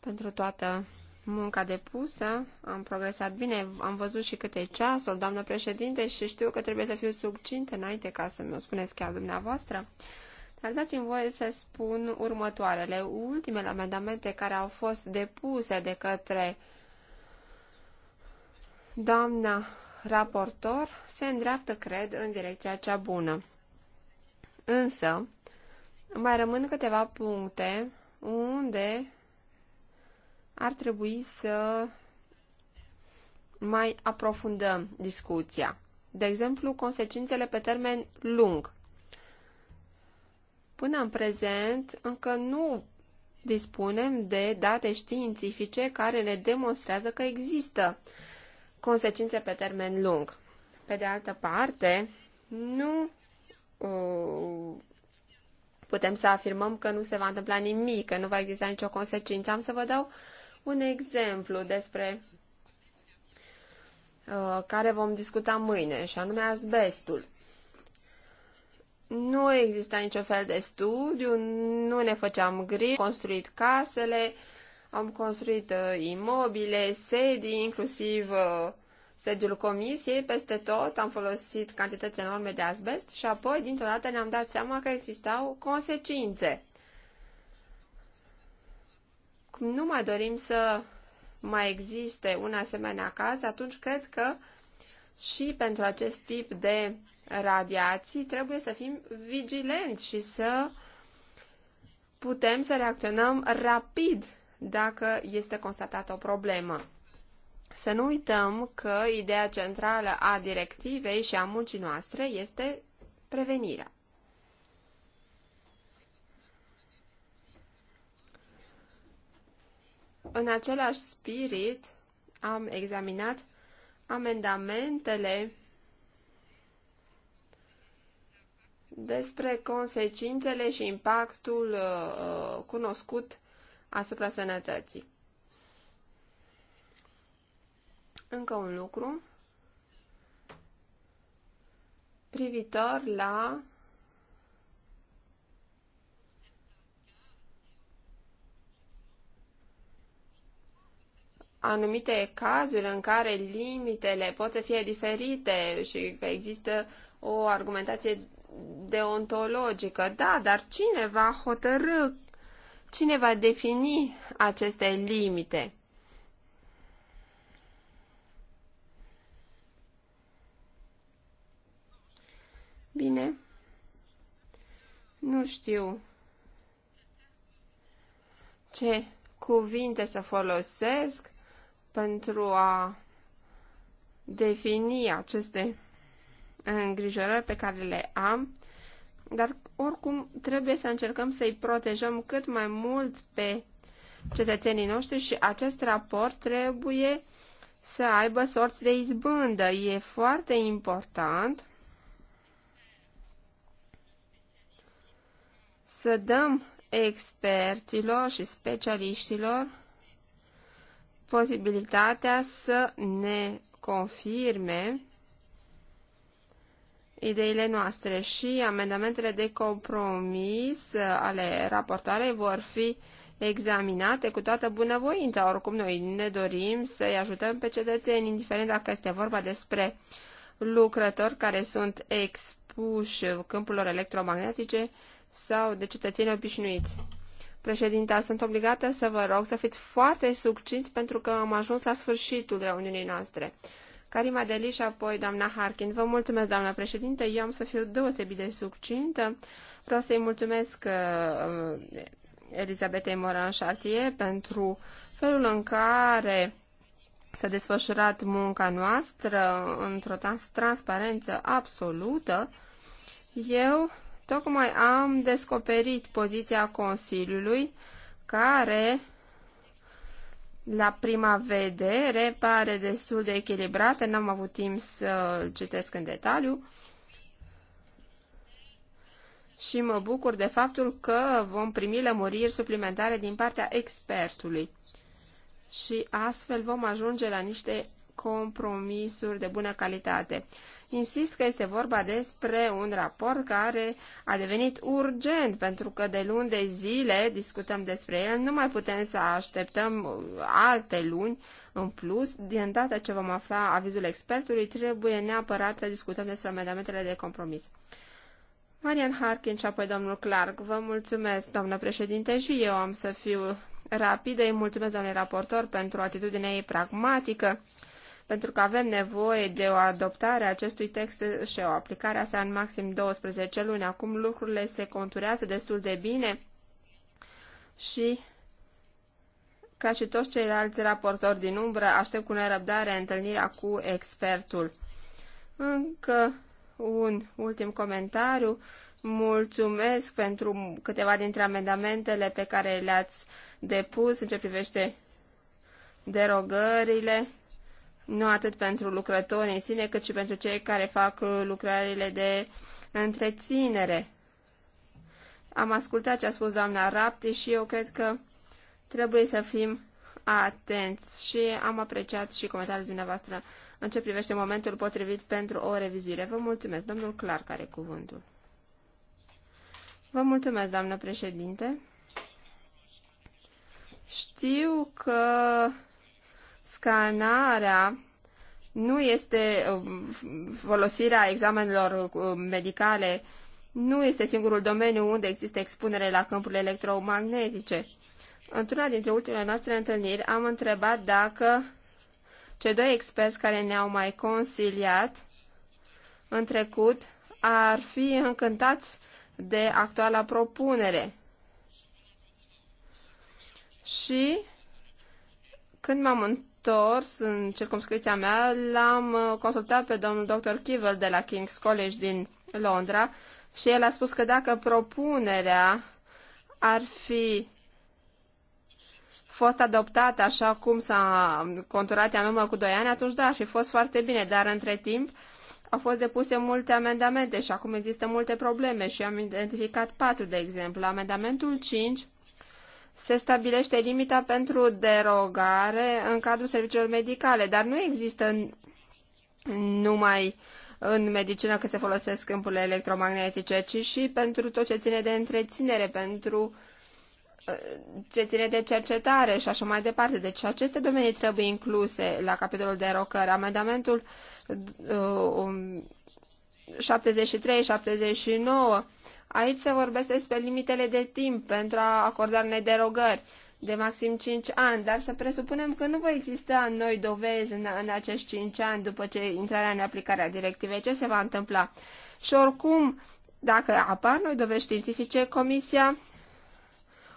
pentru toată munca depusă. Am progresat bine, am văzut și câte ceasul, doamnă președinte, și știu că trebuie să fiu succintă înainte ca să mi-o spuneți chiar dumneavoastră. Dar dați-mi voie să spun următoarele. Ultimele amendamente care au fost depuse de către doamna raportor se îndreaptă, cred, în direcția cea bună. Însă, mai rămân câteva puncte unde ar trebui să mai aprofundăm discuția. De exemplu, consecințele pe termen lung. Până în prezent, încă nu dispunem de date științifice care ne demonstrează că există consecințe pe termen lung. Pe de altă parte, nu uh, putem să afirmăm că nu se va întâmpla nimic, că nu va exista nicio consecință. Am să vă dau un exemplu despre uh, care vom discuta mâine, și anume asbestul. Nu exista niciun fel de studiu, nu ne făceam griji, am construit casele, am construit uh, imobile, sedii, inclusiv uh, sediul comisiei, peste tot am folosit cantități enorme de asbest și apoi, dintr-o dată, ne-am dat seama că existau consecințe. Nu mai dorim să mai existe un asemenea caz, atunci cred că și pentru acest tip de radiații trebuie să fim vigilenți și să putem să reacționăm rapid dacă este constatată o problemă. Să nu uităm că ideea centrală a directivei și a muncii noastre este prevenirea. În același spirit, am examinat amendamentele despre consecințele și impactul uh, uh cunoscut asupra sănătății. Încă un lucru privitor la anumite cazuri în care limitele pot să fie diferite și că există o argumentație deontologică. Da, dar cine va hotărâ, cine va defini aceste limite? Bine. Nu știu ce cuvinte să folosesc pentru a defini aceste îngrijorări pe care le am, dar oricum trebuie să încercăm să-i protejăm cât mai mult pe cetățenii noștri și acest raport trebuie să aibă sorți de izbândă. E foarte important să dăm experților și specialiștilor posibilitatea să ne confirme ideile noastre și amendamentele de compromis ale raportoarei vor fi examinate cu toată bunăvoința. Oricum, noi ne dorim să-i ajutăm pe cetățeni, indiferent dacă este vorba despre lucrători care sunt expuși câmpurilor electromagnetice sau de cetățeni obișnuiți. Președinta, sunt obligată să vă rog să fiți foarte succinți pentru că am ajuns la sfârșitul reuniunii noastre. Karima Deli și apoi doamna Harkin. Vă mulțumesc, doamna președinte. Eu am să fiu deosebit de succintă. Vreau să-i mulțumesc uh, Elizabetei Moran Chartier pentru felul în care s-a desfășurat munca noastră într-o transparență absolută. Eu Tocmai am descoperit poziția Consiliului care la prima vedere pare destul de echilibrată, n-am avut timp să-l citesc în detaliu și mă bucur de faptul că vom primi lămuriri suplimentare din partea expertului și astfel vom ajunge la niște compromisuri de bună calitate. Insist că este vorba despre un raport care a devenit urgent, pentru că de luni de zile discutăm despre el, nu mai putem să așteptăm alte luni în plus. Din data ce vom afla avizul expertului, trebuie neapărat să discutăm despre amendamentele de compromis. Marian Harkin și apoi domnul Clark. Vă mulțumesc, doamnă președinte, și eu am să fiu rapidă. Îi mulțumesc, domnule raportor, pentru atitudinea ei pragmatică pentru că avem nevoie de o adoptare a acestui text și o aplicare a sa în maxim 12 luni. Acum lucrurile se conturează destul de bine și ca și toți ceilalți raportori din umbră, aștept cu nerăbdare întâlnirea cu expertul. Încă un ultim comentariu. Mulțumesc pentru câteva dintre amendamentele pe care le-ați depus în ce privește derogările nu atât pentru lucrători în sine, cât și pentru cei care fac lucrările de întreținere. Am ascultat ce a spus doamna Rapti și eu cred că trebuie să fim atenți și am apreciat și comentariile dumneavoastră în ce privește momentul potrivit pentru o revizuire. Vă mulțumesc, domnul Clark are cuvântul. Vă mulțumesc, doamnă președinte. Știu că scanarea nu este um, folosirea examenelor um, medicale nu este singurul domeniu unde există expunere la câmpurile electromagnetice. Într-una dintre ultimele noastre întâlniri am întrebat dacă cei doi experți care ne-au mai consiliat în trecut ar fi încântați de actuala propunere. Și când m-am întors în circumscripția mea, l-am uh, consultat pe domnul dr. Kivel de la King's College din Londra și el a spus că dacă propunerea ar fi fost adoptată așa cum s-a conturat în urmă cu 2 ani, atunci da, ar fi fost foarte bine, dar între timp au fost depuse multe amendamente și acum există multe probleme și am identificat patru, de exemplu. Amendamentul 5 se stabilește limita pentru derogare în cadrul serviciilor medicale, dar nu există numai în medicină că se folosesc câmpurile electromagnetice, ci și pentru tot ce ține de întreținere, pentru uh, ce ține de cercetare și așa mai departe. Deci aceste domenii trebuie incluse la capitolul de rocări. Amendamentul uh, 73-79 um, Aici se vorbește despre limitele de timp pentru a acorda nederogări de maxim 5 ani, dar să presupunem că nu vor exista noi dovezi în, în acești 5 ani după ce intrarea în aplicarea directivei. Ce se va întâmpla? Și oricum, dacă apar noi dovezi științifice, Comisia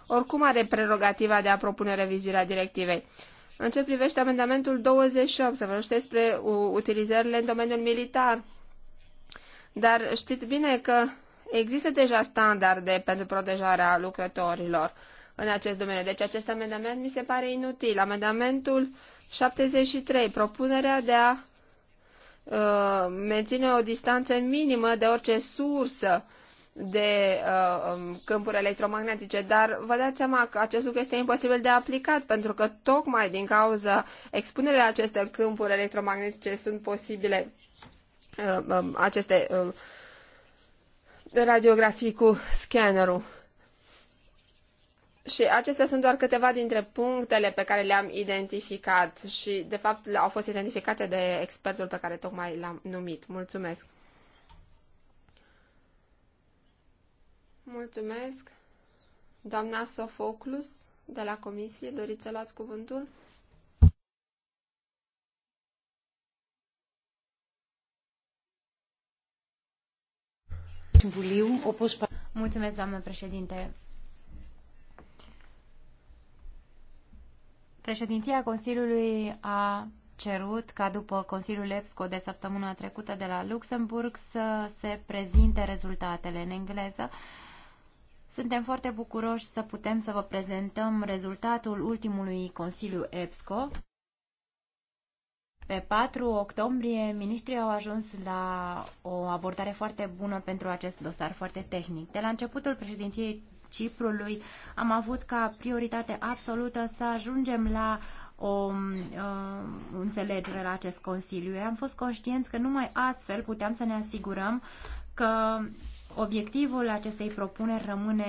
oricum are prerogativa de a propune revizuirea directivei. În ce privește amendamentul 28, se vorbește despre utilizările în domeniul militar. Dar știți bine că Există deja standarde pentru protejarea lucrătorilor în acest domeniu. Deci acest amendament mi se pare inutil. Amendamentul 73, propunerea de a uh, menține o distanță minimă de orice sursă de uh, um, câmpuri electromagnetice, dar vă dați seama că acest lucru este imposibil de aplicat, pentru că tocmai din cauza expunerea acestor câmpuri electromagnetice sunt posibile uh, uh, aceste uh, radiografii cu scannerul. Și acestea sunt doar câteva dintre punctele pe care le-am identificat și, de fapt, au fost identificate de expertul pe care tocmai l-am numit. Mulțumesc! Mulțumesc! Doamna Sofoclus, de la Comisie, doriți să luați cuvântul? Mulțumesc, președinte. Președinția Consiliului a cerut ca după Consiliul EPSCO de săptămâna trecută de la Luxemburg să se prezinte rezultatele în engleză. Suntem foarte bucuroși să putem să vă prezentăm rezultatul ultimului Consiliu EPSCO. Pe 4 octombrie, ministrii au ajuns la o abordare foarte bună pentru acest dosar foarte tehnic. De la începutul președinției Ciprului am avut ca prioritate absolută să ajungem la o um, uh, înțelegere la acest Consiliu. Am fost conștienți că numai astfel puteam să ne asigurăm că obiectivul acestei propuneri rămâne,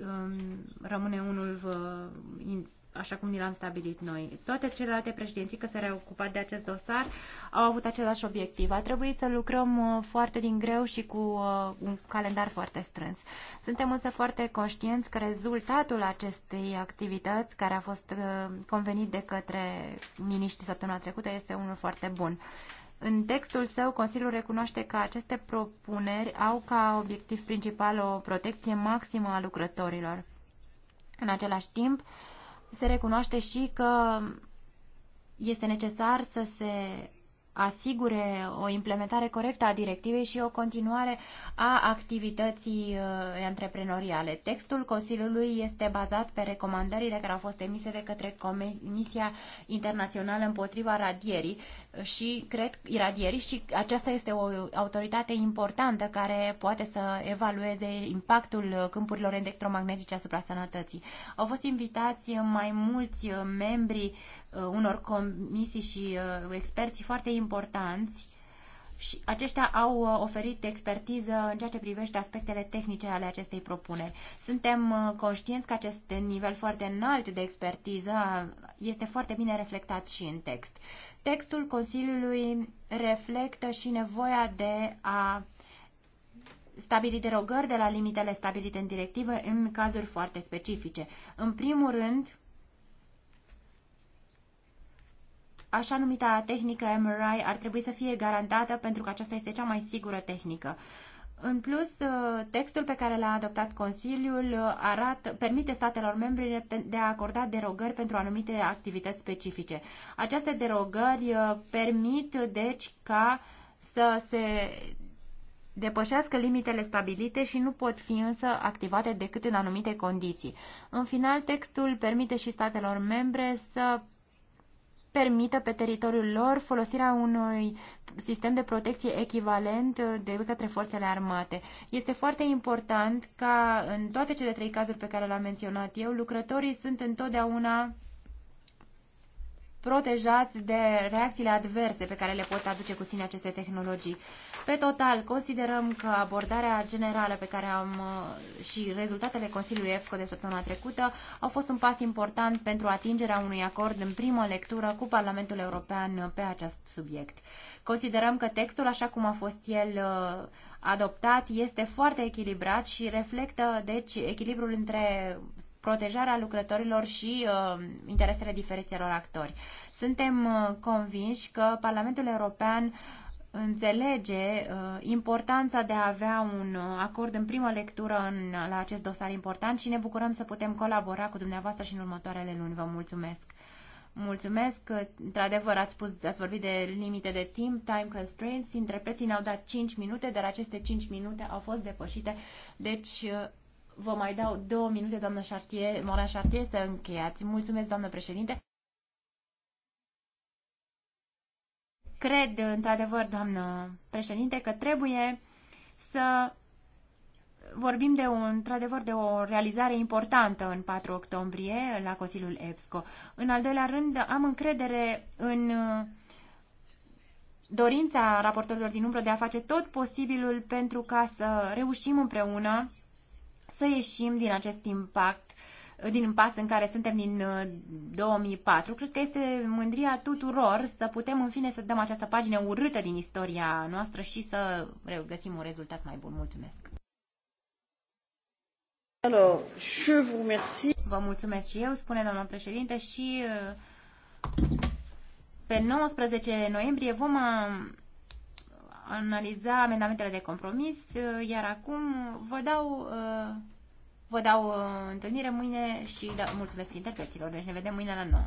uh, rămâne unul uh, in, așa cum ni l-am stabilit noi. Toate celelalte președinții că s-au ocupat de acest dosar au avut același obiectiv. A trebuit să lucrăm uh, foarte din greu și cu uh, un calendar foarte strâns. Suntem însă foarte conștienți că rezultatul acestei activități, care a fost uh, convenit de către miniștri săptămâna trecută, este unul foarte bun. În textul său, Consiliul recunoaște că aceste propuneri au ca obiectiv principal o protecție maximă a lucrătorilor. În același timp, se recunoaște și că este necesar să se asigure o implementare corectă a directivei și o continuare a activității uh, antreprenoriale. Textul Consiliului este bazat pe recomandările care au fost emise de către Comisia Internațională împotriva radierii și cred iradierii și aceasta este o autoritate importantă care poate să evalueze impactul câmpurilor electromagnetice asupra sănătății. Au fost invitați mai mulți membri Uh, unor comisii și uh, experți foarte importanți și aceștia au uh, oferit expertiză în ceea ce privește aspectele tehnice ale acestei propuneri. Suntem conștienți că acest nivel foarte înalt de expertiză este foarte bine reflectat și în text. Textul Consiliului reflectă și nevoia de a stabili derogări de la limitele stabilite în directivă în cazuri foarte specifice. În primul rând, așa numita tehnică MRI ar trebui să fie garantată pentru că aceasta este cea mai sigură tehnică. În plus, uh, textul pe care l-a adoptat Consiliul uh, arată, permite statelor membre de a acorda derogări pentru anumite activități specifice. Aceste derogări uh, permit, deci, ca să se depășească limitele stabilite și nu pot fi însă activate decât în anumite condiții. În final, textul permite și statelor membre să permită pe teritoriul lor folosirea unui sistem de protecție echivalent uh, de către forțele armate. Este foarte important ca în toate cele trei cazuri pe care le-am menționat eu, lucrătorii sunt întotdeauna protejați de reacțiile adverse pe care le pot aduce cu sine aceste tehnologii. Pe total, considerăm că abordarea generală pe care am uh, și rezultatele Consiliului EFSCO de săptămâna trecută au fost un pas important pentru atingerea unui acord în primă lectură cu Parlamentul European pe acest subiect. Considerăm că textul, așa cum a fost el uh, adoptat, este foarte echilibrat și reflectă, deci, echilibrul între protejarea lucrătorilor și uh, interesele diferiților actori. Suntem uh, convinși că Parlamentul European înțelege uh, importanța de a avea un uh, acord în primă lectură în, la acest dosar important și ne bucurăm să putem colabora cu dumneavoastră și în următoarele luni. Vă mulțumesc! Mulțumesc că, într-adevăr, ați, spus, ați vorbit de limite de timp, time constraints. Interpreții ne-au dat 5 minute, dar aceste 5 minute au fost depășite. Deci, uh, Vă mai dau două minute, doamnă Chartier, Mora Chartier, să încheiați. Mulțumesc, doamnă președinte. Cred, într-adevăr, doamnă președinte, că trebuie să vorbim de un, într-adevăr de o realizare importantă în 4 octombrie la Consiliul EPSCO. În al doilea rând, am încredere în dorința raportorilor din umbră de a face tot posibilul pentru ca să reușim împreună să ieșim din acest impact din impas în care suntem din 2004. Uh, Cred că este mândria tuturor să putem în fine să dăm această pagină urâtă din istoria noastră și să găsim un rezultat mai bun. Mulțumesc! Vă mulțumesc și eu, spune doamna președinte, și uh, pe 19 noiembrie vom uh, analiza amendamentele de compromis, iar acum vă dau Vă dau uh, întâlnire mâine și da, mulțumesc interpreților. Deci ne vedem mâine la 9.